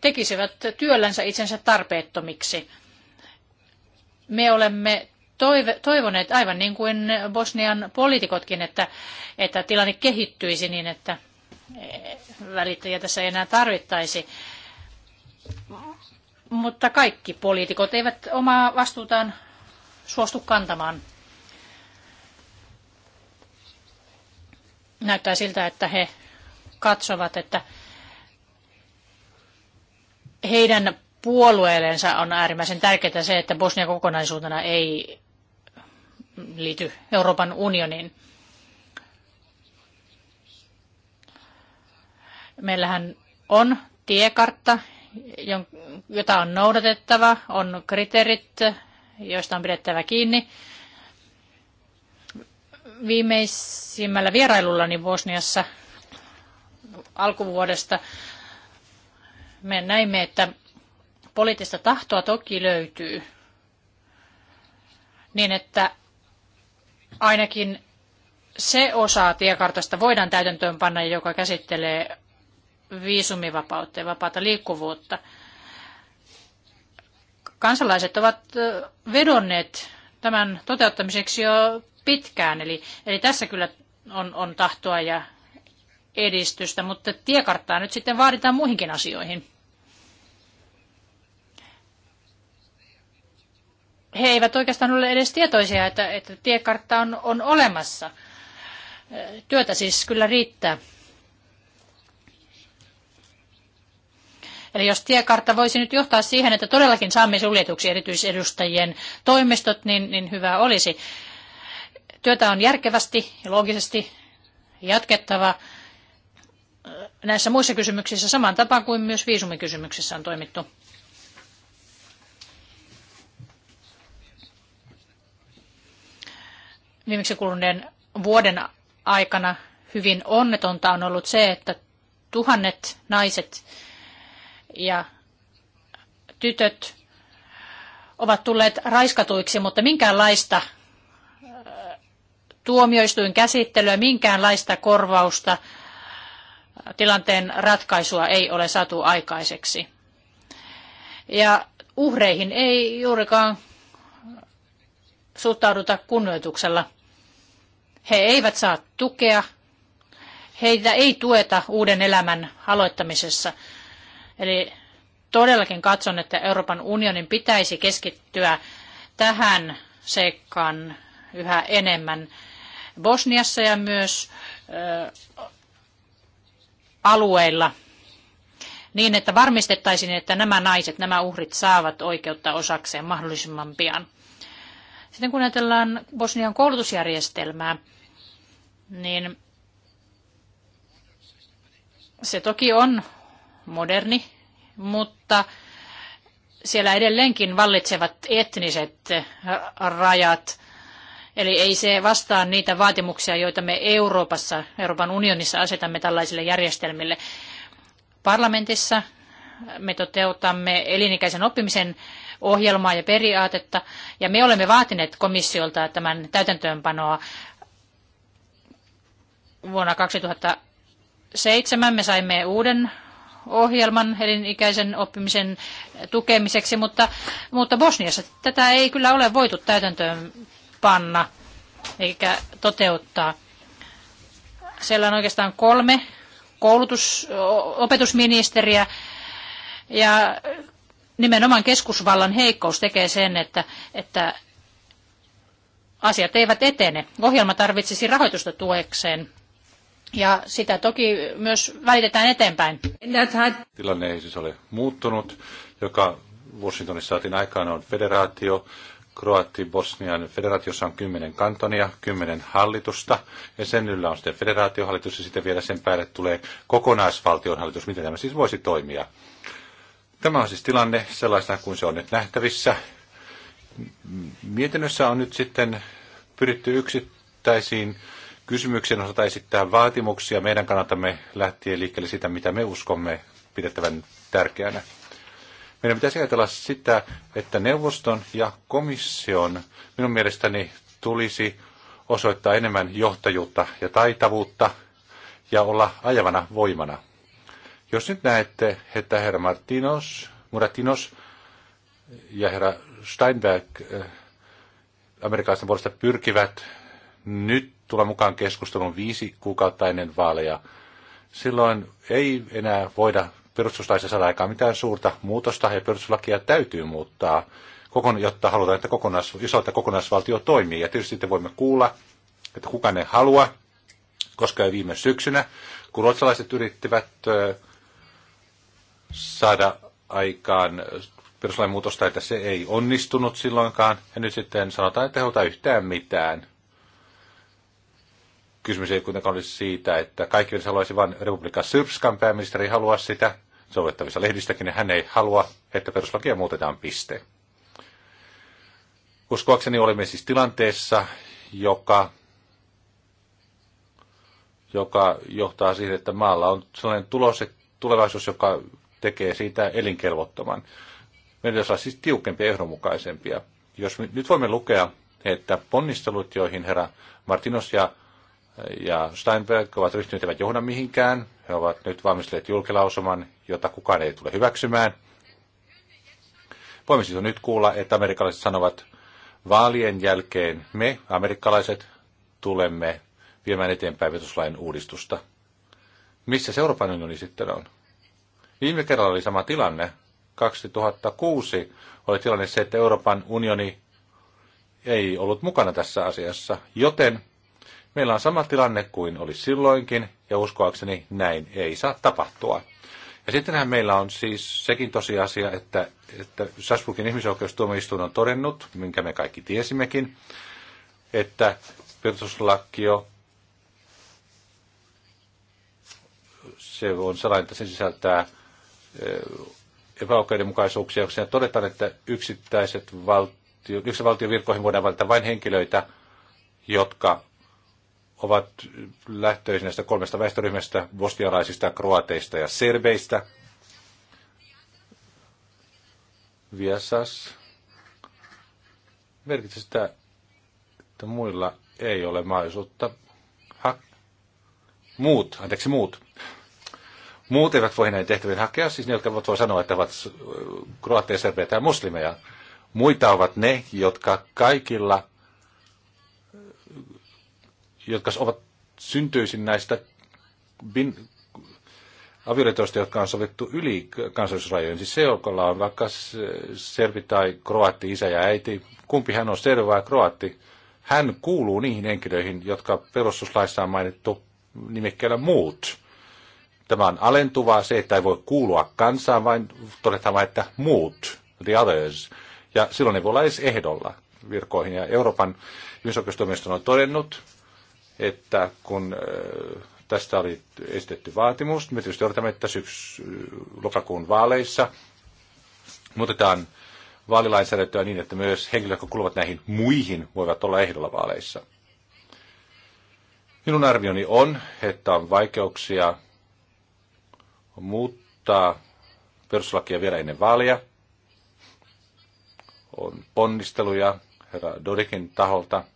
tekisivät työllänsä itsensä tarpeettomiksi. Me olemme toive, toivoneet, aivan niin kuin Bosnian poliitikotkin, että, että tilanne kehittyisi niin, että eh, välittäjiä tässä ei enää tarvittaisi. Mutta kaikki poliitikot eivät omaa vastuutaan suostu kantamaan. Näyttää siltä, että he katsovat, että heidän puolueellensa on äärimmäisen tärkeää se, että Bosnia kokonaisuutena ei liity Euroopan unioniin. Meillähän on tiekartta, jota on noudatettava, on kriteerit, joista on pidettävä kiinni. Viimeisimmällä vierailullani Bosniassa alkuvuodesta me näimme, että poliittista tahtoa toki löytyy, niin että ainakin se osa tiekartasta voidaan täytäntöönpanna, joka käsittelee viisumivapautta ja vapaata liikkuvuutta. Kansalaiset ovat vedonneet tämän toteuttamiseksi jo pitkään, eli, eli tässä kyllä on, on tahtoa ja edistystä, mutta tiekarttaa nyt sitten vaaditaan muihinkin asioihin. He eivät oikeastaan ole edes tietoisia, että, että tiekartta on, on olemassa. Työtä siis kyllä riittää. Eli jos tiekartta voisi nyt johtaa siihen, että todellakin saamme suljetuksi erityisedustajien toimistot, niin, niin hyvä olisi. Työtä on järkevästi ja loogisesti jatkettava näissä muissa kysymyksissä saman tapaan kuin myös viisumikysymyksissä on toimittu. Viimeksi kuluneen vuoden aikana hyvin onnetonta on ollut se, että tuhannet naiset ja tytöt ovat tulleet raiskatuiksi, mutta minkäänlaista äh, tuomioistuin käsittelyä, minkäänlaista korvausta tilanteen ratkaisua ei ole saatu aikaiseksi. Ja uhreihin ei juurikaan suhtauduta kunnioituksella. He eivät saa tukea, heitä ei tueta uuden elämän aloittamisessa. Eli todellakin katson, että Euroopan unionin pitäisi keskittyä tähän seikkaan yhä enemmän Bosniassa ja myös alueilla niin, että varmistettaisiin, että nämä naiset, nämä uhrit saavat oikeutta osakseen mahdollisimman pian. Sitten kun ajatellaan Bosnian koulutusjärjestelmää, niin se toki on moderni, mutta siellä edelleenkin vallitsevat etniset rajat Eli ei se vastaa niitä vaatimuksia, joita me Euroopassa, Euroopan unionissa asetamme tällaisille järjestelmille. Parlamentissa me toteutamme elinikäisen oppimisen ohjelmaa ja periaatetta, ja me olemme vaatineet komissiolta tämän täytäntöönpanoa vuonna 2007. Me saimme uuden ohjelman elinikäisen oppimisen tukemiseksi, mutta, mutta Bosniassa tätä ei kyllä ole voitu täytäntöön panna eikä toteuttaa. Siellä on oikeastaan kolme koulutus, opetusministeriä ja nimenomaan keskusvallan heikkous tekee sen, että, että asiat eivät etene. Ohjelma tarvitsisi rahoitusta tuekseen. Ja sitä toki myös välitetään eteenpäin. Tilanne ei siis ole muuttunut, joka Washingtonissa saatiin aikaan on federaatio, Kroati-Bosnian federaatiossa on kymmenen kantonia, kymmenen hallitusta, ja sen yllä on sitten federaatiohallitus, ja sitten vielä sen päälle tulee kokonaisvaltionhallitus, Miten tämä siis voisi toimia? Tämä on siis tilanne sellaisena kuin se on nyt nähtävissä. Mietinnössä on nyt sitten pyritty yksittäisiin kysymyksiin osata esittää vaatimuksia meidän kannatamme lähtien liikkeelle sitä, mitä me uskomme pidettävän tärkeänä. Meidän pitäisi ajatella sitä, että neuvoston ja komission minun mielestäni tulisi osoittaa enemmän johtajuutta ja taitavuutta ja olla ajavana voimana. Jos nyt näette, että herra Martinos, Muratinos ja herra Steinberg eh, amerikkalaisten puolesta pyrkivät nyt tulla mukaan keskustelun viisi kuukautta ennen vaaleja, silloin ei enää voida perustuslaissa saada aikaan mitään suurta muutosta ja perustuslakia täytyy muuttaa, jotta halutaan, että kokonais, isolta kokonaisvaltio toimii. Ja tietysti sitten voimme kuulla, että kukaan ei halua, koska ei viime syksynä, kun ruotsalaiset yrittivät saada aikaan perustuslain muutosta, että se ei onnistunut silloinkaan. Ja nyt sitten sanotaan, että ei yhtään mitään. Kysymys ei kuitenkaan olisi siitä, että kaikki haluaisi vain Republika Syrpskan pääministeri haluaa sitä sovittavissa lehdistäkin, niin hän ei halua, että peruslakia muutetaan piste. Uskoakseni olemme siis tilanteessa, joka, joka johtaa siihen, että maalla on sellainen tulos, tulevaisuus, joka tekee siitä elinkelvottoman. Meidän pitäisi olla siis tiukempia ja ehdonmukaisempia. Jos me, nyt voimme lukea, että ponnistelut, joihin herra Martinos ja, ja Steinberg ovat ryhtyneet, eivät johda mihinkään, he ovat nyt valmistelleet julkilausuman, jota kukaan ei tule hyväksymään. Voimme siis nyt kuulla, että amerikkalaiset sanovat, vaalien jälkeen me, amerikkalaiset, tulemme viemään eteenpäin vetoslain uudistusta. Missä se Euroopan unioni sitten on? Viime kerralla oli sama tilanne. 2006 oli tilanne se, että Euroopan unioni ei ollut mukana tässä asiassa, joten Meillä on sama tilanne kuin oli silloinkin, ja uskoakseni näin ei saa tapahtua. Ja sittenhän meillä on siis sekin tosiasia, että, että Sasbukin ihmisoikeustuomioistuin on todennut, minkä me kaikki tiesimmekin, että perustuslakio se on sellainen, että se sisältää eh, epäoikeudenmukaisuuksia, ja todetaan, että yksittäiset valtio, yksi valtion virkoihin voidaan valita vain henkilöitä, jotka ovat lähtöisin näistä kolmesta väestöryhmästä, Bosnialaisista, kroateista ja serbeistä. Viesas merkitsee sitä, että muilla ei ole mahdollisuutta. Ha- muut, anteeksi muut. Muut eivät voi näin tehtäviin hakea, siis ne, jotka voi sanoa, että ovat kroatteja, serbeitä ja muslimeja. Muita ovat ne, jotka kaikilla jotka ovat syntyisin näistä bin, avioliitoista, jotka on sovittu yli kansallisuusrajojen. Siis se, jolla on vaikka servi tai kroatti, isä ja äiti, kumpi hän on servi vai kroatti, hän kuuluu niihin henkilöihin, jotka perustuslaissa on mainittu nimikkeellä muut. Tämä on alentuvaa se, että ei voi kuulua kansaan, vain todetaan vain, että muut, the others. Ja silloin ei voi olla edes ehdolla virkoihin. Ja Euroopan ihmisoikeustoimisto on todennut, että kun tästä oli esitetty vaatimus, me tietysti odotamme, että syksy lokakuun vaaleissa muutetaan vaalilainsäädäntöä niin, että myös henkilöt, jotka kuuluvat näihin muihin, voivat olla ehdolla vaaleissa. Minun arvioni on, että on vaikeuksia muuttaa perustuslakia vielä ennen vaalia. On ponnisteluja herra Dodikin taholta –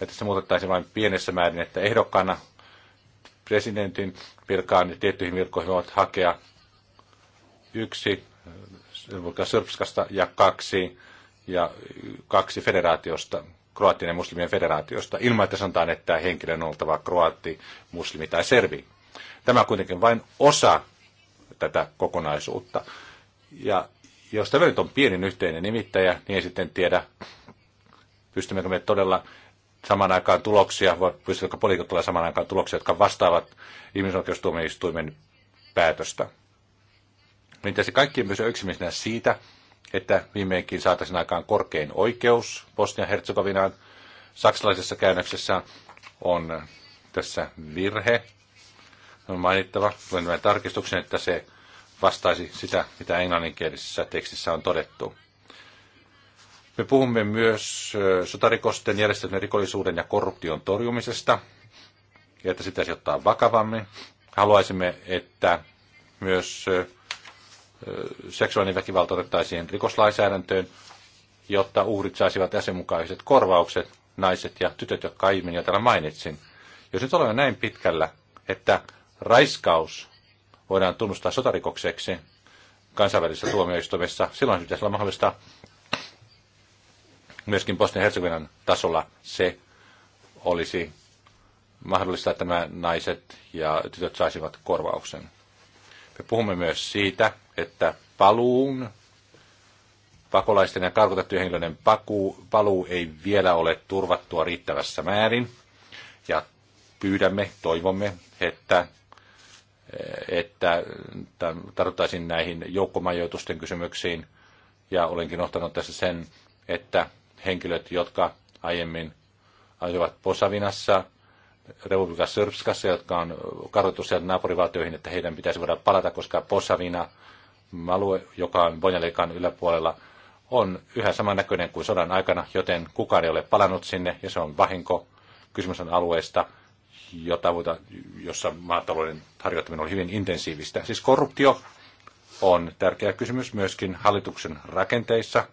että se muutettaisiin vain pienessä määrin, että ehdokkaana presidentin virkaan ja tiettyihin virkoihin voivat hakea yksi äh, Srpskasta ja kaksi, ja kaksi federaatiosta, kroatian ja muslimien federaatiosta, ilman että sanotaan, että henkilön on oltava kroatti, muslimi tai Servi. Tämä on kuitenkin vain osa tätä kokonaisuutta. Ja jos tämä nyt on pienin yhteinen nimittäjä, niin ei sitten tiedä, pystymmekö me todella saman aikaan tuloksia, vai pystyvätkö poliitikot tulemaan saman aikaan tuloksia, jotka vastaavat ihmisoikeustuomioistuimen päätöstä. Niin tässä kaikkien myös yksimielisenä siitä, että viimeinkin saataisiin aikaan korkein oikeus Bosnia-Herzegovinaan. Saksalaisessa käännöksessä on tässä virhe. On mainittava, luen tarkistuksen, että se vastaisi sitä, mitä englanninkielisessä tekstissä on todettu. Me puhumme myös sotarikosten, järjestäytyneen rikollisuuden ja korruption torjumisesta, ja että sitä ottaa vakavammin. Haluaisimme, että myös seksuaalinen väkivalta otettaisiin rikoslainsäädäntöön, jotta uhrit saisivat jäsenmukaiset korvaukset, naiset ja tytöt, jotka aiemmin jo täällä mainitsin. Jos nyt olemme näin pitkällä, että raiskaus voidaan tunnustaa sotarikokseksi kansainvälisessä tuomioistuimessa, silloin pitäisi olla mahdollista Myöskin Bosnian-Herzegovinan tasolla se olisi mahdollista, että nämä naiset ja tytöt saisivat korvauksen. Me puhumme myös siitä, että paluun, pakolaisten ja karkotettujen henkilöiden paluu ei vielä ole turvattua riittävässä määrin. Ja pyydämme, toivomme, että että tartuttaisiin näihin joukkomajoitusten kysymyksiin. Ja olenkin ottanut tässä sen, että henkilöt, jotka aiemmin asuivat Posavinassa, Republika Srpskassa, jotka on kartoitettu sieltä naapurivaltioihin, että heidän pitäisi voida palata, koska Posavina, alue, joka on Bonjalikan yläpuolella, on yhä samannäköinen kuin sodan aikana, joten kukaan ei ole palannut sinne, ja se on vahinko. Kysymys on alueesta, jota, jossa maatalouden harjoittaminen on hyvin intensiivistä. Siis korruptio on tärkeä kysymys myöskin hallituksen rakenteissa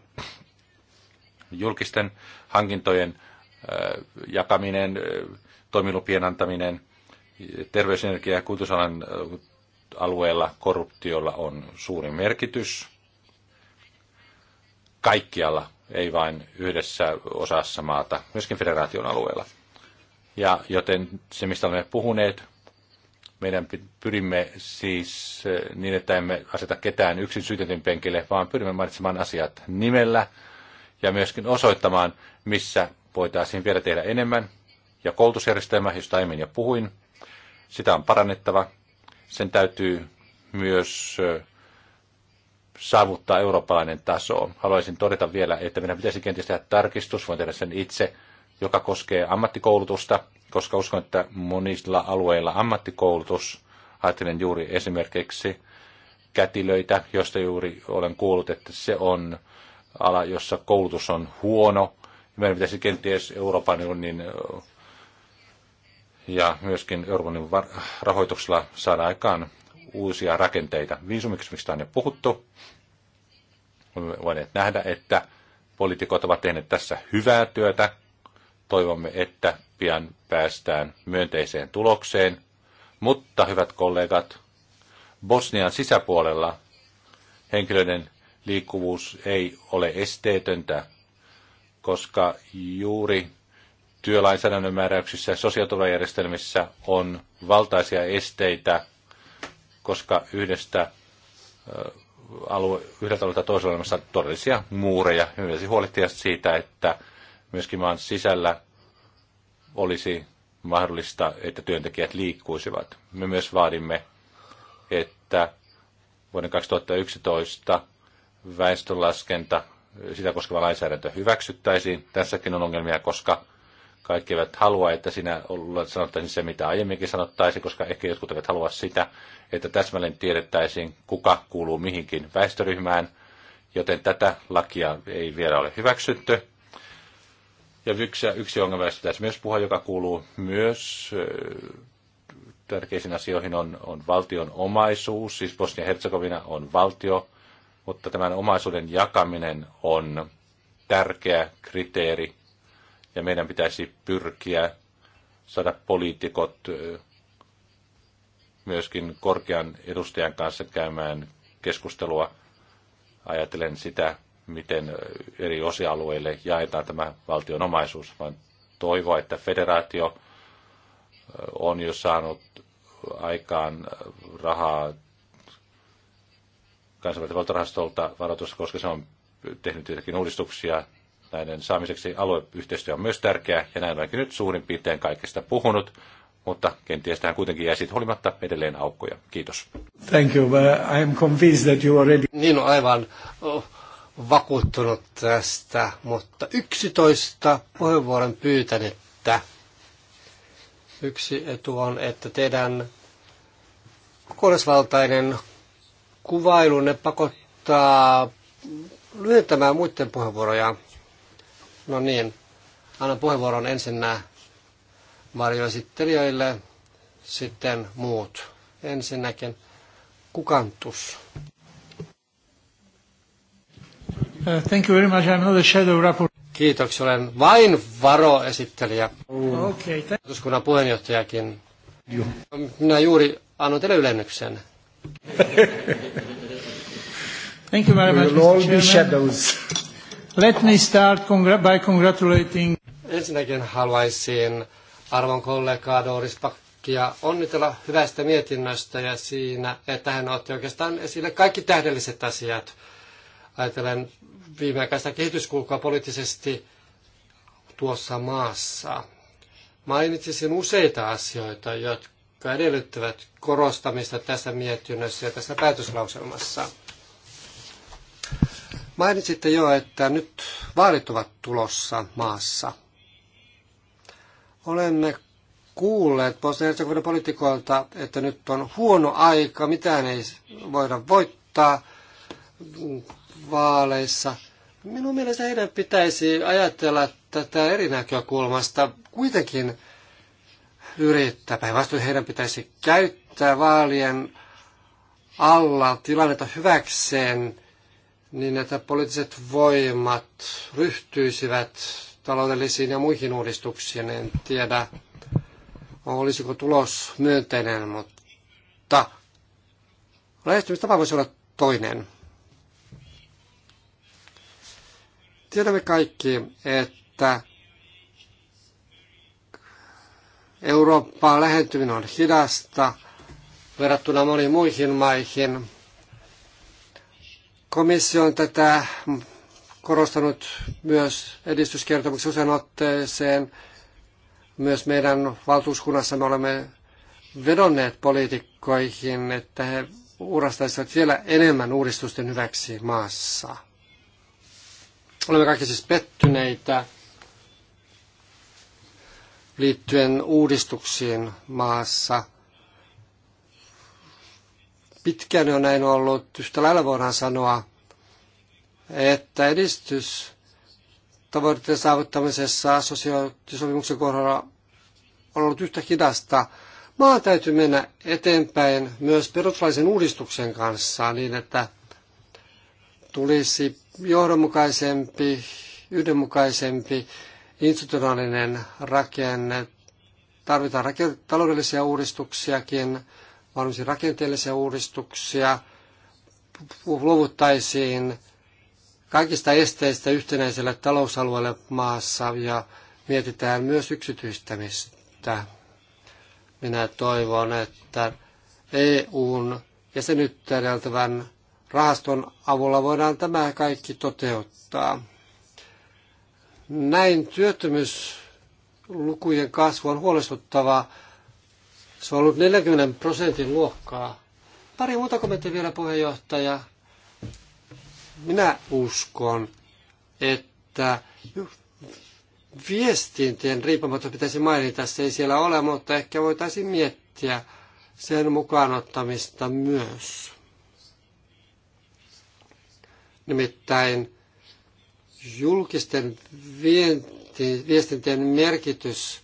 julkisten hankintojen jakaminen, toimilupien antaminen, terveysenergia- ja kulutusalan alueella korruptiolla on suuri merkitys. Kaikkialla, ei vain yhdessä osassa maata, myöskin federaation alueella. Ja joten se, mistä olemme puhuneet, meidän pyrimme siis niin, että emme aseta ketään yksin syytetyn penkille, vaan pyrimme mainitsemaan asiat nimellä – ja myöskin osoittamaan, missä voitaisiin vielä tehdä enemmän. Ja koulutusjärjestelmä, josta aiemmin jo puhuin, sitä on parannettava. Sen täytyy myös saavuttaa eurooppalainen taso. Haluaisin todeta vielä, että meidän pitäisi kenties tehdä tarkistus, voin tehdä sen itse, joka koskee ammattikoulutusta, koska uskon, että monilla alueilla ammattikoulutus, ajattelen juuri esimerkiksi kätilöitä, josta juuri olen kuullut, että se on ala, jossa koulutus on huono. Meidän pitäisi kenties Euroopan unionin ja myöskin Euroopan rahoituksella saada aikaan uusia rakenteita. Viisumikysymyksistä on jo puhuttu. Olemme voineet nähdä, että poliitikot ovat tehneet tässä hyvää työtä. Toivomme, että pian päästään myönteiseen tulokseen. Mutta, hyvät kollegat, Bosnian sisäpuolella henkilöiden liikkuvuus ei ole esteetöntä, koska juuri työlainsäädännön määräyksissä ja sosiaaliturvajärjestelmissä on valtaisia esteitä, koska yhdestä alue, yhdeltä alueelta toisella olemassa todellisia muureja. Yleensä huolehtia siitä, että myöskin maan sisällä olisi mahdollista, että työntekijät liikkuisivat. Me myös vaadimme, että vuoden 2011 väestönlaskenta, sitä koskeva lainsäädäntö hyväksyttäisiin. Tässäkin on ongelmia, koska kaikki eivät halua, että sinä sanottaisiin se, mitä aiemminkin sanottaisiin, koska ehkä jotkut eivät halua sitä, että täsmälleen tiedettäisiin, kuka kuuluu mihinkin väestöryhmään, joten tätä lakia ei vielä ole hyväksytty. Ja yksi, yksi ongelma, josta tässä myös puhua, joka kuuluu myös tärkeisiin asioihin, on, on valtion omaisuus. Siis Bosnia-Herzegovina on valtio, mutta tämän omaisuuden jakaminen on tärkeä kriteeri ja meidän pitäisi pyrkiä saada poliitikot myöskin korkean edustajan kanssa käymään keskustelua. Ajatellen sitä, miten eri osialueille jaetaan tämä valtion omaisuus, vaan toivoa, että federaatio on jo saanut aikaan rahaa kansainvälisen valtorahastolta varoitusta, koska se on tehnyt jotakin uudistuksia näiden saamiseksi. Alueyhteistyö on myös tärkeää ja näin olenkin nyt suurin piirtein kaikesta puhunut, mutta kenties tähän kuitenkin jäi siitä huolimatta edelleen aukkoja. Kiitos. Thank you. I am convinced that you already... Niin on aivan oh, vakuuttunut tästä, mutta 11 puheenvuoron pyytänyttä. Yksi etu on, että teidän kokonaisvaltainen ne pakottaa lyhentämään muiden puheenvuoroja. No niin, annan puheenvuoron ensinnä varjoesittelijöille, sitten muut. Ensinnäkin kukantus. Uh, thank you very much. I'm not a shadow rapport. Kiitoksia. Olen vain varoesittelijä. Okay, Eduskunnan puheenjohtajakin. Joo. Minä juuri annoin teille ylennyksen. (laughs) Thank you very much, all Mr. shadows. Let me start by congratulating... Ensinnäkin haluaisin arvon kollega Doris Pakkia onnitella hyvästä mietinnöstä ja siinä, että hän otti oikeastaan esille kaikki tähdelliset asiat. Ajatellen viimeaikaista kehityskulkua poliittisesti tuossa maassa. Mainitsisin useita asioita, jotka jotka edellyttävät korostamista tässä mietinnössä ja tässä päätöslauselmassa. Mainitsitte jo, että nyt vaalit ovat tulossa maassa. Olemme kuulleet bosnia herzegovina poliitikoilta, että nyt on huono aika, mitään ei voida voittaa vaaleissa. Minun mielestä heidän pitäisi ajatella tätä eri näkökulmasta. Kuitenkin yrittää. Päinvastoin heidän pitäisi käyttää vaalien alla tilannetta hyväkseen niin, että poliittiset voimat ryhtyisivät taloudellisiin ja muihin uudistuksiin. En tiedä, olisiko tulos myönteinen, mutta lähestymistapa voisi olla toinen. Tiedämme kaikki, että Eurooppaan lähentyminen on hidasta verrattuna moniin muihin maihin. Komissio on tätä korostanut myös edistyskertomuksessa usein otteeseen. Myös meidän valtuuskunnassa me olemme vedonneet poliitikkoihin, että he urastaisivat vielä enemmän uudistusten hyväksi maassa. Olemme kaikki siis pettyneitä liittyen uudistuksiin maassa. Pitkään on näin ollut, yhtä lailla voidaan sanoa, että edistys tavoitteen saavuttamisessa sosiaalisopimuksen kohdalla on ollut yhtä hidasta. Maa täytyy mennä eteenpäin myös perustuslaisen uudistuksen kanssa niin, että tulisi johdonmukaisempi, yhdenmukaisempi institutionaalinen rakenne. Tarvitaan rake- taloudellisia uudistuksiakin, mahdollisia rakenteellisia uudistuksia. Luovuttaisiin kaikista esteistä yhtenäiselle talousalueelle maassa ja mietitään myös yksityistämistä. Minä toivon, että EUn jäsenyyttä edeltävän rahaston avulla voidaan tämä kaikki toteuttaa. Näin työttömyyslukujen kasvu on huolestuttava. Se on ollut 40 prosentin luokkaa. Pari muuta kommenttia vielä puheenjohtaja. Minä uskon, että viestintien riippumatta pitäisi mainita, se ei siellä ole, mutta ehkä voitaisiin miettiä sen mukaan ottamista myös. Nimittäin Julkisten vienti, viestintien merkitys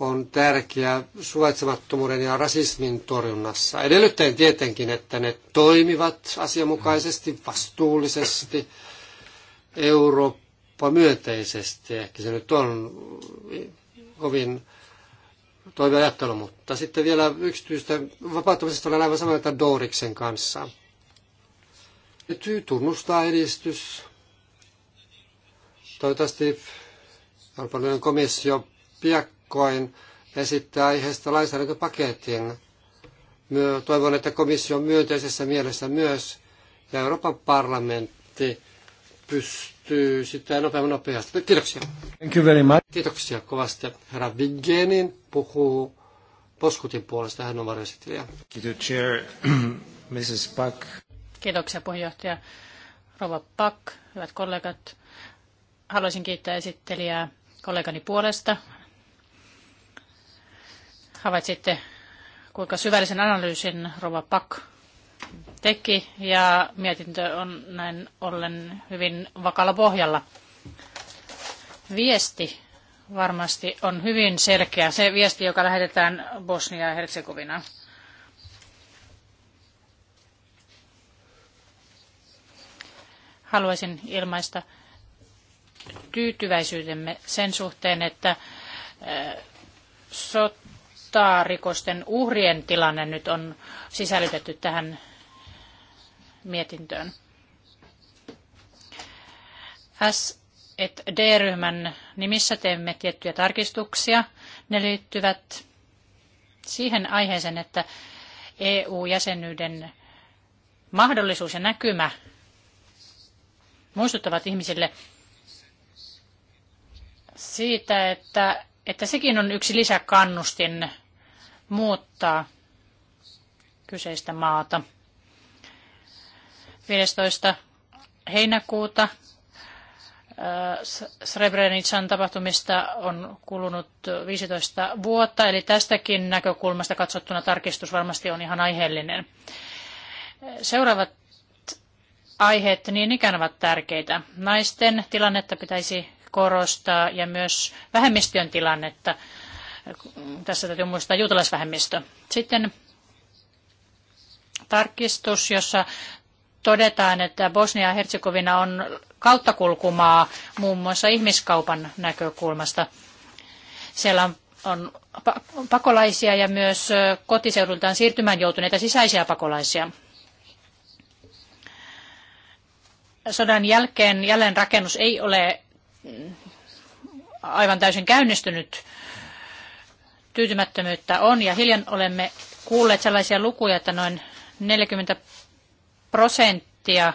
on tärkeä suvaitsemattomuuden ja rasismin torjunnassa. Edellyttäen tietenkin, että ne toimivat asianmukaisesti, vastuullisesti, Eurooppa myönteisesti. Ehkä se nyt on kovin ajattelu, mutta sitten vielä yksityistä vapauttamisesta olen aivan samaa mieltä Doriksen kanssa. Täytyy tunnustaa edistys, Toivottavasti Euroopan komissio piakkoin esittää aiheesta lainsäädäntöpaketin. toivon, että komissio on myönteisessä mielessä myös ja Euroopan parlamentti pystyy sitä nopeammin nopeasti. Kiitoksia. Thank you very much. Kiitoksia kovasti. Herra Vigenin puhuu Poskutin puolesta. Hän on varjoesittelijä. Kiitos, (clears throat) Kiitoksia puheenjohtaja. Rova Pak, hyvät kollegat. Haluaisin kiittää esittelijää kollegani puolesta. Havaitsitte, kuinka syvällisen analyysin Rova Pak teki ja mietintö on näin ollen hyvin vakalla pohjalla. Viesti varmasti on hyvin selkeä. Se viesti, joka lähetetään Bosnia ja Herzegovinaan. Haluaisin ilmaista tyytyväisyytemme sen suhteen, että äh, sotarikosten uhrien tilanne nyt on sisällytetty tähän mietintöön. S et D-ryhmän nimissä teemme tiettyjä tarkistuksia. Ne liittyvät siihen aiheeseen, että EU-jäsenyyden mahdollisuus ja näkymä muistuttavat ihmisille siitä, että, että sekin on yksi lisäkannustin muuttaa kyseistä maata. 15. heinäkuuta äh, Srebrenican tapahtumista on kulunut 15 vuotta, eli tästäkin näkökulmasta katsottuna tarkistus varmasti on ihan aiheellinen. Seuraavat aiheet niin ikään ovat tärkeitä. Naisten tilannetta pitäisi korostaa ja myös vähemmistöjen tilannetta. Tässä täytyy muistaa juutalaisvähemmistö. Sitten tarkistus, jossa todetaan, että Bosnia ja Herzegovina on kauttakulkumaa muun muassa ihmiskaupan näkökulmasta. Siellä on on pakolaisia ja myös kotiseudultaan siirtymään joutuneita sisäisiä pakolaisia. Sodan jälkeen jälleenrakennus ei ole aivan täysin käynnistynyt. Tyytymättömyyttä on ja hiljan olemme kuulleet sellaisia lukuja, että noin 40 prosenttia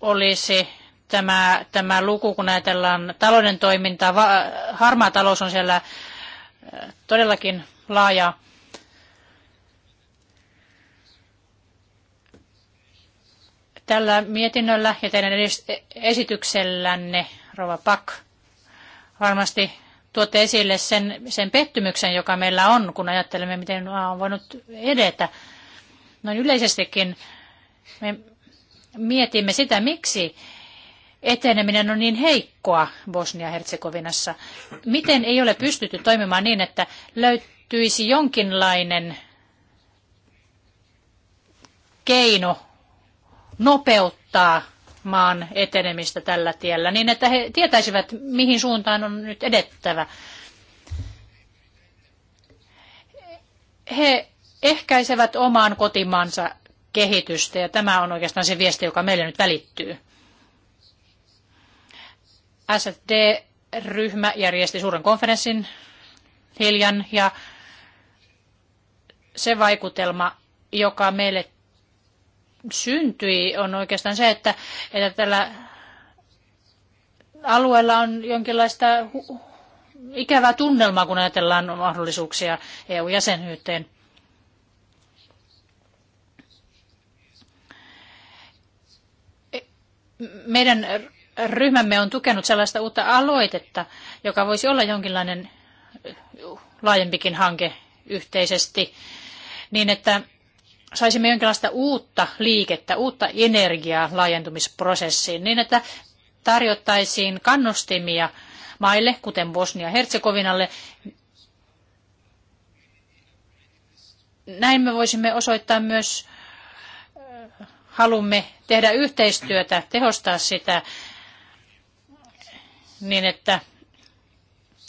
olisi tämä, tämä luku, kun ajatellaan talouden toimintaa. harmaa talous on siellä äh, todellakin laaja. Tällä mietinnöllä ja teidän esityksellänne, Rova Pak, varmasti tuotte esille sen, sen pettymyksen, joka meillä on, kun ajattelemme, miten on voinut edetä. Noin yleisestikin me mietimme sitä, miksi eteneminen on niin heikkoa Bosnia-Herzegovinassa. Miten ei ole pystytty toimimaan niin, että löytyisi jonkinlainen keino nopeuttaa maan etenemistä tällä tiellä, niin että he tietäisivät, mihin suuntaan on nyt edettävä. He ehkäisevät oman kotimaansa kehitystä, ja tämä on oikeastaan se viesti, joka meille nyt välittyy. SD-ryhmä järjesti suuren konferenssin hiljan, ja se vaikutelma, joka meille syntyi, on oikeastaan se, että, että tällä alueella on jonkinlaista hu- ikävää tunnelmaa, kun ajatellaan mahdollisuuksia EU-jäsenyyteen. Meidän ryhmämme on tukenut sellaista uutta aloitetta, joka voisi olla jonkinlainen laajempikin hanke yhteisesti, niin että saisimme jonkinlaista uutta liikettä, uutta energiaa laajentumisprosessiin niin, että tarjottaisiin kannustimia maille, kuten Bosnia-Herzegovinalle. Näin me voisimme osoittaa myös äh, halumme tehdä yhteistyötä, tehostaa sitä niin, että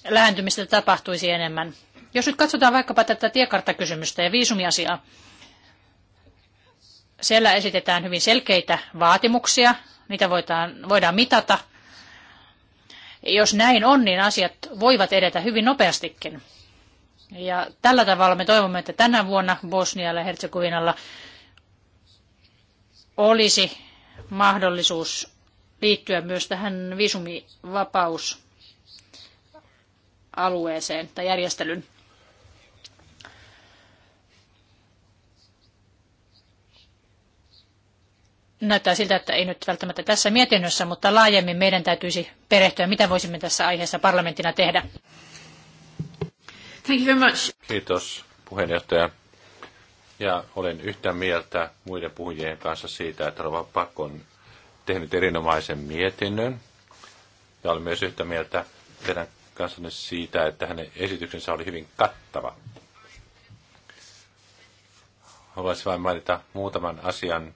lähentymistä tapahtuisi enemmän. Jos nyt katsotaan vaikkapa tätä tiekarttakysymystä ja viisumiasiaa, siellä esitetään hyvin selkeitä vaatimuksia, niitä voidaan, voidaan mitata. Jos näin on, niin asiat voivat edetä hyvin nopeastikin. Ja tällä tavalla me toivomme, että tänä vuonna Bosnialla ja Herzegovinalla olisi mahdollisuus liittyä myös tähän visumivapausalueeseen tai järjestelyyn. näyttää siltä, että ei nyt välttämättä tässä mietinnössä, mutta laajemmin meidän täytyisi perehtyä, mitä voisimme tässä aiheessa parlamenttina tehdä. Thank you very much. Kiitos puheenjohtaja. Ja olen yhtä mieltä muiden puhujien kanssa siitä, että Rova Pak on tehnyt erinomaisen mietinnön. Ja olen myös yhtä mieltä teidän kanssanne siitä, että hänen esityksensä oli hyvin kattava. Haluaisin vain mainita muutaman asian,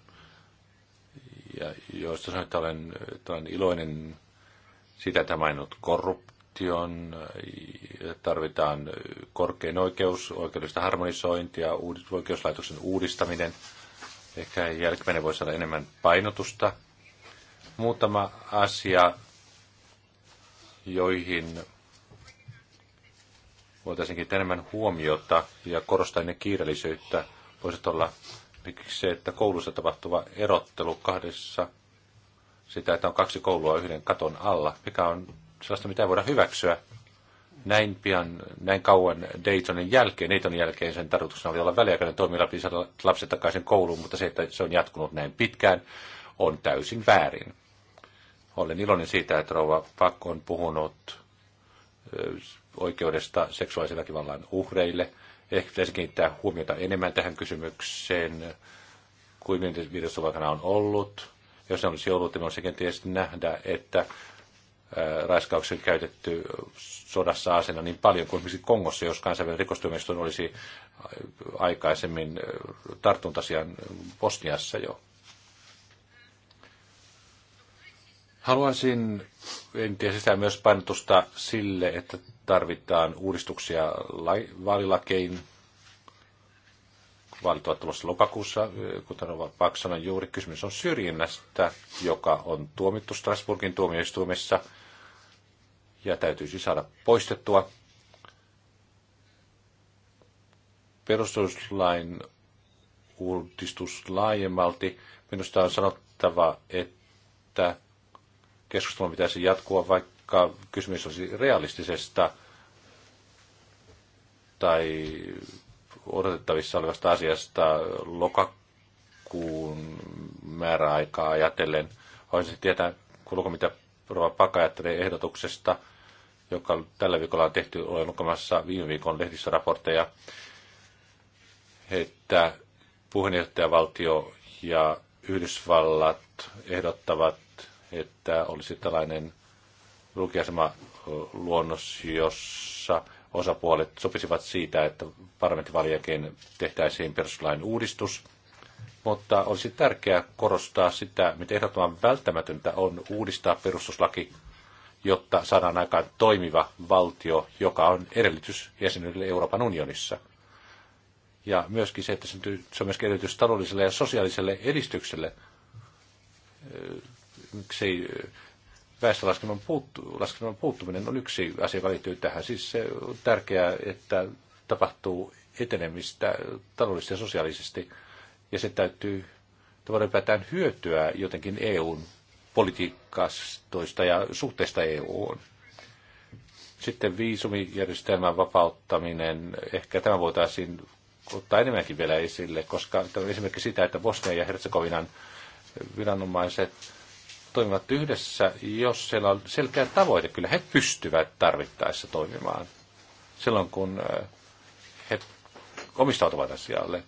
ja joista sanoin, että olen, että olen iloinen sitä, että mainot korruption, tarvitaan korkein oikeus, oikeudellista harmonisointia, uudis, oikeuslaitoksen uudistaminen. Ehkä jälkimmäinen voisi olla enemmän painotusta. Muutama asia, joihin voitaisiinkin enemmän huomiota ja korostaa ne kiireellisyyttä, voisi olla esimerkiksi se, että koulussa tapahtuva erottelu kahdessa, sitä, että on kaksi koulua yhden katon alla, mikä on sellaista, mitä ei voida hyväksyä näin pian, näin kauan Daytonin jälkeen, Daytonin jälkeen sen tarkoituksena oli olla väliaikainen toimilla saada lapset takaisin kouluun, mutta se, että se on jatkunut näin pitkään, on täysin väärin. Olen iloinen siitä, että rouva Pakko on puhunut oikeudesta seksuaalisen väkivallan uhreille – Ehkä pitäisi kiinnittää huomiota enemmän tähän kysymykseen kuin virusovakana on ollut. Jos se olisi ollut, niin olisi kenties nähdä, että raiskauksen käytetty sodassa asena niin paljon kuin esimerkiksi Kongossa, jos kansainvälinen rikostuomioistuin olisi aikaisemmin tartuntasian Bosniassa jo. Haluaisin entiä sitä myös painotusta sille, että tarvitaan uudistuksia vaalilakeihin. Vaalit ovat tulossa lokakuussa, kuten Paak sanoi juuri, kysymys on syrjinnästä, joka on tuomittu Strasburgin tuomioistuimessa ja täytyisi saada poistettua. Perustuslain uudistus laajemmalti. Minusta on sanottava, että keskustelun pitäisi jatkua, vaikka kysymys olisi realistisesta tai odotettavissa olevasta asiasta lokakuun määräaikaa ajatellen. Haluaisin siis tietää, kuuluuko mitä Rova Paka ajattelee ehdotuksesta, joka tällä viikolla on tehty, olen lukemassa viime viikon lehdissä raportteja, että puheenjohtajavaltio ja Yhdysvallat ehdottavat että olisi tällainen lukiasema luonnos, jossa osapuolet sopisivat siitä, että parlamenttivaljakin tehtäisiin perustuslain uudistus. Mutta olisi tärkeää korostaa sitä, miten ehdottoman välttämätöntä on uudistaa perustuslaki, jotta saadaan aikaan toimiva valtio, joka on edellytys jäsenyydelle Euroopan unionissa. Ja myöskin se, että se on myöskin edellytys taloudelliselle ja sosiaaliselle edistykselle miksei eh, väestölaskelman puuttu, laskelman puuttuminen on yksi asia, joka liittyy tähän. Siis se on tärkeää, että tapahtuu etenemistä taloudellisesti ja sosiaalisesti, ja se täytyy voidaan päätään hyötyä jotenkin EUn politiikastoista ja suhteesta EUun. Sitten viisumijärjestelmän vapauttaminen, ehkä tämä voitaisiin ottaa enemmänkin vielä esille, koska tämä on esimerkiksi sitä, että Bosnia ja Herzegovinan viranomaiset toimivat yhdessä, jos siellä on selkeä tavoite. Kyllä he pystyvät tarvittaessa toimimaan silloin, kun he omistautuvat asialle.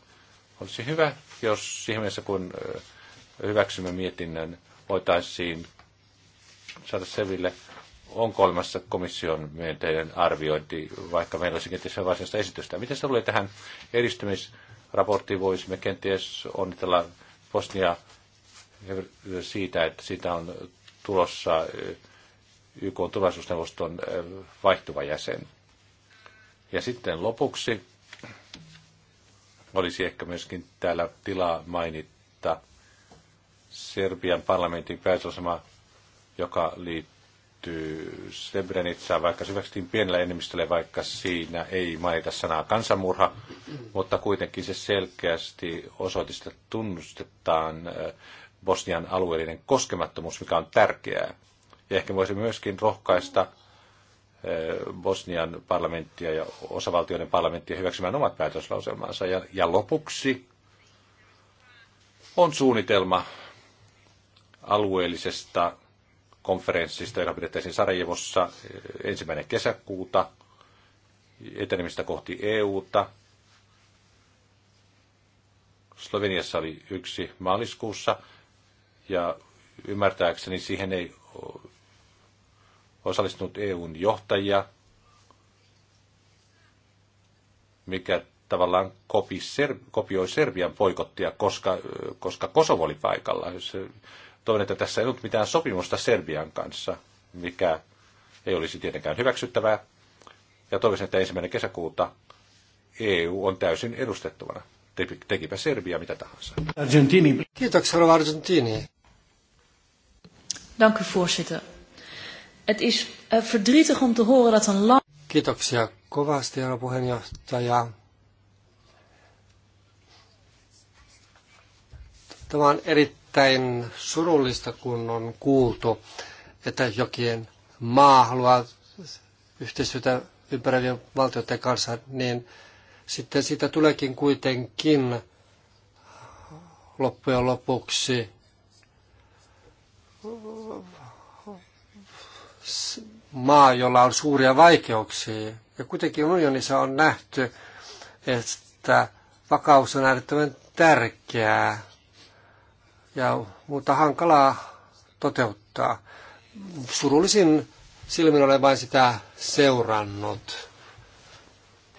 Olisi hyvä, jos siihen mielessä, kun hyväksymme mietinnön, voitaisiin saada selville, onko olemassa komission myönteinen arviointi, vaikka meillä olisi kenties varsinaista esitystä. Miten se tulee tähän edistymisraporttiin? Voisimme kenties onnitella Bosnia siitä, että siitä on tulossa eh, YK turvallisuusneuvoston eh, vaihtuva jäsen. Ja sitten lopuksi olisi ehkä myöskin täällä tilaa mainita Serbian parlamentin päätösasema, joka liittyy Srebrenicaan, vaikka se pienellä enemmistöllä, vaikka siinä ei mainita sanaa kansanmurha, mutta kuitenkin se selkeästi osoitista tunnustetaan eh, Bosnian alueellinen koskemattomuus, mikä on tärkeää. Ja ehkä voisi myöskin rohkaista eh, Bosnian parlamenttia ja osavaltioiden parlamenttia hyväksymään omat päätöslauselmansa. Ja, ja lopuksi on suunnitelma alueellisesta konferenssista, joka pidettäisiin Sarajevossa eh, ensimmäinen kesäkuuta etenemistä kohti EUta. Sloveniassa oli yksi maaliskuussa ja ymmärtääkseni siihen ei osallistunut EUn johtajia, mikä tavallaan kopi, ser, kopioi Serbian poikottia, koska, koska Kosovo oli paikalla. Toivon, että tässä ei ollut mitään sopimusta Serbian kanssa, mikä ei olisi tietenkään hyväksyttävää. Ja toivoisin, että ensimmäinen kesäkuuta EU on täysin edustettavana. Tekipä Serbia mitä tahansa. Argentini. Kiitoksia, Rova Argentiini. Dank u, voorzitter. Het is eh, verdrietig om te horen dat een land... Kiitoksia kovasti, herra puheenjohtaja. Tämä on erittäin surullista, kun on kuultu, että jokien maa haluaa yhteistyötä ympäröivien valtioiden kanssa, niin sitten siitä tuleekin kuitenkin loppujen lopuksi maa, jolla on suuria vaikeuksia. Ja kuitenkin unionissa on nähty, että vakaus on äärettömän tärkeää ja mutta hankalaa toteuttaa. Surullisin silmin olen vain sitä seurannut.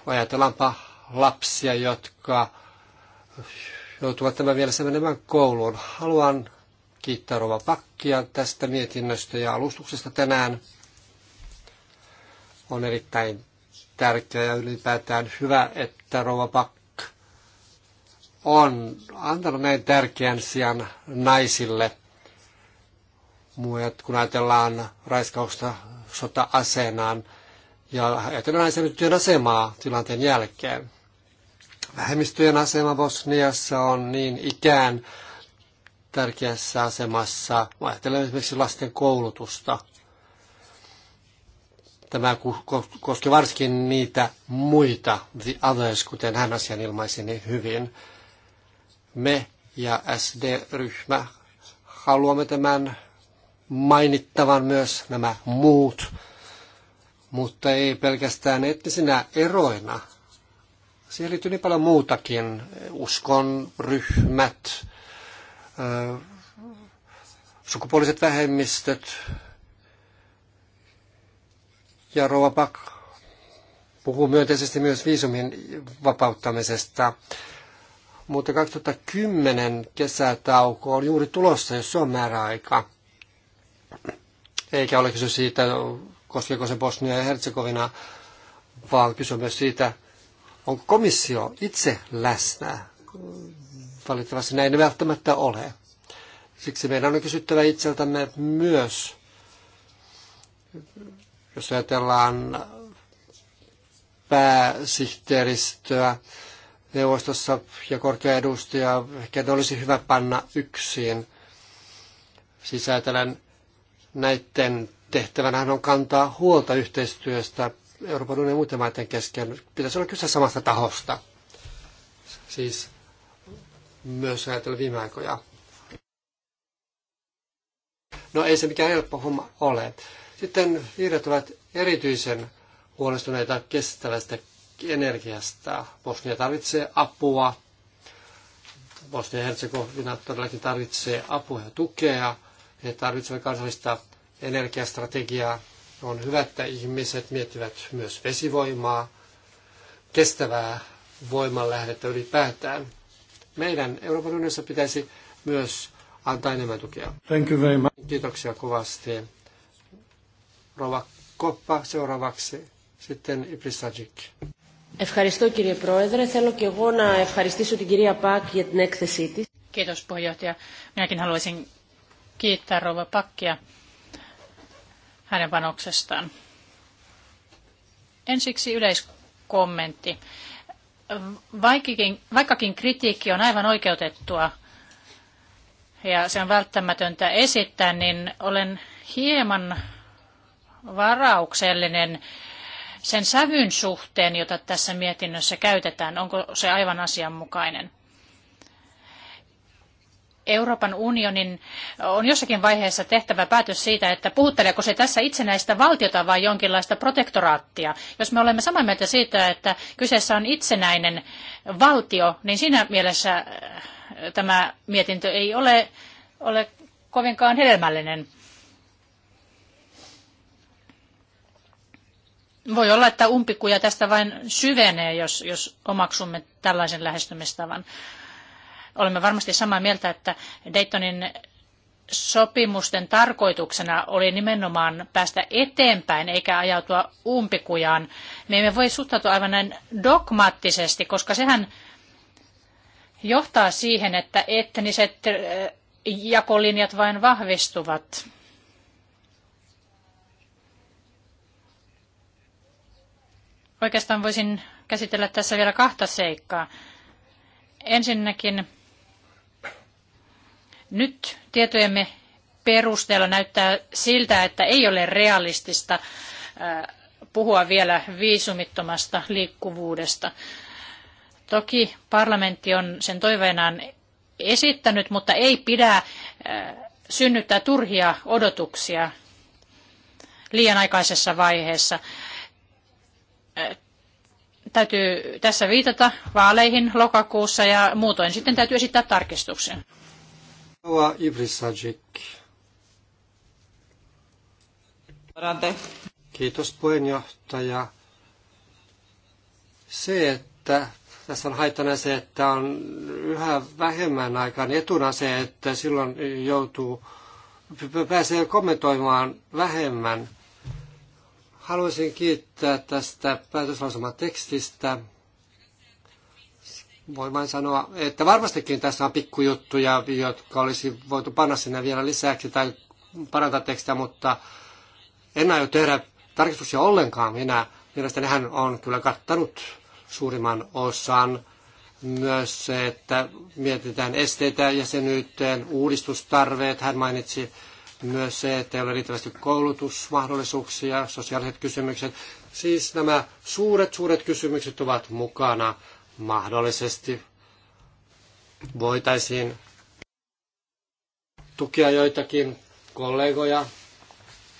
Ajatellaanpa lapsia, jotka joutuvat tämän vielä menemään kouluun. Haluan kiittää Rova Pakkia tästä mietinnöstä ja alustuksesta tänään. On erittäin tärkeää ja ylipäätään hyvä, että Rova Pakk on antanut näin tärkeän sijan naisille. Muut, kun ajatellaan raiskausta sota-asenaan ja ajatellaan naisen työn asemaa tilanteen jälkeen. Vähemmistöjen asema Bosniassa on niin ikään tärkeässä asemassa. Ajattelen esimerkiksi lasten koulutusta. Tämä koskee varsinkin niitä muita, the others, kuten hän asian ilmaisi niin hyvin. Me ja SD-ryhmä haluamme tämän mainittavan myös nämä muut, mutta ei pelkästään etnisinä eroina. Siihen liittyy niin paljon muutakin, uskon ryhmät, Äh, sukupuoliset vähemmistöt. Ja Rova Pak puhuu myönteisesti myös viisumin vapauttamisesta. Mutta 2010 kesätauko on juuri tulossa, jos se on määräaika. Eikä ole kyse siitä, koskeeko se Bosnia ja Herzegovina, vaan kyse on myös siitä, onko komissio itse läsnä Valitettavasti näin ei välttämättä ole. Siksi meidän on kysyttävä itseltämme myös, jos ajatellaan pääsihteeristöä neuvostossa ja korkea edustaja, ehkä ne olisi hyvä panna yksin. Siis ajatellen näiden tehtävänä on kantaa huolta yhteistyöstä Euroopan unionin ja muiden maiden kesken. Pitäisi olla kyse samasta tahosta. Siis myös ajatella viime aikoja. No ei se mikään helppo homma ole. Sitten vihreät ovat erityisen huolestuneita kestävästä energiasta. Bosnia tarvitsee apua. Bosnia ja Herzegovina todellakin tarvitsee apua ja tukea. He tarvitsevat kansallista energiastrategiaa. On hyvä, että ihmiset miettivät myös vesivoimaa, kestävää voimanlähdettä ylipäätään meidän Euroopan unionissa pitäisi myös antaa enemmän tukea. Thank you very much. Kiitoksia kovasti. Rova Koppa seuraavaksi, sitten Iprisajik. Ευχαριστώ κύριε Πρόεδρε. Θέλω και εγώ να ευχαριστήσω την κυρία Πακ για την έκθεσή της. Kiitos puheenjohtaja. Minäkin haluaisin kiittää Rova Pakkia hänen panoksestaan. Ensiksi yleiskommentti vaikkakin, vaikkakin kritiikki on aivan oikeutettua ja se on välttämätöntä esittää, niin olen hieman varauksellinen sen sävyn suhteen, jota tässä mietinnössä käytetään. Onko se aivan asianmukainen? Euroopan unionin on jossakin vaiheessa tehtävä päätös siitä, että puhutteleeko se tässä itsenäistä valtiota vai jonkinlaista protektoraattia. Jos me olemme samaa mieltä siitä, että kyseessä on itsenäinen valtio, niin siinä mielessä tämä mietintö ei ole, ole kovinkaan hedelmällinen. Voi olla, että umpikuja tästä vain syvenee, jos, jos omaksumme tällaisen lähestymistavan. Olemme varmasti samaa mieltä, että Daytonin sopimusten tarkoituksena oli nimenomaan päästä eteenpäin eikä ajautua umpikujaan. Me emme voi suhtautua aivan näin dogmaattisesti, koska sehän johtaa siihen, että etniset äh, jakolinjat vain vahvistuvat. Oikeastaan voisin käsitellä tässä vielä kahta seikkaa. Ensinnäkin nyt tietojemme perusteella näyttää siltä, että ei ole realistista äh, puhua vielä viisumittomasta liikkuvuudesta. Toki parlamentti on sen toiveenaan esittänyt, mutta ei pidä äh, synnyttää turhia odotuksia liian aikaisessa vaiheessa. Äh, täytyy tässä viitata vaaleihin lokakuussa ja muutoin sitten täytyy esittää tarkistuksen. Rova Ivrisagic. Kiitos puheenjohtaja. Se, että tässä on haittana se, että on yhä vähemmän aikaan niin etuna se, että silloin joutuu, pääsee kommentoimaan vähemmän. Haluaisin kiittää tästä päätöslausumatekstistä. tekstistä Voin vain sanoa, että varmastikin tässä on pikkujuttuja, jotka olisi voitu panna sinne vielä lisäksi tai parantaa tekstiä, mutta en aio tehdä tarkistuksia ollenkaan minä. Mielestäni hän on kyllä kattanut suurimman osan myös se, että mietitään esteitä jäsenyyteen, uudistustarveet. Hän mainitsi myös se, että ei ole riittävästi koulutusmahdollisuuksia, sosiaaliset kysymykset. Siis nämä suuret, suuret kysymykset ovat mukana mahdollisesti voitaisiin tukea joitakin kollegoja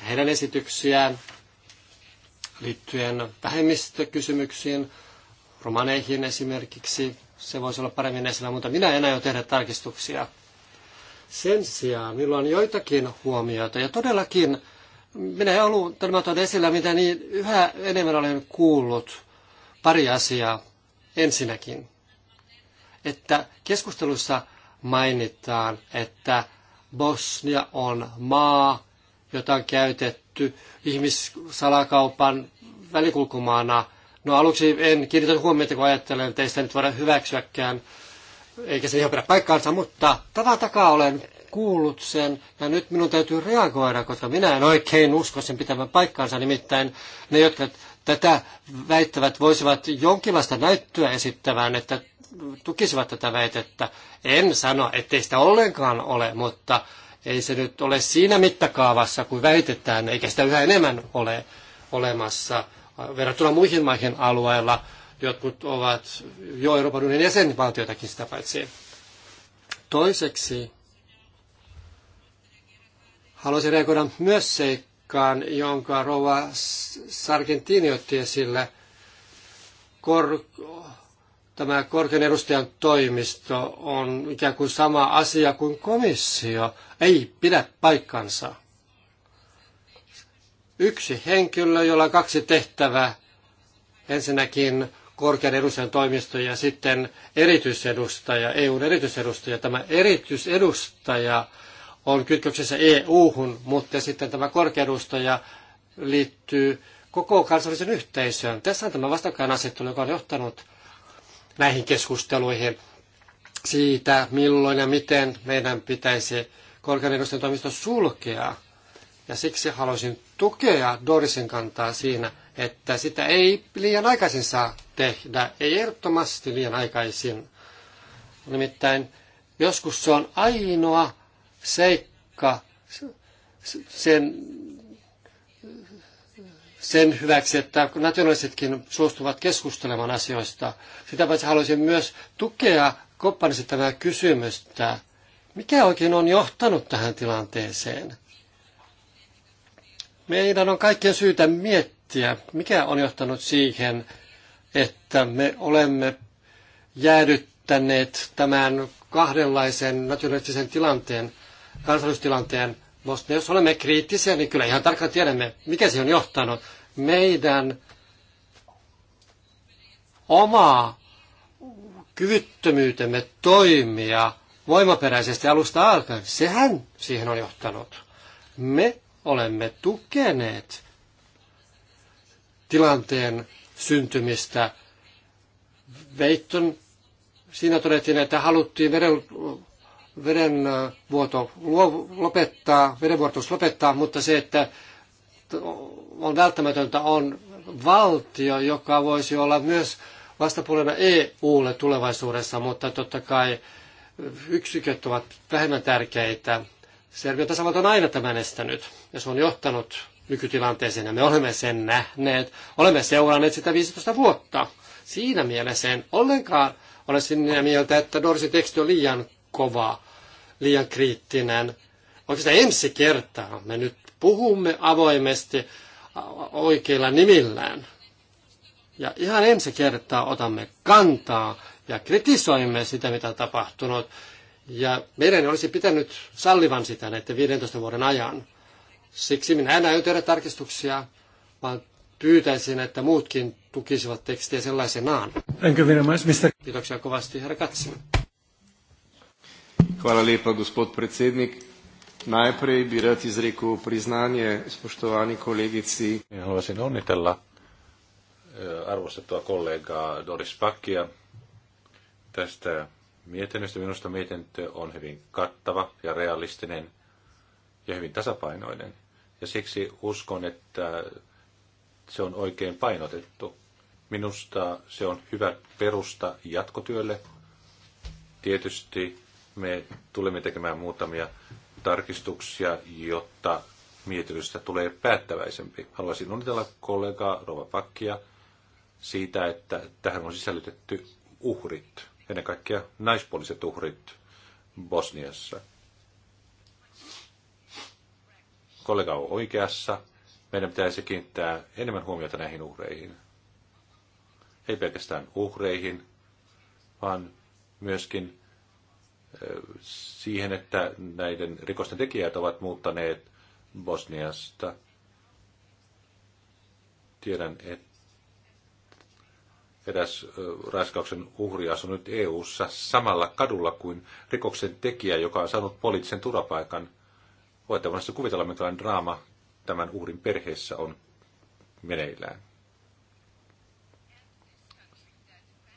heidän esityksiään liittyen vähemmistökysymyksiin, romaneihin esimerkiksi. Se voisi olla paremmin esillä, mutta minä en aio tehdä tarkistuksia. Sen sijaan minulla on joitakin huomioita ja todellakin minä ollut tämän esillä, mitä niin yhä enemmän olen kuullut. Pari asiaa. Ensinnäkin, että keskustelussa mainitaan, että Bosnia on maa, jota on käytetty ihmissalakaupan välikulkumaana. No aluksi en kiinnitä huomiota, kun ajattelen, että ei sitä nyt voida hyväksyäkään, eikä se ihan pidä paikkaansa, mutta tavan takaa olen kuullut sen, ja nyt minun täytyy reagoida, koska minä en oikein usko sen pitävän paikkaansa, nimittäin ne, jotka tätä väittävät voisivat jonkinlaista näyttöä esittävän, että tukisivat tätä väitettä. En sano, ettei sitä ollenkaan ole, mutta ei se nyt ole siinä mittakaavassa, kuin väitetään, eikä sitä yhä enemmän ole olemassa. Verrattuna muihin maihin alueilla jotkut ovat jo Euroopan unionin jäsenvaltioitakin sitä paitsi. Toiseksi haluaisin reagoida myös seikkaan, seikkaan, jonka Rova Sargentini otti esille. Kor, tämä korkean edustajan toimisto on ikään kuin sama asia kuin komissio. Ei pidä paikkansa. Yksi henkilö, jolla on kaksi tehtävää. Ensinnäkin korkean edustajan toimisto ja sitten erityisedustaja, EUn erityisedustaja. Tämä erityisedustaja on kytköksessä EU-hun, mutta sitten tämä korkeudustaja liittyy koko kansallisen yhteisöön. Tässä on tämä vastakkainasettelu, joka on johtanut näihin keskusteluihin siitä, milloin ja miten meidän pitäisi korkean edustajan toimisto sulkea. Ja siksi haluaisin tukea Dorisin kantaa siinä, että sitä ei liian aikaisin saa tehdä, ei ehdottomasti liian aikaisin. Nimittäin joskus se on ainoa seikka sen, sen hyväksi, että nationalistitkin suostuvat keskustelemaan asioista. Sitä paitsi haluaisin myös tukea koppanisi tämä kysymystä, mikä oikein on johtanut tähän tilanteeseen. Meidän on kaikkien syytä miettiä, mikä on johtanut siihen, että me olemme jäädyttäneet tämän kahdenlaisen nationalistisen tilanteen – kansallistilanteen mutta Jos olemme kriittisiä, niin kyllä ihan tarkkaan tiedämme, mikä se on johtanut. Meidän oma kyvyttömyytemme toimia voimaperäisesti alusta alkaen, sehän siihen on johtanut. Me olemme tukeneet tilanteen syntymistä. Veitton, siinä todettiin, että haluttiin veren verenvuoto lopettaa, verenvuotoisuus lopettaa, mutta se, että on välttämätöntä, on valtio, joka voisi olla myös vastapuolena EUlle tulevaisuudessa, mutta totta kai yksiköt ovat vähemmän tärkeitä. Serbian tasavalta on aina tämän estänyt, ja se on johtanut nykytilanteeseen, ja me olemme sen nähneet. Olemme seuranneet sitä 15 vuotta. Siinä mielessä en ollenkaan ole sinne mieltä, että Dorsi teksti on liian kova liian kriittinen. Oikeastaan ensi kertaa me nyt puhumme avoimesti oikeilla nimillään. Ja ihan ensi kertaa otamme kantaa ja kritisoimme sitä, mitä on tapahtunut. Ja meidän olisi pitänyt sallivan sitä näiden 15 vuoden ajan. Siksi minä en aio tehdä tarkistuksia, vaan pyytäisin, että muutkin tukisivat tekstiä sellaisenaan. Enkö minä mistä? Kiitoksia kovasti, herra Katsi. Hvala lepa, gospod predsednik. Najprej bi rad izrekel priznanje spoštovani kolegici. Haluaisin no, onnitella eh, arvostettua kollegaa Doris Pakkia tästä mietinnöstä. Minusta mietintö on hyvin kattava ja realistinen ja hyvin tasapainoinen. Ja siksi uskon, että se on oikein painotettu. Minusta se on hyvä perusta jatkotyölle. Tietysti me tulemme tekemään muutamia tarkistuksia, jotta mietitystä tulee päättäväisempi. Haluaisin onnitella kollegaa Rova Pakkia siitä, että tähän on sisällytetty uhrit, ennen kaikkea naispuoliset uhrit Bosniassa. Kollega on oikeassa. Meidän pitäisi kiinnittää enemmän huomiota näihin uhreihin. Ei pelkästään uhreihin, vaan myöskin siihen, että näiden rikosten tekijät ovat muuttaneet Bosniasta. Tiedän, että edes raiskauksen uhri asuu nyt EU-ssa samalla kadulla kuin rikoksen tekijä, joka on saanut poliittisen turvapaikan. Voitte varmasti kuvitella, minkälainen draama tämän uhrin perheessä on meneillään.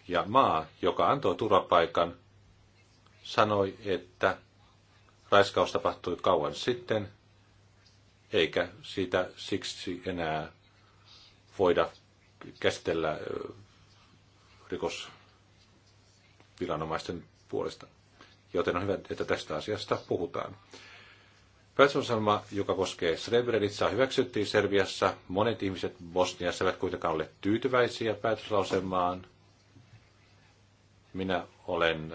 Ja maa, joka antoi turvapaikan, sanoi, että raiskaus tapahtui kauan sitten, eikä siitä siksi enää voida käsitellä rikosviranomaisten puolesta. Joten on hyvä, että tästä asiasta puhutaan. Päätösosalma, joka koskee Srebrenicaa, hyväksyttiin Serbiassa. Monet ihmiset Bosniassa eivät kuitenkaan ole tyytyväisiä päätöslausemaan. Minä olen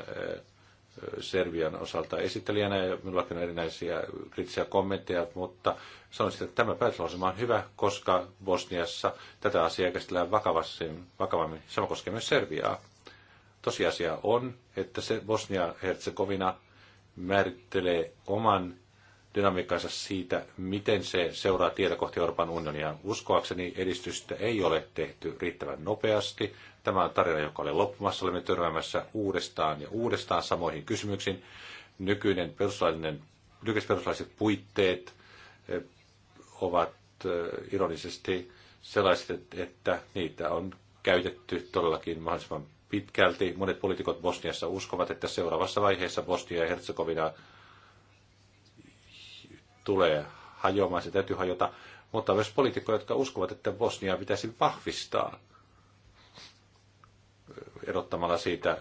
Servian osalta esittelijänä ja minullakin on erinäisiä kriittisiä kommentteja, mutta sanoisin, että tämä päätöslauselma on hyvä, koska Bosniassa tätä asiaa käsitellään vakavammin. Sama koskee myös Serviaa. Tosiasia on, että se Bosnia-Herzegovina määrittelee oman dynamiikkansa siitä, miten se seuraa tietä kohti Euroopan unionia. Uskoakseni edistystä ei ole tehty riittävän nopeasti. Tämä on tarina, joka oli loppumassa. Olemme törmäämässä uudestaan ja uudestaan samoihin kysymyksiin. Nykyinen perustuslaillinen, nykyiset perustuslailliset puitteet eh, ovat eh, ironisesti sellaiset, että niitä on käytetty todellakin mahdollisimman pitkälti. Monet poliitikot Bosniassa uskovat, että seuraavassa vaiheessa Bosnia ja Herzegovina tulee hajoamaan, se täytyy hajota, mutta myös poliitikkoja, jotka uskovat, että Bosnia pitäisi vahvistaa erottamalla siitä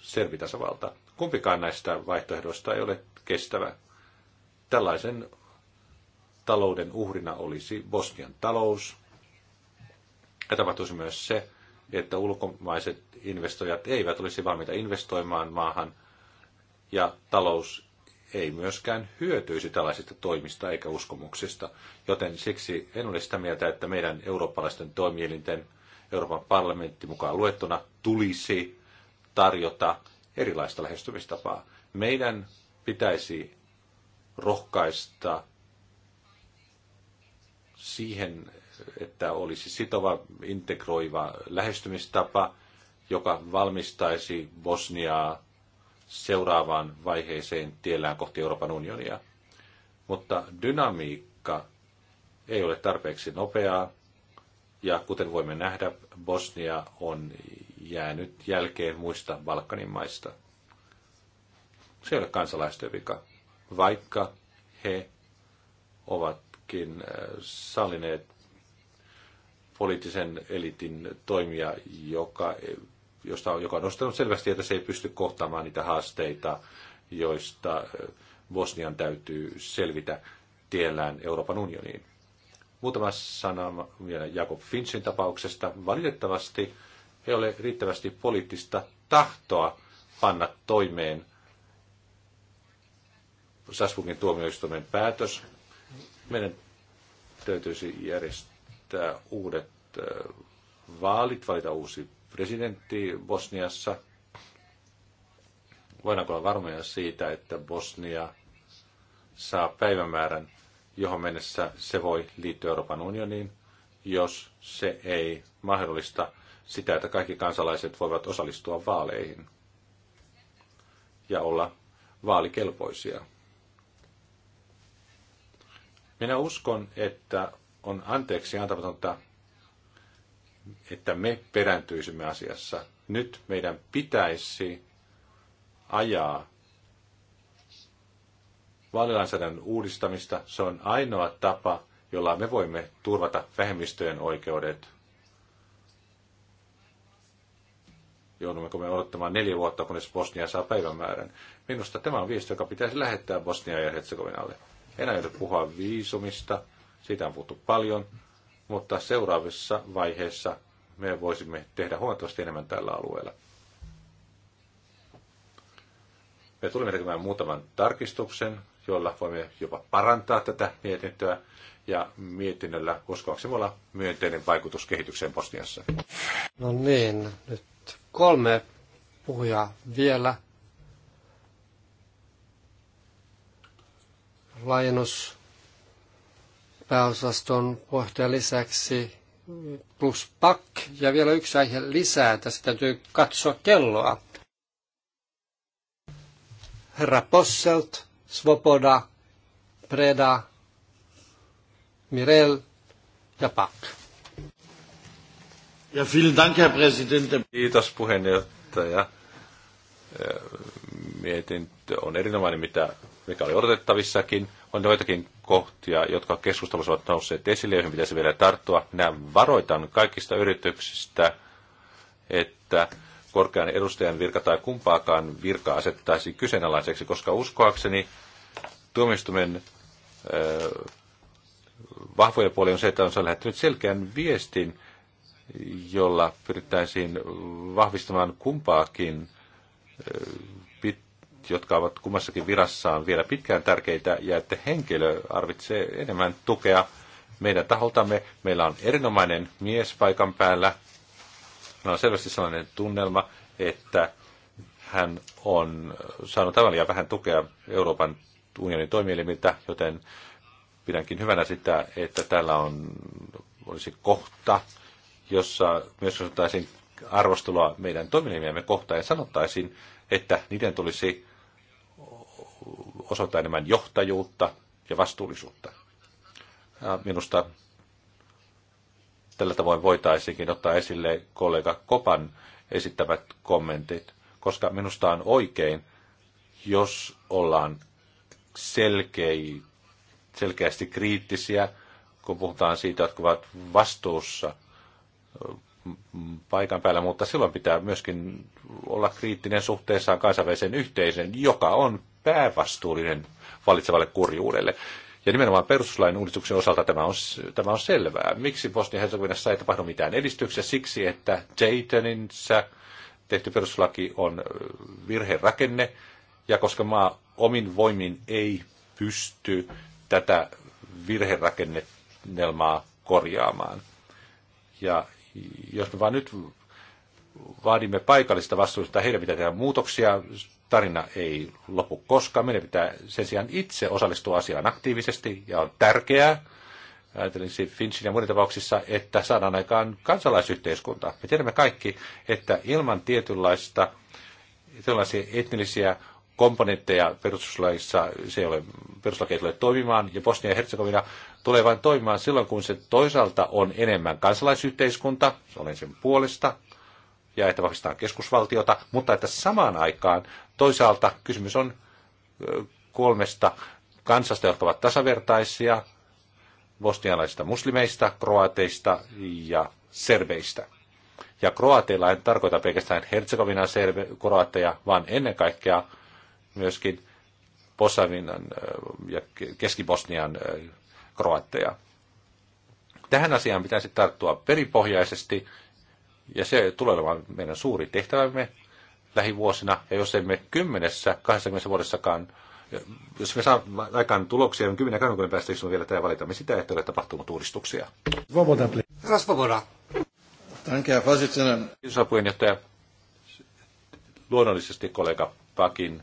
selvitasavalta. Kumpikaan näistä vaihtoehdoista ei ole kestävä. Tällaisen talouden uhrina olisi Bosnian talous. Ja tapahtuisi myös se, että ulkomaiset investoijat eivät olisi valmiita investoimaan maahan ja talous ei myöskään hyötyisi tällaisista toimista eikä uskomuksista, joten siksi en ole sitä mieltä, että meidän eurooppalaisten toimielinten Euroopan parlamentti mukaan luettuna tulisi tarjota erilaista lähestymistapaa. Meidän pitäisi rohkaista siihen, että olisi sitova, integroiva lähestymistapa, joka valmistaisi Bosniaa seuraavaan vaiheeseen tiellään kohti Euroopan unionia. Mutta dynamiikka ei ole tarpeeksi nopeaa, ja kuten voimme nähdä, Bosnia on jäänyt jälkeen muista Balkanin maista. Se ei ole kansalaisten vika, vaikka he ovatkin äh, sallineet poliittisen elitin toimia, joka josta, joka on nostanut selvästi, että se ei pysty kohtaamaan niitä haasteita, joista eh, Bosnian täytyy selvitä tiellään Euroopan unioniin. Muutama sana vielä Jakob Finchin tapauksesta. Valitettavasti ei ole riittävästi poliittista tahtoa panna toimeen Sasbukin tuomioistuimen päätös. Meidän täytyisi järjestää uudet eh, vaalit, valita uusi presidentti Bosniassa. Voidaanko olla varmoja siitä, että Bosnia saa päivämäärän, johon mennessä se voi liittyä Euroopan unioniin, jos se ei mahdollista sitä, että kaikki kansalaiset voivat osallistua vaaleihin ja olla vaalikelpoisia. Minä uskon, että on anteeksi antamatonta että me perääntyisimme asiassa. Nyt meidän pitäisi ajaa vaalilainsäädännön uudistamista. Se on ainoa tapa, jolla me voimme turvata vähemmistöjen oikeudet. Joudummeko me odottamaan neljä vuotta, kunnes Bosnia saa päivämäärän? Minusta tämä on viesti, joka pitäisi lähettää Bosnia ja Herzegovinalle. Enää ei puhua viisumista, siitä on puhuttu paljon mutta seuraavissa vaiheissa me voisimme tehdä huomattavasti enemmän tällä alueella. Me tulemme tekemään muutaman tarkistuksen, jolla voimme jopa parantaa tätä mietintöä, ja mietinnöllä uskoakseni olla myönteinen vaikutus kehitykseen Bosniassa. No niin, nyt kolme puhujaa vielä. Laajennus pääosaston puheenjohtajan lisäksi plus pak ja vielä yksi aihe lisää. Tässä täytyy katsoa kelloa. Herra Posselt, Svoboda, Preda, Mirel ja Pak. Ja vielen Dank, Herr Präsident. Kiitos puheenjohtaja. Mietintö on erinomainen, mitä, mikä oli odotettavissakin – on joitakin kohtia, jotka keskustelussa ovat nousseet esille, joihin pitäisi vielä tarttua. Minä varoitan kaikista yrityksistä, että korkean edustajan virka tai kumpaakaan virka asettaisi kyseenalaiseksi, koska uskoakseni tuomistumen vahvoja puoli on se, että on lähettänyt selkeän viestin, jolla pyrittäisiin vahvistamaan kumpaakin jotka ovat kummassakin virassaan vielä pitkään tärkeitä, ja että henkilö arvitsee enemmän tukea meidän taholtamme. Meillä on erinomainen mies paikan päällä. Meillä on selvästi sellainen tunnelma, että hän on saanut aivan liian vähän tukea Euroopan unionin toimielimiltä, joten pidänkin hyvänä sitä, että täällä on, olisi kohta, jossa myös otettaisiin arvostelua meidän toimielimiämme kohtaan ja sanottaisiin, että niiden tulisi osoittaa enemmän johtajuutta ja vastuullisuutta. Ja minusta tällä tavoin voitaisiinkin ottaa esille kollega Kopan esittämät kommentit, koska minusta on oikein, jos ollaan selkei, selkeästi kriittisiä, kun puhutaan siitä, jotka ovat vastuussa mm, paikan päällä, mutta silloin pitää myöskin olla kriittinen suhteessaan kansainväliseen yhteisön, joka on päävastuullinen valitsevalle kurjuudelle. Ja nimenomaan perustuslain uudistuksen osalta tämä on, tämä on selvää. Miksi Bosnia-Herzegovinassa ei tapahdu mitään edistyksiä? Siksi, että Daytoninsä tehty perustuslaki on virherakenne, ja koska maa omin voimin ei pysty tätä virherakennelmaa korjaamaan. Ja jos me vaan nyt vaadimme paikallista vastuullista, heidän pitää tehdä muutoksia, tarina ei lopu koskaan, meidän pitää sen sijaan itse osallistua asiaan aktiivisesti, ja on tärkeää, ajattelin siis Finchin ja muiden tapauksissa, että saadaan aikaan kansalaisyhteiskunta. Me tiedämme kaikki, että ilman tietynlaista, tietynlaisia etnillisiä komponentteja perustuslaissa se ei ole, perustuslaki ei tule toimimaan, ja Bosnia ja Herzegovina tulee vain toimimaan silloin, kun se toisaalta on enemmän kansalaisyhteiskunta, olen sen puolesta, ja että vahvistetaan keskusvaltiota, mutta että samaan aikaan toisaalta kysymys on kolmesta kansasta, jotka ovat tasavertaisia, bosnialaisista muslimeista, kroateista ja serbeistä. Ja kroateilla en tarkoita pelkästään Herzegovinan serbe- kroateja, vaan ennen kaikkea myöskin Posavinan ja Keski-Bosnian kroatteja. Tähän asiaan pitäisi tarttua peripohjaisesti ja se tulee olemaan meidän suuri tehtävämme lähivuosina. Ja jos emme kymmenessä, 20 vuodessakaan, jos me saamme aikaan tuloksia, niin 10 20 päästä istumme vielä täällä valitamme sitä, että ole tapahtunut uudistuksia. Svoboda, Rasvoboda. Danke, Herr puheenjohtaja. Luonnollisesti kollega Pakin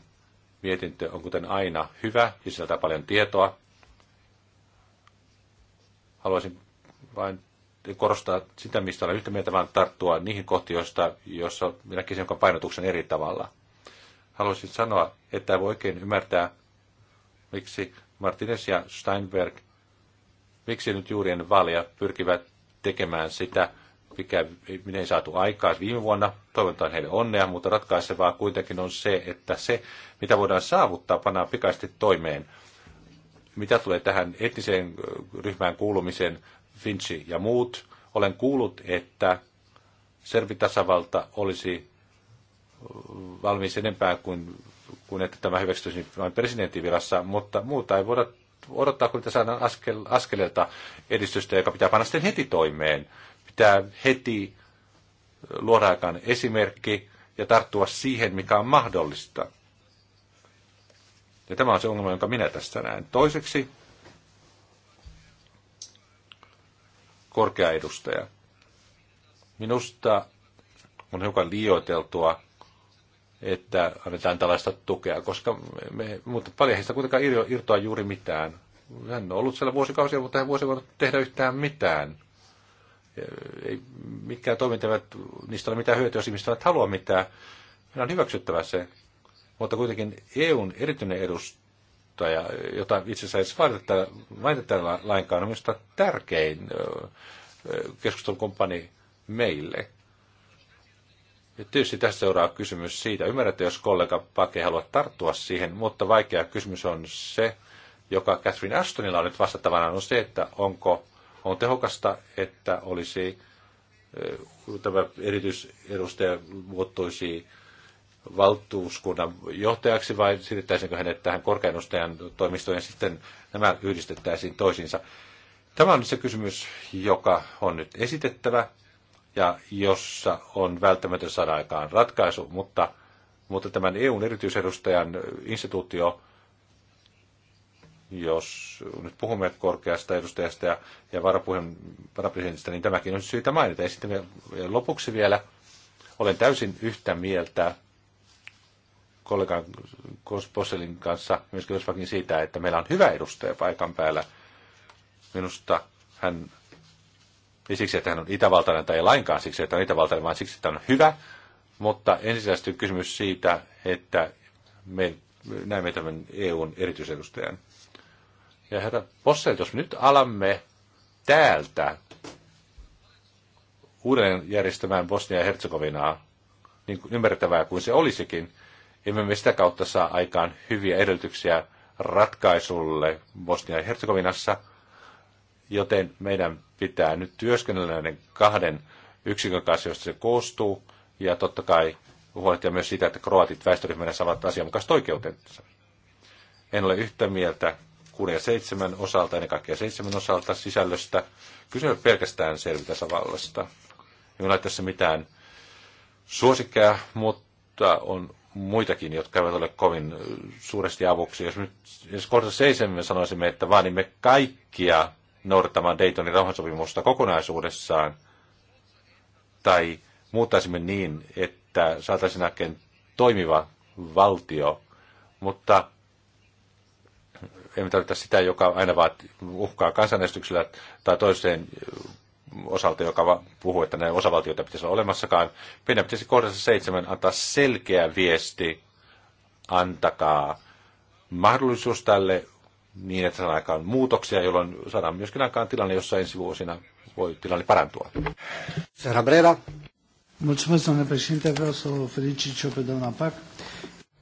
mietintö on kuten aina hyvä sisältää paljon tietoa. Haluaisin vain korostaa sitä, mistä olen yhtä mieltä, vaan tarttua niihin kohtiin, joista, joissa näkisin jonka painotuksen eri tavalla. Haluaisin sanoa, että voi oikein ymmärtää, miksi Martinez ja Steinberg, miksi nyt juuri ennen vaalia pyrkivät tekemään sitä, mikä minne ei saatu aikaa viime vuonna. Toivotan heille onnea, mutta ratkaisevaa kuitenkin on se, että se, mitä voidaan saavuttaa, pannaan pikaisesti toimeen. Mitä tulee tähän etniseen ryhmään kuulumiseen, Finchi ja muut, olen kuullut, että servitasavalta olisi valmis enempää kuin, kuin että tämä hyväksytyisi vain presidentin virassa, mutta muuta ei voida odottaa, kun saadaan askel, askeleelta edistystä, joka pitää panna sitten heti toimeen. Pitää heti luoda aikaan esimerkki ja tarttua siihen, mikä on mahdollista. Ja tämä on se ongelma, jonka minä tässä näen. Toiseksi korkea edustaja. Minusta on hiukan liioiteltua, että annetaan tällaista tukea, koska me, mutta paljon heistä kuitenkaan irtoa juuri mitään. Hän on ollut siellä vuosikausia, mutta hän voisi voinut tehdä yhtään mitään. Ei, mitkään toimintavat, niistä ei ole mitään hyötyä, jos ihmiset eivät halua mitään. Meidän on hyväksyttävä se. Mutta kuitenkin EUn erityinen edustaja juttua, ja jota itse asiassa edes mainita lainkaan, on minusta tärkein keskustelukumppani meille. Ja tietysti tässä seuraa kysymys siitä, ymmärrätte, jos kollega Pake haluaa tarttua siihen, mutta vaikea kysymys on se, joka Catherine Ashtonilla on nyt vastattavana, on se, että onko on tehokasta, että olisi tämä erityisedustaja muuttuisi valtuuskunnan johtajaksi vai siirrettäisinkö hänet tähän korkeanostajan toimistoon ja sitten nämä yhdistettäisiin toisiinsa. Tämä on se kysymys, joka on nyt esitettävä ja jossa on välttämätön saada aikaan ratkaisu, mutta, mutta tämän EUn erityisedustajan instituutio, jos nyt puhumme korkeasta edustajasta ja, ja varapuheen, varapresidentistä, niin tämäkin on syytä mainita. Ja sitten lopuksi vielä olen täysin yhtä mieltä kollegan Poselin kanssa, myöskin Rosvakin siitä, että meillä on hyvä edustaja paikan päällä. Minusta hän, ei siksi, että hän on itävaltainen tai ei lainkaan siksi, että on itävaltainen, vaan siksi, että hän on hyvä. Mutta ensisijaisesti kysymys siitä, että me näemme tämän EUn erityisedustajan. Ja herra Possel, jos nyt alamme täältä uudelleen järjestämään Bosnia ja Herzegovinaa, niin ymmärrettävää kuin se olisikin, emme sitä kautta saa aikaan hyviä edellytyksiä ratkaisulle Bosnia ja Herzegovinassa, joten meidän pitää nyt työskennellä näiden kahden yksikön kanssa, joista se koostuu, ja totta kai huolehtia myös siitä, että kroatit väestöryhmänä saavat asianmukaiset oikeutensa. En ole yhtä mieltä 6 ja 7 osalta, ennen kaikkea 7 osalta sisällöstä. Kyse on pelkästään selvitäsavallasta. Ei ole tässä mitään suosikkeja, mutta on muitakin, jotka eivät ole kovin suuresti avuksi. Jos nyt jos kohdassa seisemme sanoisimme, että vaadimme kaikkia noudattamaan Daytonin rauhansopimusta kokonaisuudessaan, tai muuttaisimme niin, että saataisiin näkeen toimiva valtio, mutta emme tarvita sitä, joka aina vaatii uhkaa kansanäänestyksellä tai toiseen osalta, joka puhuu, että näitä osavaltioita pitäisi olla olemassakaan. Meidän pitäisi kohdassa seitsemän antaa selkeä viesti, antakaa mahdollisuus tälle niin, että saadaan aikaan muutoksia, jolloin saadaan myöskin aikaan tilanne, jossa ensi vuosina voi tilanne parantua. Herra Breda.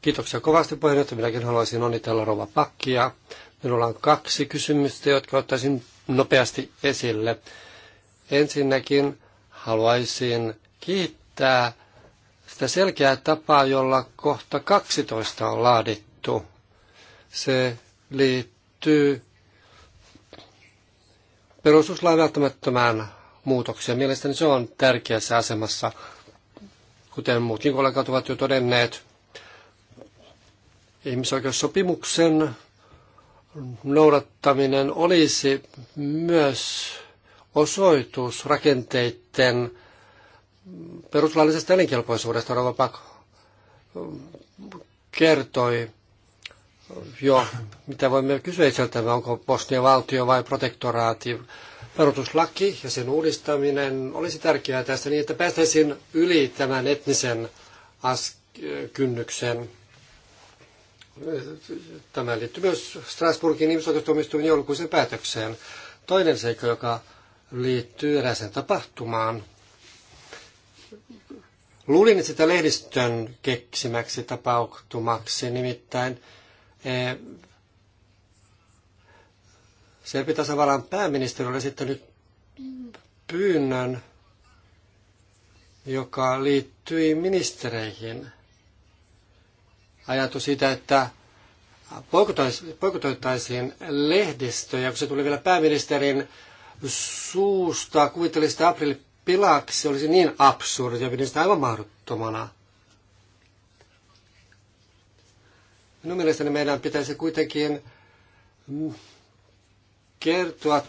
Kiitoksia kovasti puheenjohtaja. Minäkin haluaisin onnitella Rova Pakkia. Minulla on kaksi kysymystä, jotka ottaisin nopeasti esille. Ensinnäkin haluaisin kiittää sitä selkeää tapaa, jolla kohta 12 on laadittu. Se liittyy perustuslain välttämättömään muutokseen. Mielestäni se on tärkeässä asemassa, kuten muutkin kollegat ovat jo todenneet. Ihmisoikeussopimuksen noudattaminen olisi myös osoitus rakenteiden perustuslaillisesta elinkelpoisuudesta. Rova Pak kertoi jo, mitä voimme kysyä itseltämme, onko Bosnian valtio vai protektoraati. Perustuslaki ja sen uudistaminen olisi tärkeää tästä niin, että päästäisiin yli tämän etnisen kynnyksen. Tämä liittyy myös Strasbourgin ihmisoikeustuomioistuimen joulukuisen päätökseen. Toinen seikka, joka liittyy eräseen tapahtumaan. Luulin sitä lehdistön keksimäksi tapahtumaksi, nimittäin pitäisi e, tavallaan pääministeri oli nyt pyynnön, joka liittyi ministereihin. Ajatus siitä, että poikotoitaisiin lehdistöjä, kun se tuli vielä pääministerin suusta kuvittelisi, sitä April Pilaksi se olisi niin absurdi ja pidin sitä aivan mahdottomana. Minun mielestäni meidän pitäisi kuitenkin mm, kertoa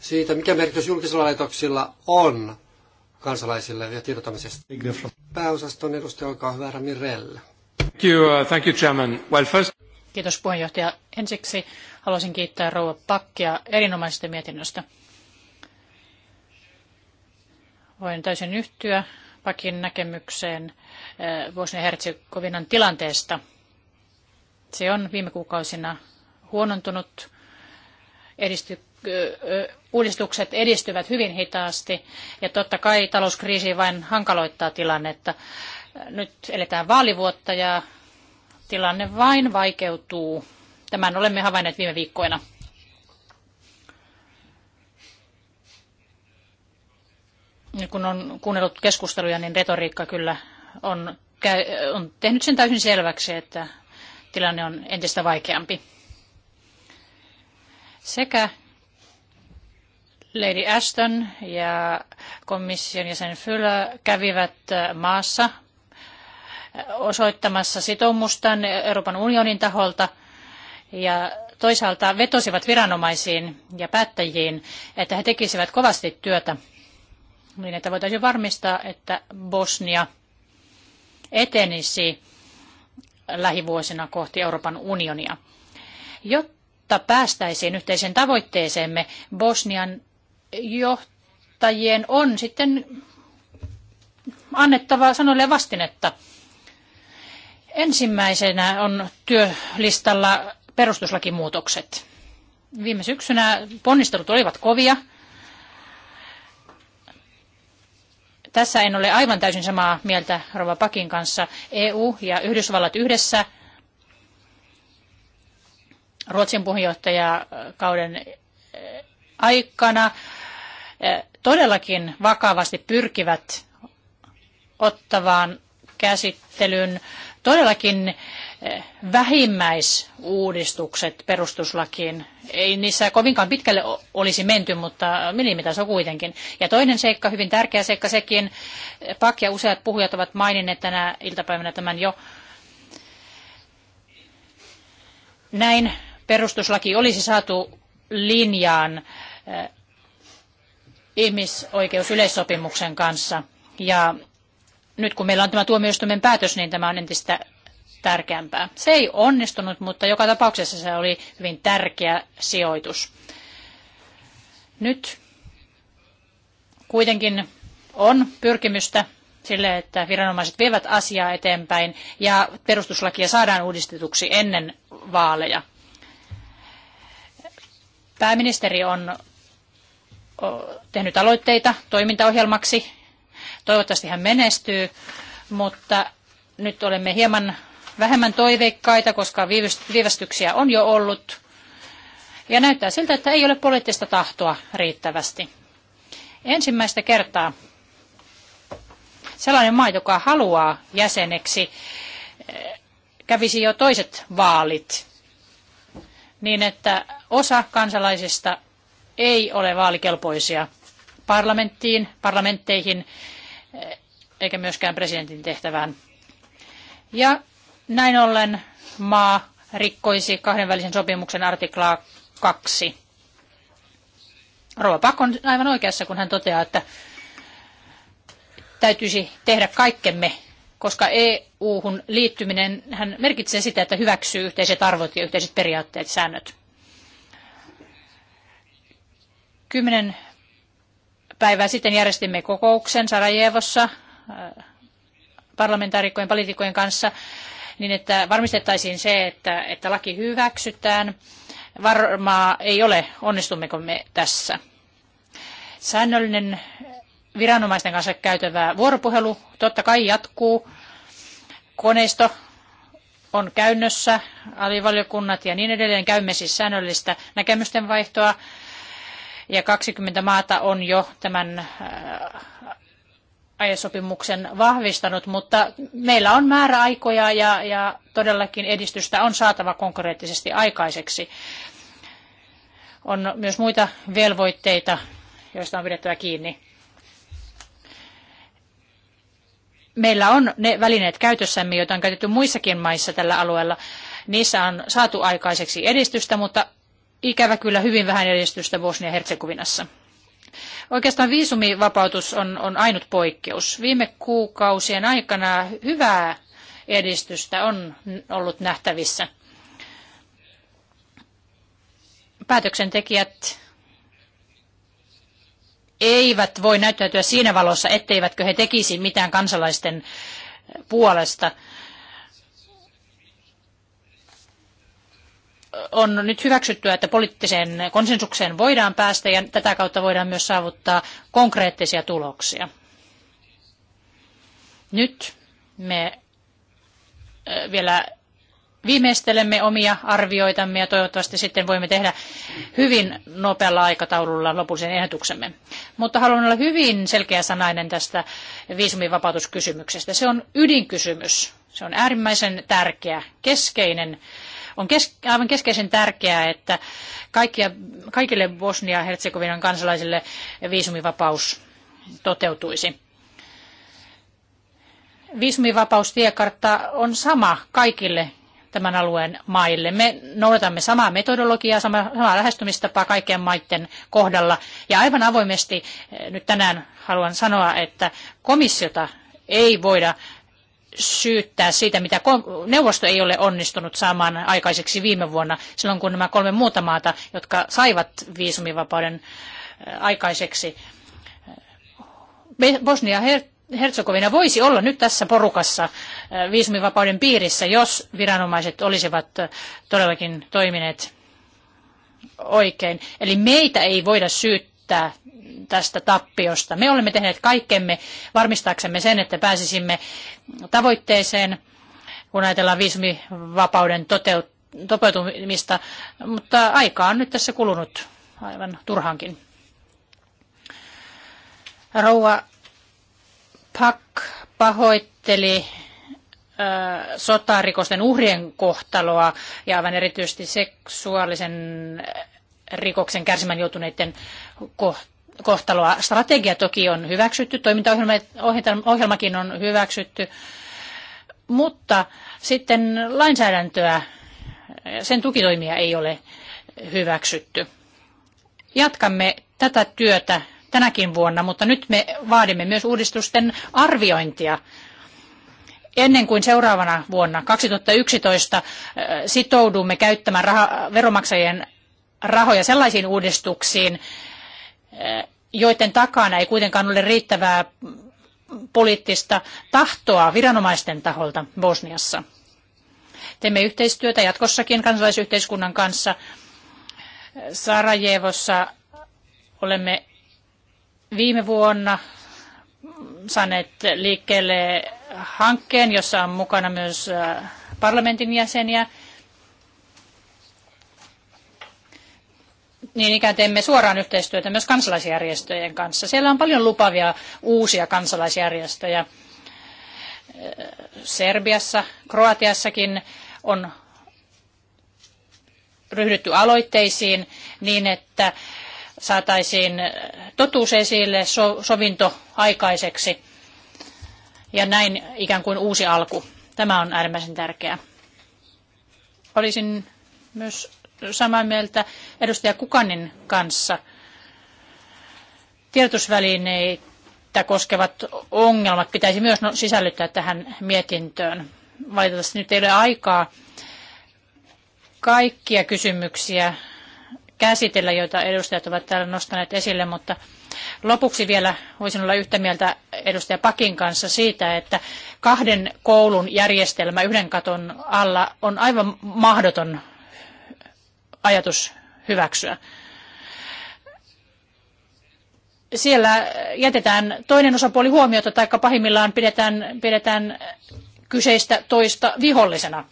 siitä, mikä merkitys julkisilla laitoksilla on kansalaisille ja tiedottamisesta. Pääosaston edustaja, olkaa hyvä, Mirelle. Thank you, uh, thank you, Chairman. Well, first... Kiitos puheenjohtaja. Ensiksi haluaisin kiittää rouva Pakkia erinomaisesta mietinnöstä. Voin täysin yhtyä Pakin näkemykseen eh, Bosnia-Herzegovinan tilanteesta. Se on viime kuukausina huonontunut. Edisty, eh, eh, uudistukset edistyvät hyvin hitaasti ja totta kai talouskriisi vain hankaloittaa tilannetta. Nyt eletään vaalivuotta ja tilanne vain vaikeutuu. Tämän olemme havainneet viime viikkoina. kun on kuunnellut keskusteluja, niin retoriikka kyllä on, on tehnyt sen täysin selväksi, että tilanne on entistä vaikeampi. Sekä Lady Ashton ja komission jäsen Fylö kävivät äh, maassa äh, osoittamassa sitoumustaan Euroopan unionin taholta ja toisaalta vetosivat viranomaisiin ja päättäjiin, että he tekisivät kovasti työtä niin että voitaisiin varmistaa, että Bosnia etenisi lähivuosina kohti Euroopan unionia. Jotta päästäisiin yhteiseen tavoitteeseemme, Bosnian johtajien on sitten annettava sanoille vastinetta. Ensimmäisenä on työlistalla perustuslakimuutokset. Viime syksynä ponnistelut olivat kovia – Tässä en ole aivan täysin samaa mieltä Rova Pakin kanssa. EU ja Yhdysvallat yhdessä Ruotsin puheenjohtajakauden e, aikana e, todellakin vakavasti pyrkivät ottavaan käsittelyn todellakin eh, vähimmäisuudistukset perustuslakiin. Ei niissä kovinkaan pitkälle olisi menty, mutta minimitaso kuitenkin. Ja toinen seikka, hyvin tärkeä seikka sekin, eh, Pak ja useat puhujat ovat maininneet tänä iltapäivänä tämän jo. Näin perustuslaki olisi saatu linjaan eh, ihmisoikeusyleissopimuksen kanssa. Ja nyt kun meillä on tämä tuomioistuimen päätös, niin tämä on entistä tärkeämpää. Se ei onnistunut, mutta joka tapauksessa se oli hyvin tärkeä sijoitus. Nyt kuitenkin on pyrkimystä sille, että viranomaiset vievät asiaa eteenpäin ja perustuslakia saadaan uudistetuksi ennen vaaleja. Pääministeri on tehnyt aloitteita toimintaohjelmaksi Toivottavasti hän menestyy, mutta nyt olemme hieman vähemmän toiveikkaita, koska viivästyksiä on jo ollut. Ja näyttää siltä, että ei ole poliittista tahtoa riittävästi. Ensimmäistä kertaa sellainen maa, joka haluaa jäseneksi, eh, kävisi jo toiset vaalit, niin että osa kansalaisista ei ole vaalikelpoisia parlamenttiin, parlamentteihin eikä myöskään presidentin tehtävään. Ja näin ollen maa rikkoisi kahdenvälisen sopimuksen artiklaa 2. Rova Pak on aivan oikeassa, kun hän toteaa, että täytyisi tehdä kaikkemme, koska EU-hun liittyminen hän merkitsee sitä, että hyväksyy yhteiset arvot ja yhteiset periaatteet, säännöt. Kymmenen päivää sitten järjestimme kokouksen Sarajevossa äh, parlamentaarikkojen poliitikkojen kanssa niin, että varmistettaisiin se, että, että laki hyväksytään. Varmaa ei ole, onnistummeko me tässä. Säännöllinen viranomaisten kanssa käytävä vuoropuhelu totta kai jatkuu. Koneisto on käynnössä, alivaliokunnat ja niin edelleen. Käymme siis säännöllistä näkemysten vaihtoa ja 20 maata on jo tämän äh, aiesopimuksen vahvistanut, mutta meillä on määräaikoja ja, ja todellakin edistystä on saatava konkreettisesti aikaiseksi. On myös muita velvoitteita, joista on pidettävä kiinni. Meillä on ne välineet käytössämme, joita on käytetty muissakin maissa tällä alueella. Niissä on saatu aikaiseksi edistystä, mutta ikävä kyllä hyvin vähän edistystä Bosnia-Herzegovinassa. Oikeastaan viisumivapautus on, on ainut poikkeus. Viime kuukausien aikana hyvää edistystä on ollut nähtävissä. Päätöksentekijät eivät voi näyttäytyä siinä valossa, etteivätkö he tekisi mitään kansalaisten puolesta. on nyt hyväksytty, että poliittiseen konsensukseen voidaan päästä ja tätä kautta voidaan myös saavuttaa konkreettisia tuloksia. Nyt me vielä viimeistelemme omia arvioitamme ja toivottavasti sitten voimme tehdä hyvin nopealla aikataululla lopullisen ehdotuksemme. Mutta haluan olla hyvin selkeä sanainen tästä viisumivapautuskysymyksestä. Se on ydinkysymys. Se on äärimmäisen tärkeä, keskeinen on kes, aivan keskeisen tärkeää, että kaikkia, kaikille Bosnia-Herzegovinan kansalaisille viisumivapaus toteutuisi. Viisumivapaustiekartta on sama kaikille tämän alueen maille. Me noudatamme samaa metodologiaa, samaa, samaa lähestymistapaa kaikkien maiden kohdalla. Ja aivan avoimesti eh, nyt tänään haluan sanoa, että komissiota ei voida syyttää siitä, mitä neuvosto ei ole onnistunut saamaan aikaiseksi viime vuonna, silloin kun nämä kolme muuta maata, jotka saivat viisumivapauden äh, aikaiseksi, Bosnia-Herzegovina voisi olla nyt tässä porukassa äh, viisumivapauden piirissä, jos viranomaiset olisivat äh, todellakin toimineet oikein. Eli meitä ei voida syyttää välttää tästä tappiosta. Me olemme tehneet kaikkemme varmistaaksemme sen, että pääsisimme tavoitteeseen, kun ajatellaan viisumivapauden toteutumista, mutta aika on nyt tässä kulunut aivan turhankin. Rouva Pak pahoitteli sotarikosten uhrien kohtaloa ja aivan erityisesti seksuaalisen rikoksen kärsimään joutuneiden kohtaloa. Strategia toki on hyväksytty, toimintaohjelmakin on hyväksytty, mutta sitten lainsäädäntöä, sen tukitoimia ei ole hyväksytty. Jatkamme tätä työtä tänäkin vuonna, mutta nyt me vaadimme myös uudistusten arviointia ennen kuin seuraavana vuonna 2011 äh, sitoudumme käyttämään raha, veromaksajien rahoja sellaisiin uudistuksiin, joiden takana ei kuitenkaan ole riittävää poliittista tahtoa viranomaisten taholta Bosniassa. Teemme yhteistyötä jatkossakin kansalaisyhteiskunnan kanssa. Sarajevossa olemme viime vuonna saaneet liikkeelle hankkeen, jossa on mukana myös äh, parlamentin jäseniä. niin ikään teemme suoraan yhteistyötä myös kansalaisjärjestöjen kanssa. Siellä on paljon lupavia uusia kansalaisjärjestöjä. Äh, Serbiassa, Kroatiassakin on ryhdytty aloitteisiin niin, että saataisiin totuus esille, so, sovinto aikaiseksi ja näin ikään kuin uusi alku. Tämä on äärimmäisen tärkeää. Olisin myös samaa mieltä edustaja Kukanin kanssa. Tiedotusvälineitä koskevat ongelmat pitäisi myös no- sisällyttää tähän mietintöön. Valitettavasti nyt ei ole aikaa kaikkia kysymyksiä käsitellä, joita edustajat ovat täällä nostaneet esille, mutta lopuksi vielä voisin olla yhtä mieltä edustaja Pakin kanssa siitä, että kahden koulun järjestelmä yhden katon alla on aivan mahdoton ajatus hyväksyä. Siellä jätetään toinen osapuoli huomiota tai pahimmillaan pidetään, pidetään kyseistä toista vihollisena.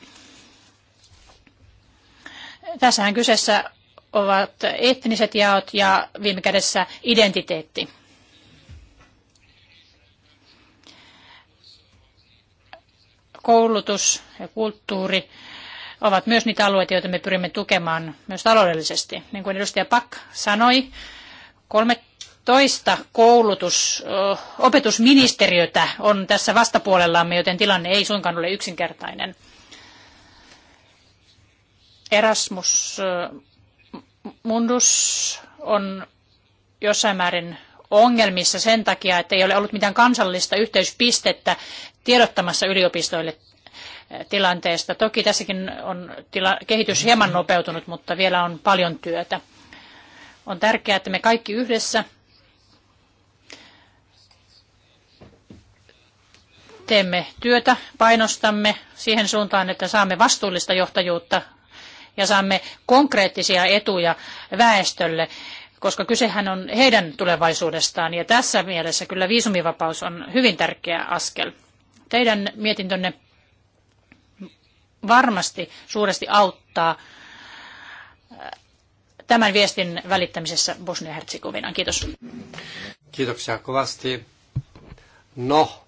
Tässähän kyseessä ovat etniset jaot ja viime kädessä identiteetti. Koulutus ja kulttuuri ovat myös niitä alueita, joita me pyrimme tukemaan myös taloudellisesti. Niin kuin edustaja Pak sanoi, 13 koulutus, opetusministeriötä on tässä vastapuolellamme, joten tilanne ei suinkaan ole yksinkertainen. Erasmus Mundus on jossain määrin ongelmissa sen takia, että ei ole ollut mitään kansallista yhteyspistettä tiedottamassa yliopistoille tilanteesta. Toki tässäkin on tila, kehitys hieman nopeutunut, mutta vielä on paljon työtä. On tärkeää, että me kaikki yhdessä teemme työtä, painostamme siihen suuntaan, että saamme vastuullista johtajuutta ja saamme konkreettisia etuja väestölle, koska kysehän on heidän tulevaisuudestaan. Ja tässä mielessä kyllä viisumivapaus on hyvin tärkeä askel. Teidän mietintönne varmasti suuresti auttaa äh, tämän viestin välittämisessä Bosnia-Herzegovinaan. Kiitos. Kiitoksia kovasti. No,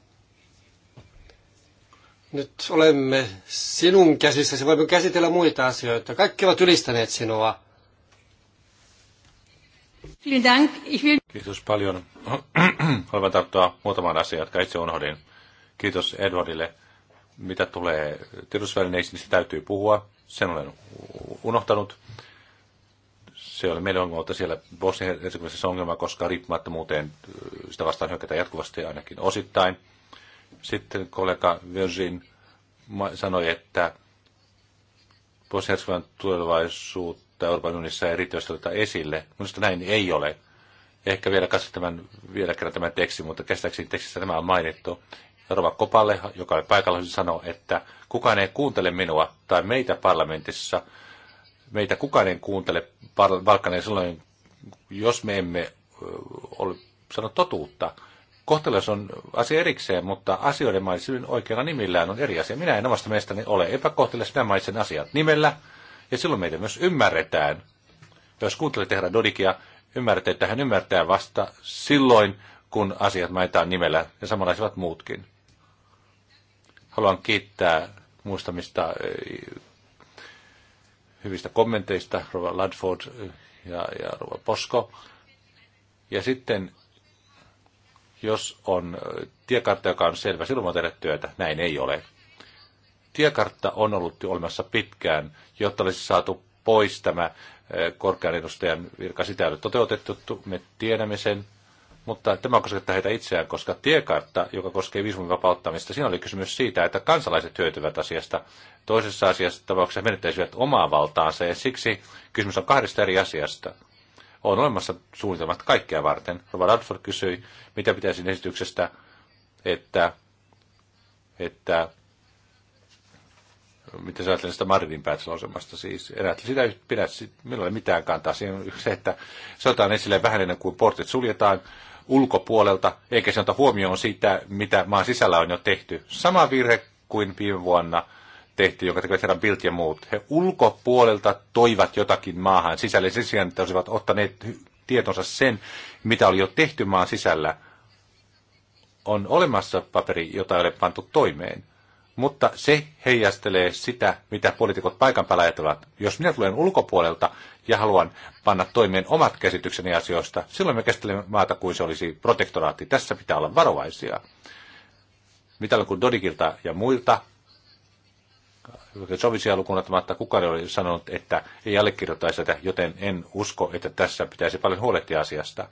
nyt olemme sinun käsissäsi, voimme käsitellä muita asioita. Kaikki ovat ylistäneet sinua. Kiitos paljon. (clears throat) Haluan tarttua muutamaan asiaan, jotka itse unohdin. Kiitos Edwardille mitä tulee tiedotusvälineisiin, niin se täytyy puhua. Sen olen unohtanut. Se oli meidän ongelma, että siellä Bosnia-Herzegovinassa se ongelma, koska riippumattomuuteen sitä vastaan hyökätään jatkuvasti ainakin osittain. Sitten kollega Virgin sanoi, että Bosnia-Herzegovinan tulevaisuutta Euroopan unionissa ei riittävästi oteta esille. Minusta näin ei ole ehkä vielä katsotaan tämän, vielä kerran tämän tekstin, mutta käsittääkseni tekstissä tämä on mainittu. Rova Kopalle, joka oli paikalla, sanoi, että kukaan ei kuuntele minua tai meitä parlamentissa. Meitä kukaan ei kuuntele Balkanen silloin, jos me emme ole, sano totuutta. Kohtelus on asia erikseen, mutta asioiden mainitseminen oikealla nimillään on eri asia. Minä en omasta mielestäni ole epäkohtelias, minä mainitsen asiat nimellä. Ja silloin meitä myös ymmärretään. Jos kuuntelee tehdä Dodikia, ymmärrätte, että hän ymmärtää vasta silloin, kun asiat mainitaan nimellä, ja samanlaisivat muutkin. Haluan kiittää muistamista eh, hyvistä kommenteista, Rova Ladford eh, ja, ja Rova Posko. Ja sitten, jos on eh, tiekartta, joka on selvä, silloin on tehdä työtä. Näin ei ole. Tiekartta on ollut jo olemassa pitkään, jotta olisi saatu pois tämä korkean edustajan virka. Sitä ei ole toteutettu, me tiedämme sen mutta tämä koskettaa heitä itseään, koska tiekartta, joka koskee viisumin vapauttamista, siinä oli kysymys siitä, että kansalaiset hyötyvät asiasta. Toisessa asiassa tapauksessa menettäisivät omaa valtaansa, ja siksi kysymys on kahdesta eri asiasta. On olemassa suunnitelmat kaikkea varten. Rova Radford kysyi, mitä pitäisi esityksestä, että, että mitä sä ajattelet sitä Madridin päätöslausemasta, siis eräät sitä ei pidä, milloin mitään kantaa. Siinä on se, että se otetaan esille vähän ennen kuin portit suljetaan, ulkopuolelta, eikä se ota huomioon sitä, mitä maan sisällä on jo tehty. Sama virhe kuin viime vuonna tehtiin, jonka tekevät herran Bilt ja muut. He ulkopuolelta toivat jotakin maahan sisälle sen sijaan, että olisivat ottaneet tietonsa sen, mitä oli jo tehty maan sisällä. On olemassa paperi, jota ei ole pantu toimeen. Mutta se heijastelee sitä, mitä poliitikot paikan päällä ajatellaan. Jos minä tulen ulkopuolelta ja haluan panna toimeen omat käsitykseni asioista, silloin me käsittelemme maata kuin se olisi protektoraatti. Tässä pitää olla varovaisia. Mitä kuin Dodikilta ja muilta, Sovisia lukuun ottamatta kukaan oli sanonut, että ei allekirjoittaisi tätä, joten en usko, että tässä pitäisi paljon huolehtia asiasta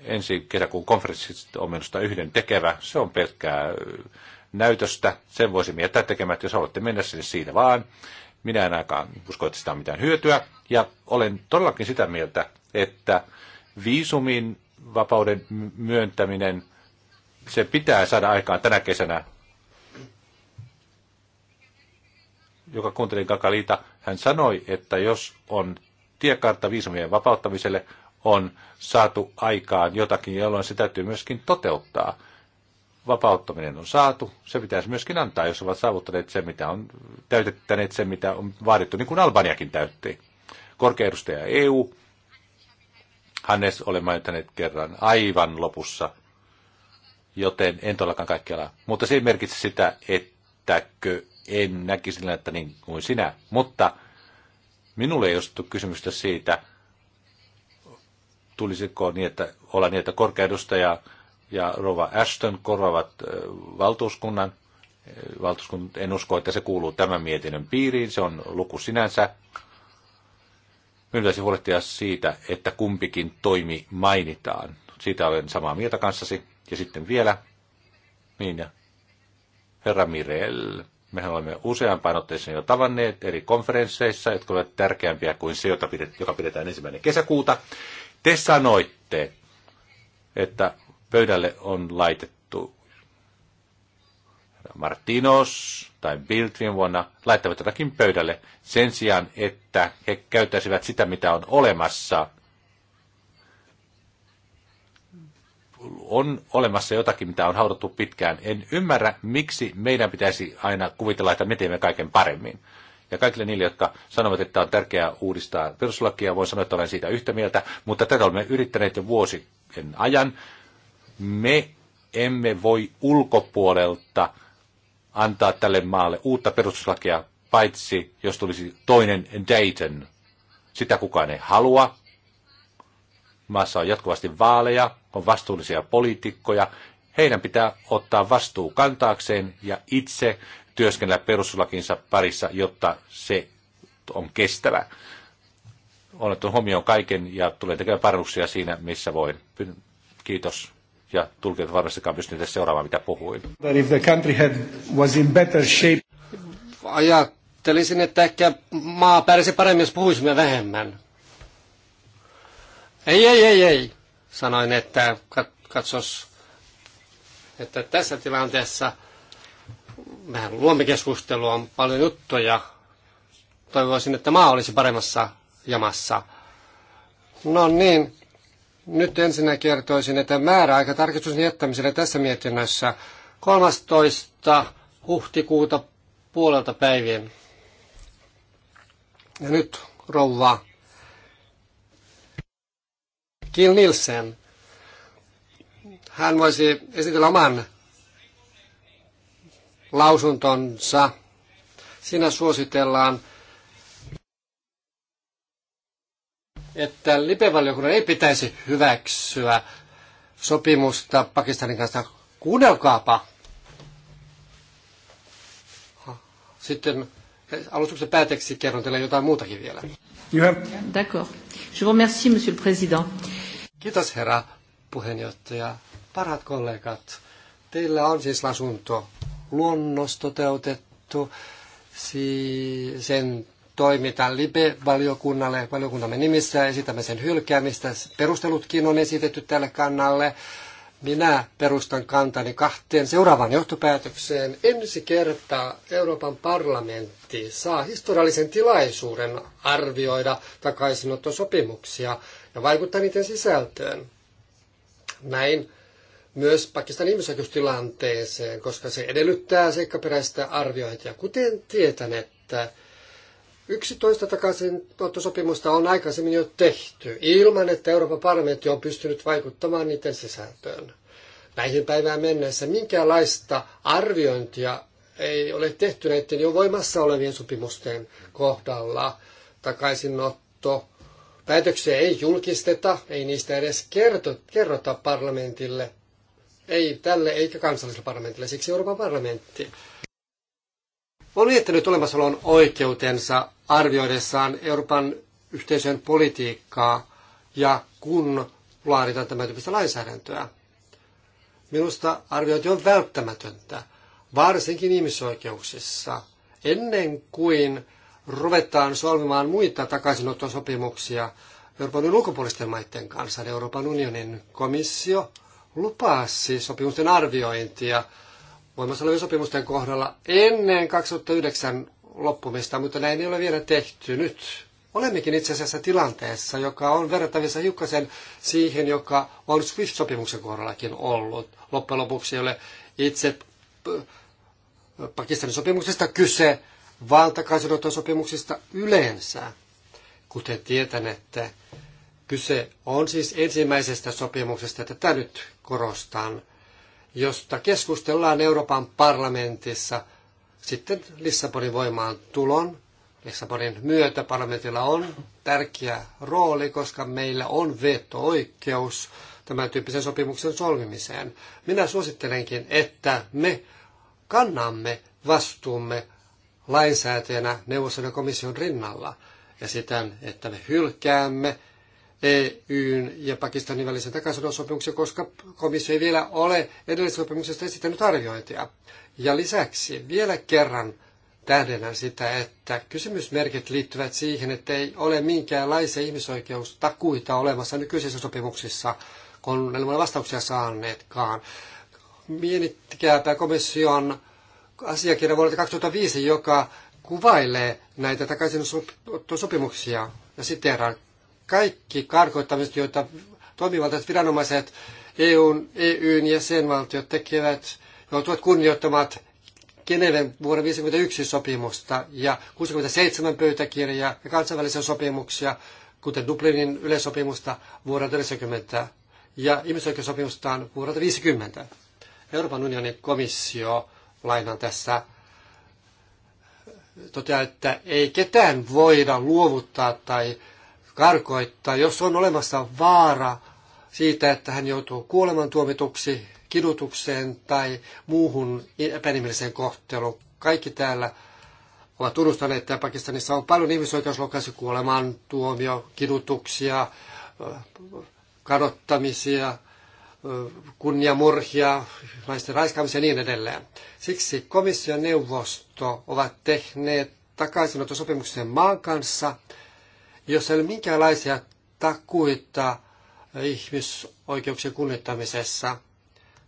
ensi kesäkuun konferenssit on minusta yhden tekevä. Se on pelkkää näytöstä. Sen voisi miettää tekemään, että jos haluatte mennä sinne siitä vaan. Minä en ainakaan usko, että sitä on mitään hyötyä. Ja olen todellakin sitä mieltä, että viisumin vapauden myöntäminen, se pitää saada aikaan tänä kesänä. Joka kuuntelin Kakaliita, hän sanoi, että jos on tiekartta viisumien vapauttamiselle, on saatu aikaan jotakin, jolloin se täytyy myöskin toteuttaa vapauttaminen on saatu, se pitäisi myöskin antaa, jos ovat saavuttaneet sen, mitä on täytettäneet sen, mitä on vaadittu, niin kuin Albaniakin täytti. Korkea edustaja EU, Hannes olen mainittaneet kerran aivan lopussa, joten en todellakaan kaikkialla. Mutta se ei merkitse sitä, ettäkö en näkisi että niin kuin sinä. Mutta minulle ei ole kysymystä siitä, tulisiko niin, että olla niin, että korkea edustaja ja Rova Ashton korvaavat valtuuskunnan. Valtuuskunta, en usko, että se kuuluu tämän mietinnön piiriin, se on luku sinänsä. Minun huolehtia siitä, että kumpikin toimi mainitaan. Siitä olen samaa mieltä kanssasi. Ja sitten vielä, niin ja herra Mirel, mehän olemme usean otteeseen jo tavanneet eri konferensseissa, jotka ovat tärkeämpiä kuin se, jota pidet, joka pidetään ensimmäinen kesäkuuta. Te sanoitte, että pöydälle on laitettu Martinos tai Biltvin vuonna laittavat jotakin pöydälle sen sijaan, että he käyttäisivät sitä, mitä on olemassa. On olemassa jotakin, mitä on haudattu pitkään. En ymmärrä, miksi meidän pitäisi aina kuvitella, että me teemme kaiken paremmin. Ja kaikille niille, jotka sanovat, että on tärkeää uudistaa perustuslakia, voin sanoa, että olen siitä yhtä mieltä, mutta tätä olemme yrittäneet jo vuosien ajan. Me emme voi ulkopuolelta antaa tälle maalle uutta perustuslakia, paitsi jos tulisi toinen Dayton. Sitä kukaan ei halua. Maassa on jatkuvasti vaaleja, on vastuullisia poliitikkoja. Heidän pitää ottaa vastuu kantaakseen ja itse työskennellä perustuslakinsa parissa, jotta se on kestävä. Olen ottanut huomioon kaiken ja tulee tekemään parannuksia siinä, missä voin. Kiitos ja tulkijat varmastikaan pystyneet seuraamaan, mitä puhuin. If the country had, was in better shape. Ajattelisin, että ehkä maa pärjäsi paremmin, jos puhuisimme vähemmän. Ei, ei, ei, ei. Sanoin, että katsos, että tässä tilanteessa mehän luomme keskustelua, on paljon juttuja. Toivoisin, että maa olisi paremmassa jamassa. No niin, nyt ensinnä kertoisin, että määräaika tarkistuksen jättämiselle tässä mietinnössä 13. huhtikuuta puolelta päivien. Ja nyt rouva Kill Nielsen. Hän voisi esitellä oman lausuntonsa. Siinä suositellaan että lipevaliokunnan ei pitäisi hyväksyä sopimusta Pakistanin kanssa. Kuunnelkaapa. Sitten alustuksen pääteksi kerron teille jotain muutakin vielä. D'accord. Je vous remercie, monsieur le président. Kiitos, herra puheenjohtaja. Parhaat kollegat, teillä on siis lasunto luonnos toteutettu. Si- sen toimitan LIBE-valiokunnalle, valiokuntamme nimissä, ja esitämme sen hylkäämistä. Perustelutkin on esitetty tälle kannalle. Minä perustan kantani kahteen seuraavaan johtopäätökseen. Ensi kertaa Euroopan parlamentti saa historiallisen tilaisuuden arvioida takaisinottosopimuksia ja vaikuttaa niiden sisältöön. Näin myös Pakistanin ihmisoikeustilanteeseen, koska se edellyttää seikkaperäistä arviointia. Kuten tietän, että 11 takaisinottosopimusta on aikaisemmin jo tehty, ilman että Euroopan parlamentti on pystynyt vaikuttamaan niiden sisältöön. Näihin päivään mennessä minkäänlaista arviointia ei ole tehty näiden jo voimassa olevien sopimusten kohdalla. Takaisinotto Päätöksiä ei julkisteta, ei niistä edes kerrota parlamentille, ei tälle eikä kansalliselle parlamentille, siksi Euroopan parlamentti on jättänyt niin, olemassaolon oikeutensa arvioidessaan Euroopan yhteisön politiikkaa ja kun laaditaan tämän tyyppistä lainsäädäntöä. Minusta arviointi on välttämätöntä, varsinkin ihmisoikeuksissa, ennen kuin ruvetaan solmimaan muita takaisinottosopimuksia Euroopan unionin ulkopuolisten maiden kanssa. Euroopan unionin komissio lupasi sopimusten arviointia voimassa olevien sopimusten kohdalla ennen 2009 loppumista, mutta näin ei ole vielä tehty nyt. Olemmekin itse asiassa tilanteessa, joka on verrattavissa hiukkasen siihen, joka on SWIFT-sopimuksen kohdallakin ollut. Loppujen lopuksi ei ole itse äh, Pakistanin sopimuksesta kyse, valtakaisinoton sopimuksista yleensä. Kuten tietän, että kyse on siis ensimmäisestä sopimuksesta, tätä nyt korostan, josta keskustellaan Euroopan parlamentissa sitten Lissabonin voimaan tulon. Lissabonin myötä parlamentilla on tärkeä rooli, koska meillä on veto-oikeus tämän tyyppisen sopimuksen solmimiseen. Minä suosittelenkin, että me kannamme vastuumme lainsäätäjänä neuvoston ja komission rinnalla ja siten, että me hylkäämme EUn ja Pakistanin välisen takaisinossopimuksen, koska komissio ei vielä ole edellisestä sopimuksesta esittänyt arviointia. Ja lisäksi vielä kerran tähdennän sitä, että kysymysmerkit liittyvät siihen, että ei ole minkäänlaisia ihmisoikeustakuita olemassa nykyisissä sopimuksissa, kun emme ole vastauksia saaneetkaan. Mietitkääpä komission asiakirja vuodelta 2005, joka kuvailee näitä takaisin sopimuksia ja siteeraan kaikki karkottamiset, joita toimivaltaiset viranomaiset EUn, EUn jäsenvaltiot tekevät, joutuvat kunnioittamaan Geneven vuoden 1951 sopimusta ja 67 pöytäkirjaa ja kansainvälisiä sopimuksia, kuten Dublinin yleissopimusta vuodelta 90 ja ihmisoikeussopimustaan vuodelta 50. Euroopan unionin komissio, lainaan tässä, toteaa, että ei ketään voida luovuttaa tai karkoittaa, jos on olemassa vaara siitä, että hän joutuu kuolemantuomituksi, kidutukseen tai muuhun epänimelliseen kohteluun. Kaikki täällä ovat tunnustaneet, että Pakistanissa on paljon ihmisoikeusloukkauksia, kuolemantuomio, kidutuksia, kadottamisia, kunniamurhia, naisten raiskaamisia ja niin edelleen. Siksi komission neuvosto ovat tehneet takaisinottosopimuksen maan kanssa – jos ei ole minkäänlaisia takuita ihmisoikeuksien kunnittamisessa.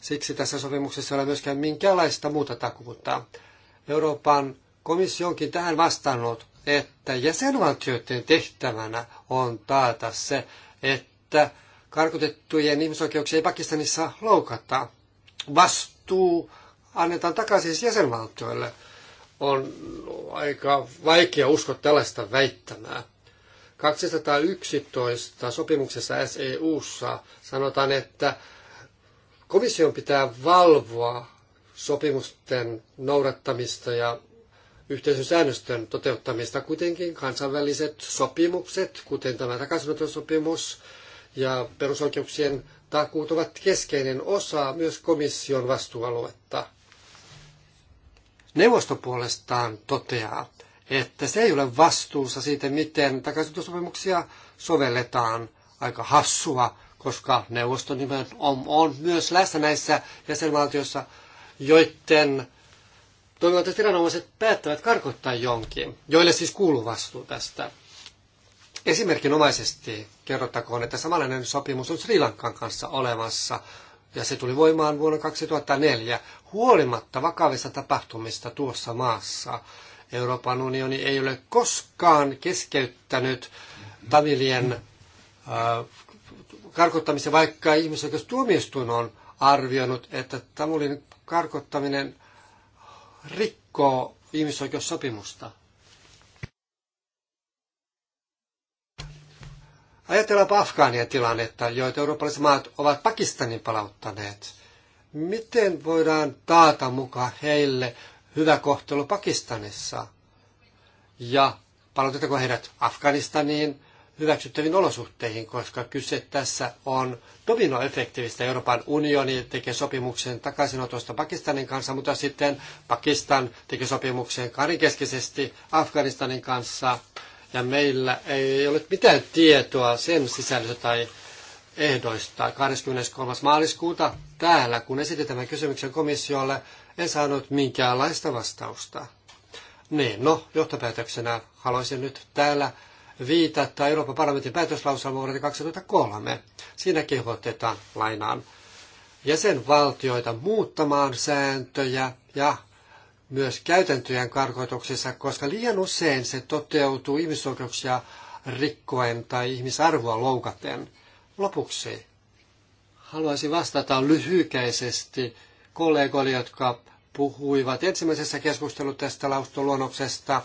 Siksi tässä sopimuksessa ei ole myöskään minkäänlaista muuta takuuta. Euroopan komissio onkin tähän vastannut, että jäsenvaltioiden tehtävänä on taata se, että karkotettujen ihmisoikeuksia ei Pakistanissa loukata. Vastuu annetaan takaisin siis jäsenvaltioille. On aika vaikea uskoa tällaista väittämää. 211 sopimuksessa SEUssa sanotaan, että komission pitää valvoa sopimusten noudattamista ja yhteisösäännöstön toteuttamista. Kuitenkin kansainväliset sopimukset, kuten tämä takaisinottosopimus ja perusoikeuksien takuut ovat keskeinen osa myös komission vastuualuetta. Neuvosto puolestaan toteaa, että se ei ole vastuussa siitä, miten takaisintosopimuksia sovelletaan. Aika hassua, koska neuvosto nimenomaan on myös läsnä näissä jäsenvaltioissa, joiden toimivaltaiset viranomaiset päättävät karkottaa jonkin, joille siis kuuluu vastuu tästä. Esimerkinomaisesti kerrottakoon, että samanlainen sopimus on Sri Lankan kanssa olemassa, ja se tuli voimaan vuonna 2004, huolimatta vakavista tapahtumista tuossa maassa. Euroopan unioni ei ole koskaan keskeyttänyt tamilien äh, karkottamisen, vaikka ihmisoikeustuomioistuin on arvioinut, että tamulin karkottaminen rikkoo ihmisoikeussopimusta. Ajatellaanpa Afgaanien tilannetta, joita eurooppalaiset maat ovat Pakistanin palauttaneet. Miten voidaan taata mukaan heille hyvä kohtelu Pakistanissa ja palautetteko heidät Afganistaniin hyväksyttäviin olosuhteihin, koska kyse tässä on dominoefektiivistä. Euroopan unioni tekee sopimuksen takaisinotosta Pakistanin kanssa, mutta sitten Pakistan tekee sopimuksen karinkeskisesti Afganistanin kanssa. Ja meillä ei ole mitään tietoa sen sisällöstä tai ehdoista. 23. maaliskuuta täällä, kun esitetään kysymyksen komissiolle, en saanut minkäänlaista vastausta. Niin, no, johtopäätöksenä haluaisin nyt täällä viitata Euroopan parlamentin päätöslauselma vuodelta 2003. Siinä kehotetaan lainaan jäsenvaltioita muuttamaan sääntöjä ja myös käytäntöjen karkoituksessa, koska liian usein se toteutuu ihmisoikeuksia rikkoen tai ihmisarvoa loukaten. Lopuksi haluaisin vastata lyhykäisesti kollegoille, jotka puhuivat ensimmäisessä keskustelussa tästä lausuntoluonnoksesta.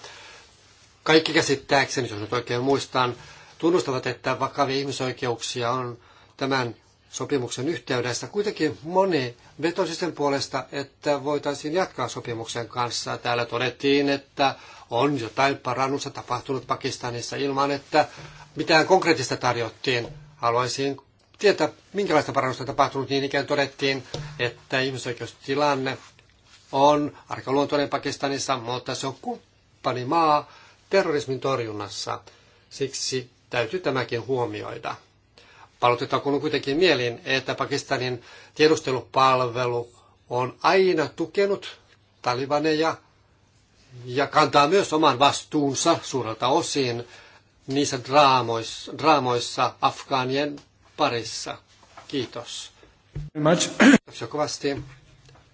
Kaikki käsittääkseni, jos nyt oikein muistan, tunnustavat, että vakavia ihmisoikeuksia on tämän sopimuksen yhteydessä. Kuitenkin moni vetosi sen puolesta, että voitaisiin jatkaa sopimuksen kanssa. Täällä todettiin, että on jotain parannusta tapahtunut Pakistanissa ilman, että mitään konkreettista tarjottiin. Haluaisin tietää, minkälaista parannusta on tapahtunut, niin ikään todettiin, että ihmisoikeustilanne on arkaluontoinen Pakistanissa, mutta se on maa terrorismin torjunnassa. Siksi täytyy tämäkin huomioida. Palautetaan kuitenkin mieliin, että Pakistanin tiedustelupalvelu on aina tukenut talibaneja ja kantaa myös oman vastuunsa suurelta osin niissä draamoissa, draamoissa afgaanien parissa. Kiitos. Much. kovasti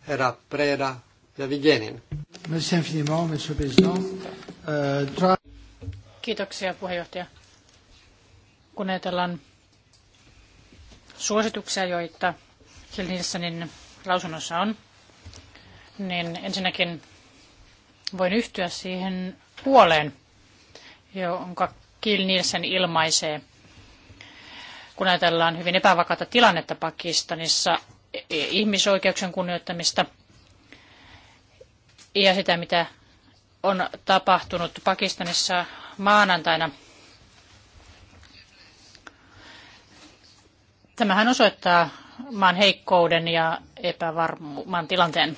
herra Preda ja Vigenin. Merci infiniment, monsieur président. Euh, Kiitoksia puheenjohtaja. Kun ajatellaan suosituksia, joita Hill lausunnossa on, niin ensinnäkin voin yhtyä siihen huoleen, jonka Kill Nielsen ilmaisee – kun ajatellaan hyvin epävakaata tilannetta Pakistanissa, e, e, ihmisoikeuksien kunnioittamista ja sitä, mitä on tapahtunut Pakistanissa maanantaina. Tämähän osoittaa maan heikkouden ja epävarmuuden tilanteen.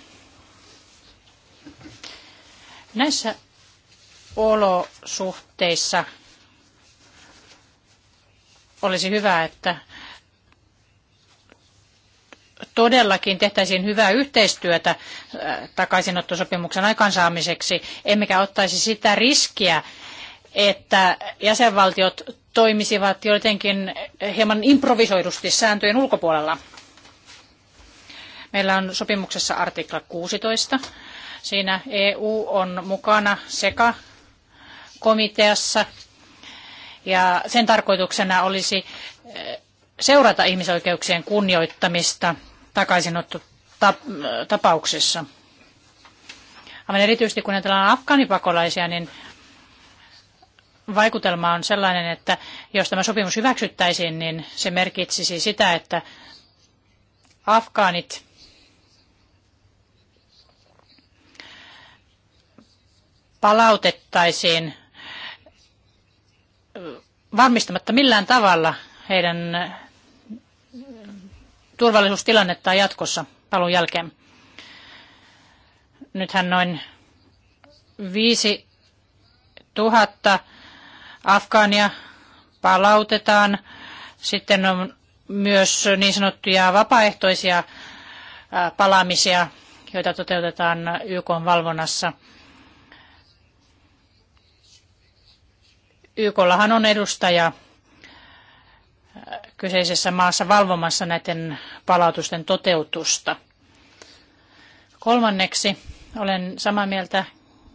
Näissä olosuhteissa olisi hyvä, että todellakin tehtäisiin hyvää yhteistyötä äh, takaisinottosopimuksen aikaansaamiseksi, emmekä ottaisi sitä riskiä, että jäsenvaltiot toimisivat jotenkin hieman improvisoidusti sääntöjen ulkopuolella. Meillä on sopimuksessa artikla 16. Siinä EU on mukana sekä komiteassa ja sen tarkoituksena olisi eh, seurata ihmisoikeuksien kunnioittamista takaisinottotapauksissa. Aivan erityisesti kun ajatellaan afgaanipakolaisia, niin vaikutelma on sellainen, että jos tämä sopimus hyväksyttäisiin, niin se merkitsisi sitä, että afgaanit palautettaisiin varmistamatta millään tavalla heidän eh, turvallisuustilannettaan jatkossa palun jälkeen. Nythän noin 5 tuhatta afgaania palautetaan. Sitten on myös niin sanottuja vapaaehtoisia eh, palaamisia, joita toteutetaan YK valvonnassa – YKllahan on edustaja äh, kyseisessä maassa valvomassa näiden palautusten toteutusta. Kolmanneksi olen samaa mieltä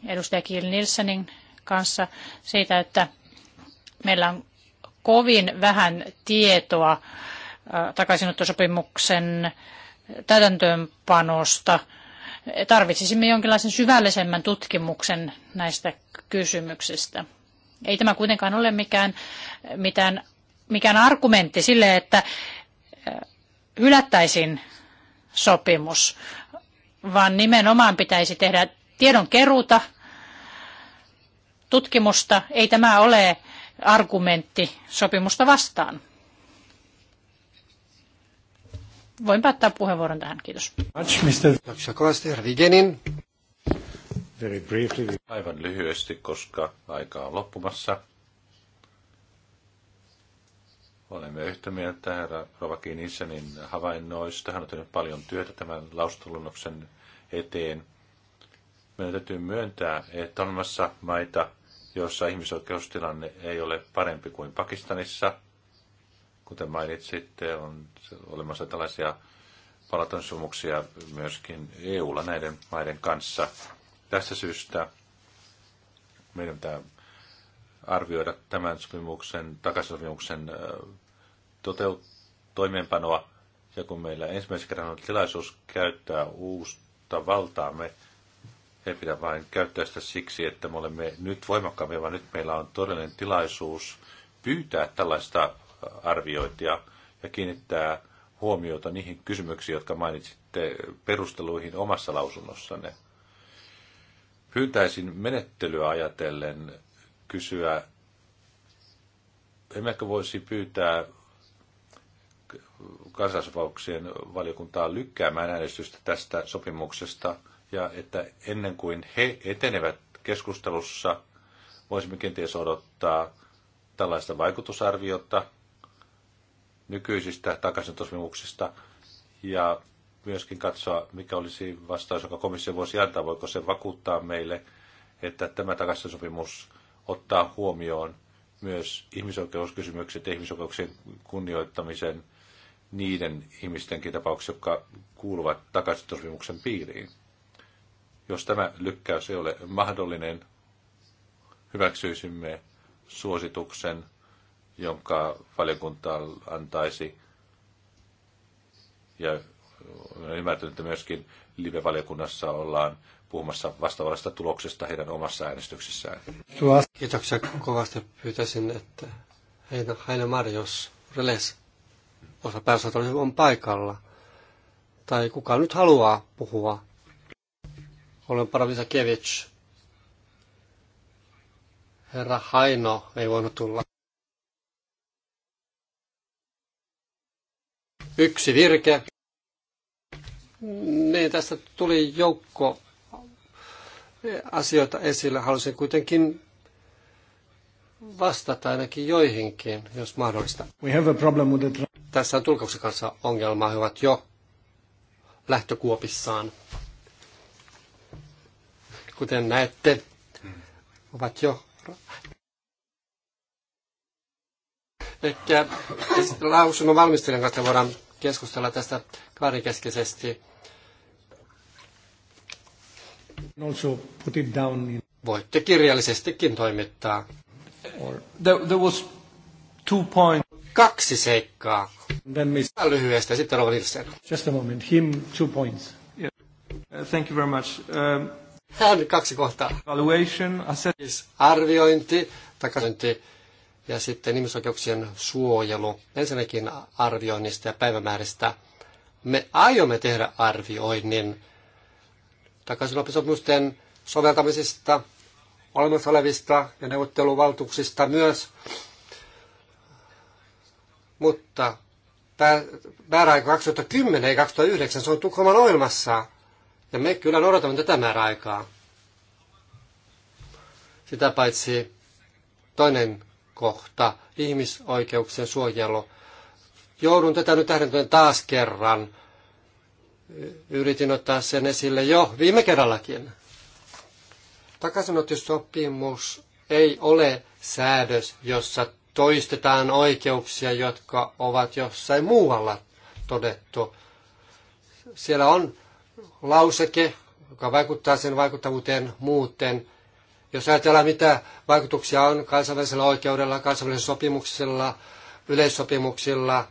edustaja Kiel Nilssenin kanssa siitä, että meillä on kovin vähän tietoa äh, takaisinottosopimuksen täytäntöönpanosta. Tarvitsisimme jonkinlaisen syvällisemmän tutkimuksen näistä kysymyksistä. Ei tämä kuitenkaan ole mikään, mitään, mikään argumentti sille, että äh, hylättäisiin sopimus, vaan nimenomaan pitäisi tehdä tiedon keruuta, tutkimusta. Ei tämä ole argumentti sopimusta vastaan. Voin päättää puheenvuoron tähän. Kiitos. herra Very briefly. Aivan lyhyesti, koska aika on loppumassa. Olemme yhtä mieltä herra Rovakin Issenin havainnoista. Hän on tehnyt paljon työtä tämän laustolunnoksen eteen. Meidän täytyy myöntää, että on olemassa maita, joissa ihmisoikeustilanne ei ole parempi kuin Pakistanissa. Kuten mainitsitte, on olemassa tällaisia palatonsumuksia myöskin EUlla näiden maiden kanssa. Tästä syystä meidän pitää arvioida tämän sopimuksen, takaisopimuksen toteut- toimeenpanoa. Ja kun meillä ensimmäisen kerran on tilaisuus käyttää uusta valtaamme, ei pidä vain käyttää sitä siksi, että me olemme nyt voimakkaampia, vaan nyt meillä on todellinen tilaisuus pyytää tällaista arviointia ja kiinnittää huomiota niihin kysymyksiin, jotka mainitsitte perusteluihin omassa lausunnossanne. Pyytäisin menettelyä ajatellen kysyä, emmekö voisi pyytää kansallisvauksien valiokuntaa lykkäämään äänestystä tästä sopimuksesta ja että ennen kuin he etenevät keskustelussa, voisimme kenties odottaa tällaista vaikutusarviota nykyisistä takaisin ja myöskin katsoa, mikä olisi vastaus, joka komissio voisi antaa. Voiko se vakuuttaa meille, että tämä takaisinsopimus ottaa huomioon myös ihmisoikeuskysymykset, ihmisoikeuksien kunnioittamisen niiden ihmistenkin tapauksia, jotka kuuluvat takaisintosopimuksen piiriin. Jos tämä lykkäys ei ole mahdollinen, hyväksyisimme suosituksen, jonka valiokunta antaisi ja olen ymmärtänyt, että myöskin live-valiokunnassa ollaan puhumassa vastaavallista tuloksesta heidän omassa äänestyksessään. Kiitoksia kovasti. Pyytäisin, että Heina, Heina Marjos, Reles, osa pääsääntö on paikalla. Tai kuka nyt haluaa puhua. Olen Paravisa Kevich. Herra Haino ei voinut tulla. Yksi virke. Niin tästä tuli joukko asioita esille. Haluaisin kuitenkin vastata ainakin joihinkin, jos mahdollista. We have a problem with the... Tässä on tulkauksen kanssa ongelmaa. He ovat jo lähtökuopissaan. Kuten näette, ovat jo... Ehkä lausunnon valmistelijan kanssa voidaan keskustella tästä kaarikeskeisesti. Also put it down in... Voitte kirjallisestikin toimittaa. Or... There, there was two point. Kaksi seikkaa. Then miss... Lyhyesti ja sitten Rova Nilsen. Just a moment. Him two points. Yeah. Uh, thank you very much. Um... Hän kaksi kohtaa. Evaluation, asset... Siis arviointi, takaisinti ja sitten ihmisoikeuksien suojelu. Ensinnäkin arvioinnista ja päivämääristä. Me aiomme tehdä arvioinnin takaisinoppisopimusten soveltamisista, olemassa olevista ja neuvotteluvaltuuksista myös. Mutta määräaika 2010 ei 2009, se on Tukholman ohjelmassa. Ja me kyllä noudatamme tätä määräaikaa. Sitä paitsi toinen kohta, ihmisoikeuksien suojelu. Joudun tätä nyt tähdentämään taas kerran yritin ottaa sen esille jo viime kerrallakin. Takaisinottosopimus ei ole säädös, jossa toistetaan oikeuksia, jotka ovat jossain muualla todettu. Siellä on lauseke, joka vaikuttaa sen vaikuttavuuteen muuten. Jos ajatellaan, mitä vaikutuksia on kansainvälisellä oikeudella, kansainvälisellä sopimuksella, yleissopimuksilla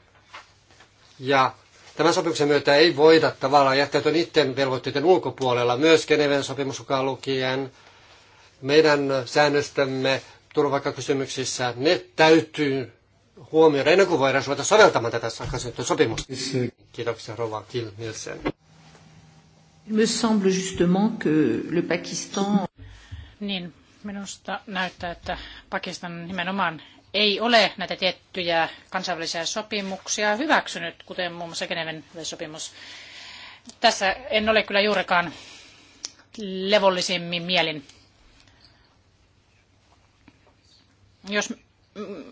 ja Tämän sopimuksen myötä ei voida tavallaan jättäytyä niiden velvoitteiden ulkopuolella, myös Geneven sopimus mukaan lukien. Meidän säännöstömme turvapaikkakysymyksissä, ne täytyy huomioida ennen kuin voidaan ruveta soveltamaan tätä sakasyntyä sopimusta. Kiitoksia Rova Kim Nielsen. Me semble justement que le Pakistan... Niin, minusta näyttää, että Pakistan nimenomaan ei ole näitä tiettyjä kansainvälisiä sopimuksia hyväksynyt, kuten muun muassa Geneven sopimus. Tässä en ole kyllä juurikaan levollisimmin mielin. Jos,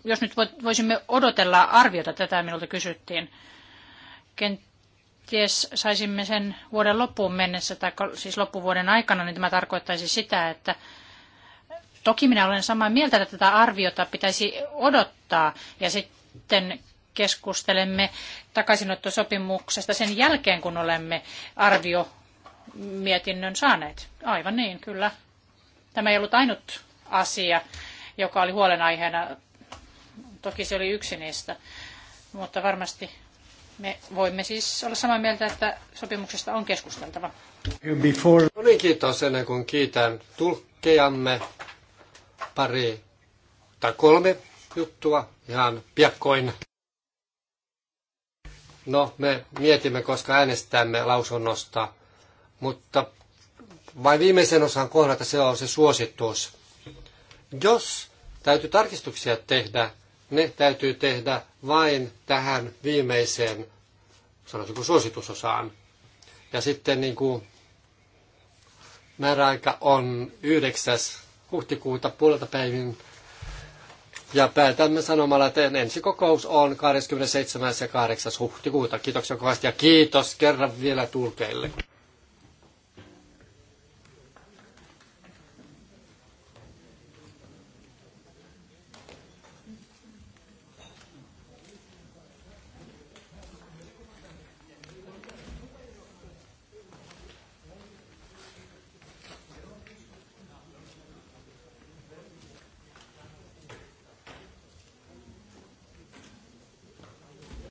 jos nyt voisimme odotella arviota, tätä minulta kysyttiin. Kenties saisimme sen vuoden loppuun mennessä, tai siis loppuvuoden aikana, niin tämä tarkoittaisi sitä, että Toki minä olen samaa mieltä, että tätä arviota pitäisi odottaa ja sitten keskustelemme takaisinottosopimuksesta sen jälkeen, kun olemme arvio mietinnön saaneet. Aivan niin, kyllä. Tämä ei ollut ainut asia, joka oli huolenaiheena. Toki se oli yksi niistä, mutta varmasti me voimme siis olla samaa mieltä, että sopimuksesta on keskusteltava. Before... No niin, kiitos ennen kuin kiitän tulkkejamme pari tai kolme juttua ihan piakkoin. No, me mietimme, koska äänestämme lausunnosta, mutta vain viimeisen osan kohdalta se on se suositus. Jos täytyy tarkistuksia tehdä, ne täytyy tehdä vain tähän viimeiseen, sanotaanko suositusosaan. Ja sitten niin kuin määräaika on 9 huhtikuuta puolelta päivin. Ja päätämme sanomalla, että ensi kokous on 27. ja 8. huhtikuuta. Kiitoksia kovasti ja kiitos kerran vielä tulkeille.